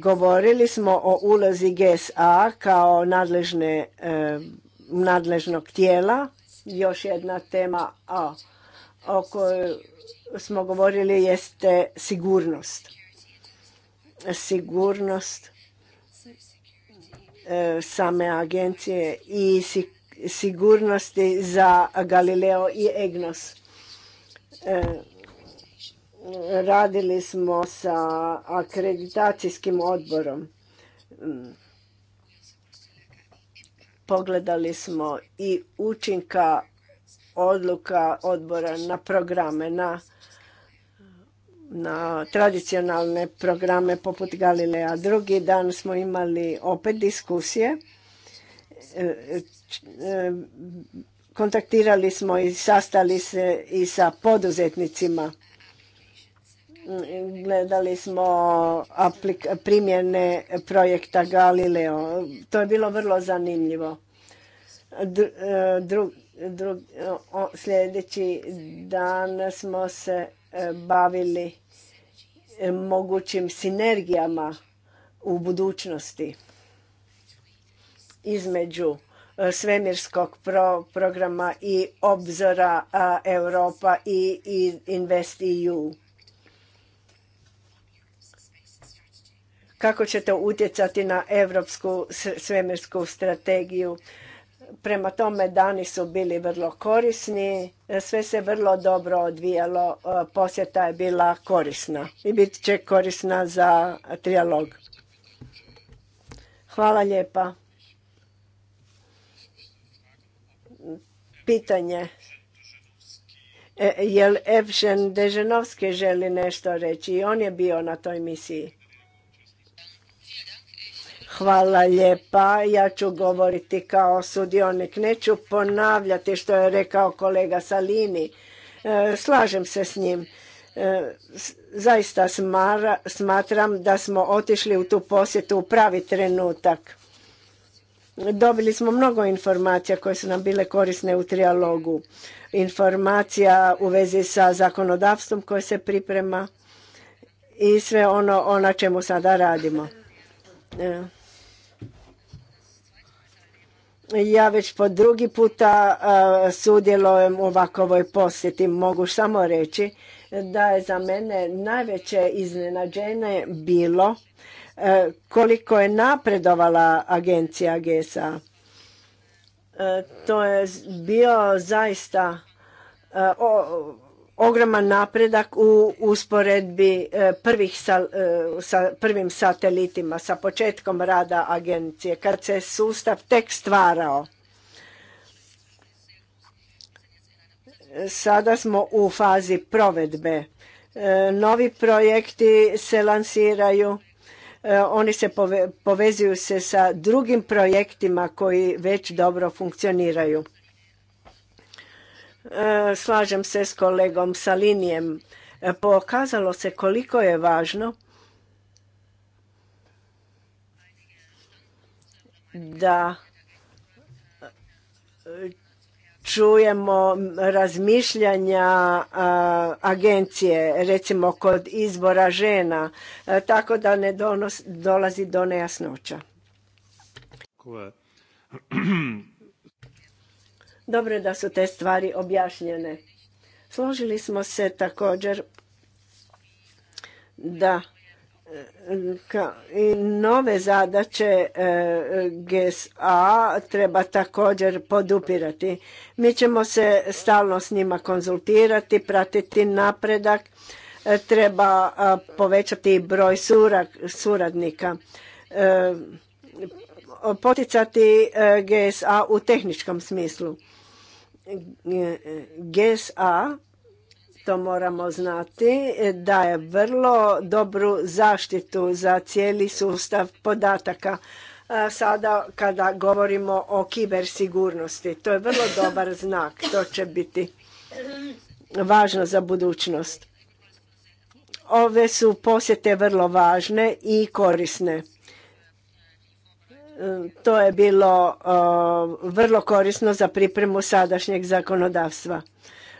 Govorili smo o ulozi GSA kao nadležne, nadležnog tijela. Još jedna tema a, o kojoj smo govorili jeste sigurnost sigurnost e, same agencije i sigurnosti za Galileo i EGNOS. E, radili smo sa akreditacijskim odborom. Pogledali smo i učinka odluka odbora na programe, na na tradicionalne programe poput Galilea. Drugi dan smo imali opet diskusije. E, e, kontaktirali smo i sastali se i sa poduzetnicima. Gledali smo primjene projekta Galileo. To je bilo vrlo zanimljivo. E, sljedeći dan smo se E, bavili e, mogućim sinergijama u budućnosti između e, svemirskog programa i obzora Europa i, i InvestEU. Kako će to utjecati na europsku svemirsku strategiju Prema tome dani su bili vrlo korisni, sve se vrlo dobro odvijalo, e, posjeta je bila korisna i bit će korisna za trijalog. Hvala lijepa. Pitanje. E, jel Evšen Deženovski želi nešto reći i on je bio na toj misiji. Hvala lijepa. Ja ću govoriti kao sudionik. Neću ponavljati što je rekao kolega Salini. E, slažem se s njim. E, zaista smatram da smo otišli u tu posjetu u pravi trenutak. Dobili smo mnogo informacija koje su nam bile korisne u trialogu. Informacija u vezi sa zakonodavstvom koje se priprema i sve ono na čemu sada radimo. E, ja već po drugi puta sudjelujem u ovakvoj posjeti. Mogu samo reći da je za mene najveće iznenađenje bilo e, koliko je napredovala agencija GSA. E, to je bio zaista e, ogroman napredak u usporedbi e, prvih e, sa, prvim satelitima, sa početkom rada agencije, kad se sustav tek stvarao. Sada smo u fazi provedbe. E, novi projekti se lansiraju, oni se povezuju se sa drugim projektima koji već dobro funkcioniraju E, slažem se s kolegom Salinijem. E, pokazalo se koliko je važno da čujemo razmišljanja agencije, recimo kod izbora žena, e, tako da ne dolazi do nejasnoća. Dobro je da su te stvari objašnjene. Složili smo se također da i nove zadaće e, GSA treba također podupirati. Mi ćemo se stalno s njima konzultirati, pratiti napredak, e, treba povećati broj suradnika, e, poticati GSA u tehničkom smislu GSA, to moramo znati, daje vrlo dobru zaštitu za cijeli sustav podataka. Sada kada govorimo o kibersigurnosti, to je vrlo dobar znak, to će biti važno za budućnost. Ove su posjete vrlo važne i korisne. To je bilo e, vrlo korisno za pripremu sadašnjeg zakonodavstva.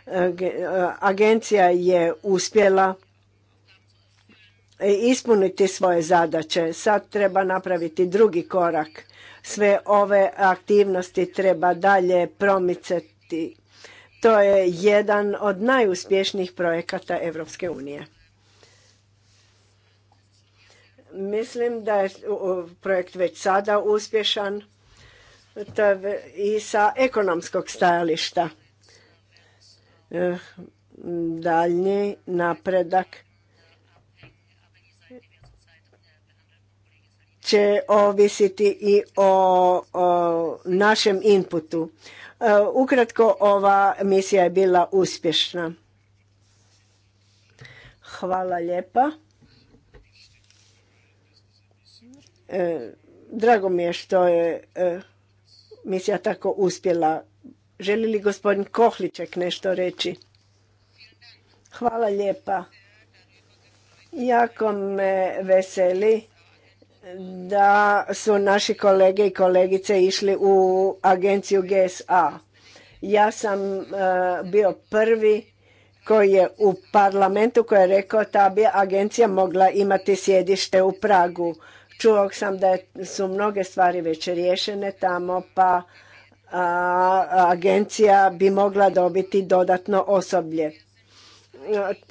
E, e, agencija je uspjela ispuniti svoje zadaće. Sad treba napraviti drugi korak. Sve ove aktivnosti treba dalje promicati. To je jedan od najuspješnijih projekata Europske unije. Mislim da je projekt već sada uspješan i sa ekonomskog stajališta. E, daljnji napredak će ovisiti i o našem inputu. E, ukratko, ova misija je bila uspješna. Hvala lijepa. E, drago mi je što je e, misija tako uspjela. Želi li gospodin Kohliček nešto reći? Hvala lijepa. Jako me veseli da su naši kolege i kolegice išli u agenciju GSA. Ja sam e, bio prvi koji je u parlamentu koji je rekao da bi agencija mogla imati sjedište u Pragu. Čuo sam da su mnoge stvari već riješene tamo, pa agencija bi mogla dobiti dodatno osoblje.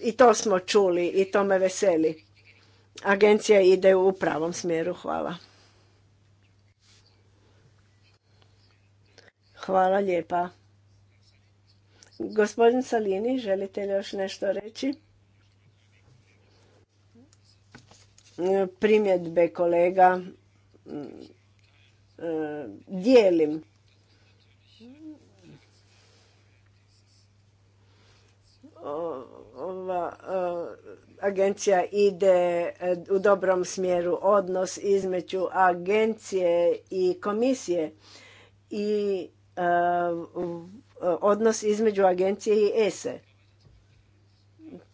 I to smo čuli i to me veseli. Agencija ide u pravom smjeru. Hvala. Hvala lijepa. Gospodin Salini, želite li još nešto reći? primjedbe kolega e, dijelim. Ova e, agencija ide e, u dobrom smjeru odnos između agencije i komisije i odnos između agencije i ESE.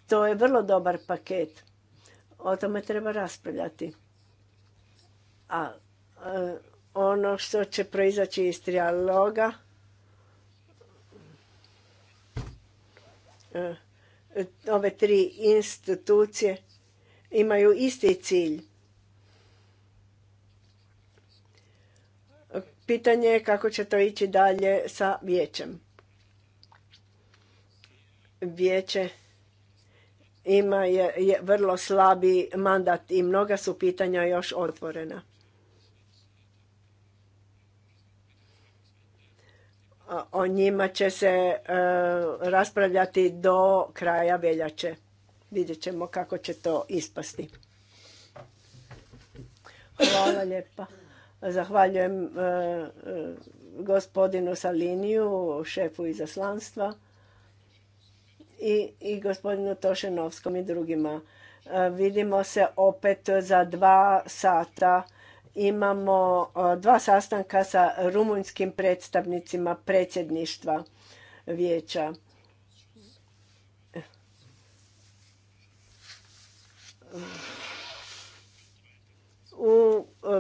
To je vrlo dobar paket. O tome treba raspravljati. A e, ono što će proizaći iz trijaloga e, ove tri institucije imaju isti cilj. Pitanje je kako će to ići dalje sa vijećem. Vijeće ima je, vrlo slabi mandat i mnoga su pitanja još otvorena. O njima će se e, raspravljati do kraja veljače. Vidjet ćemo kako će to ispasti. Hvala lijepa. Zahvaljujem e, e, gospodinu Saliniju, šefu izaslanstva i, i gospodinu Tošenovskom i drugima. E, vidimo se opet za dva sata. Imamo e, dva sastanka sa rumunjskim predstavnicima predsjedništva vijeća.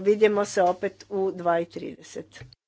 vidimo se opet u 2.30.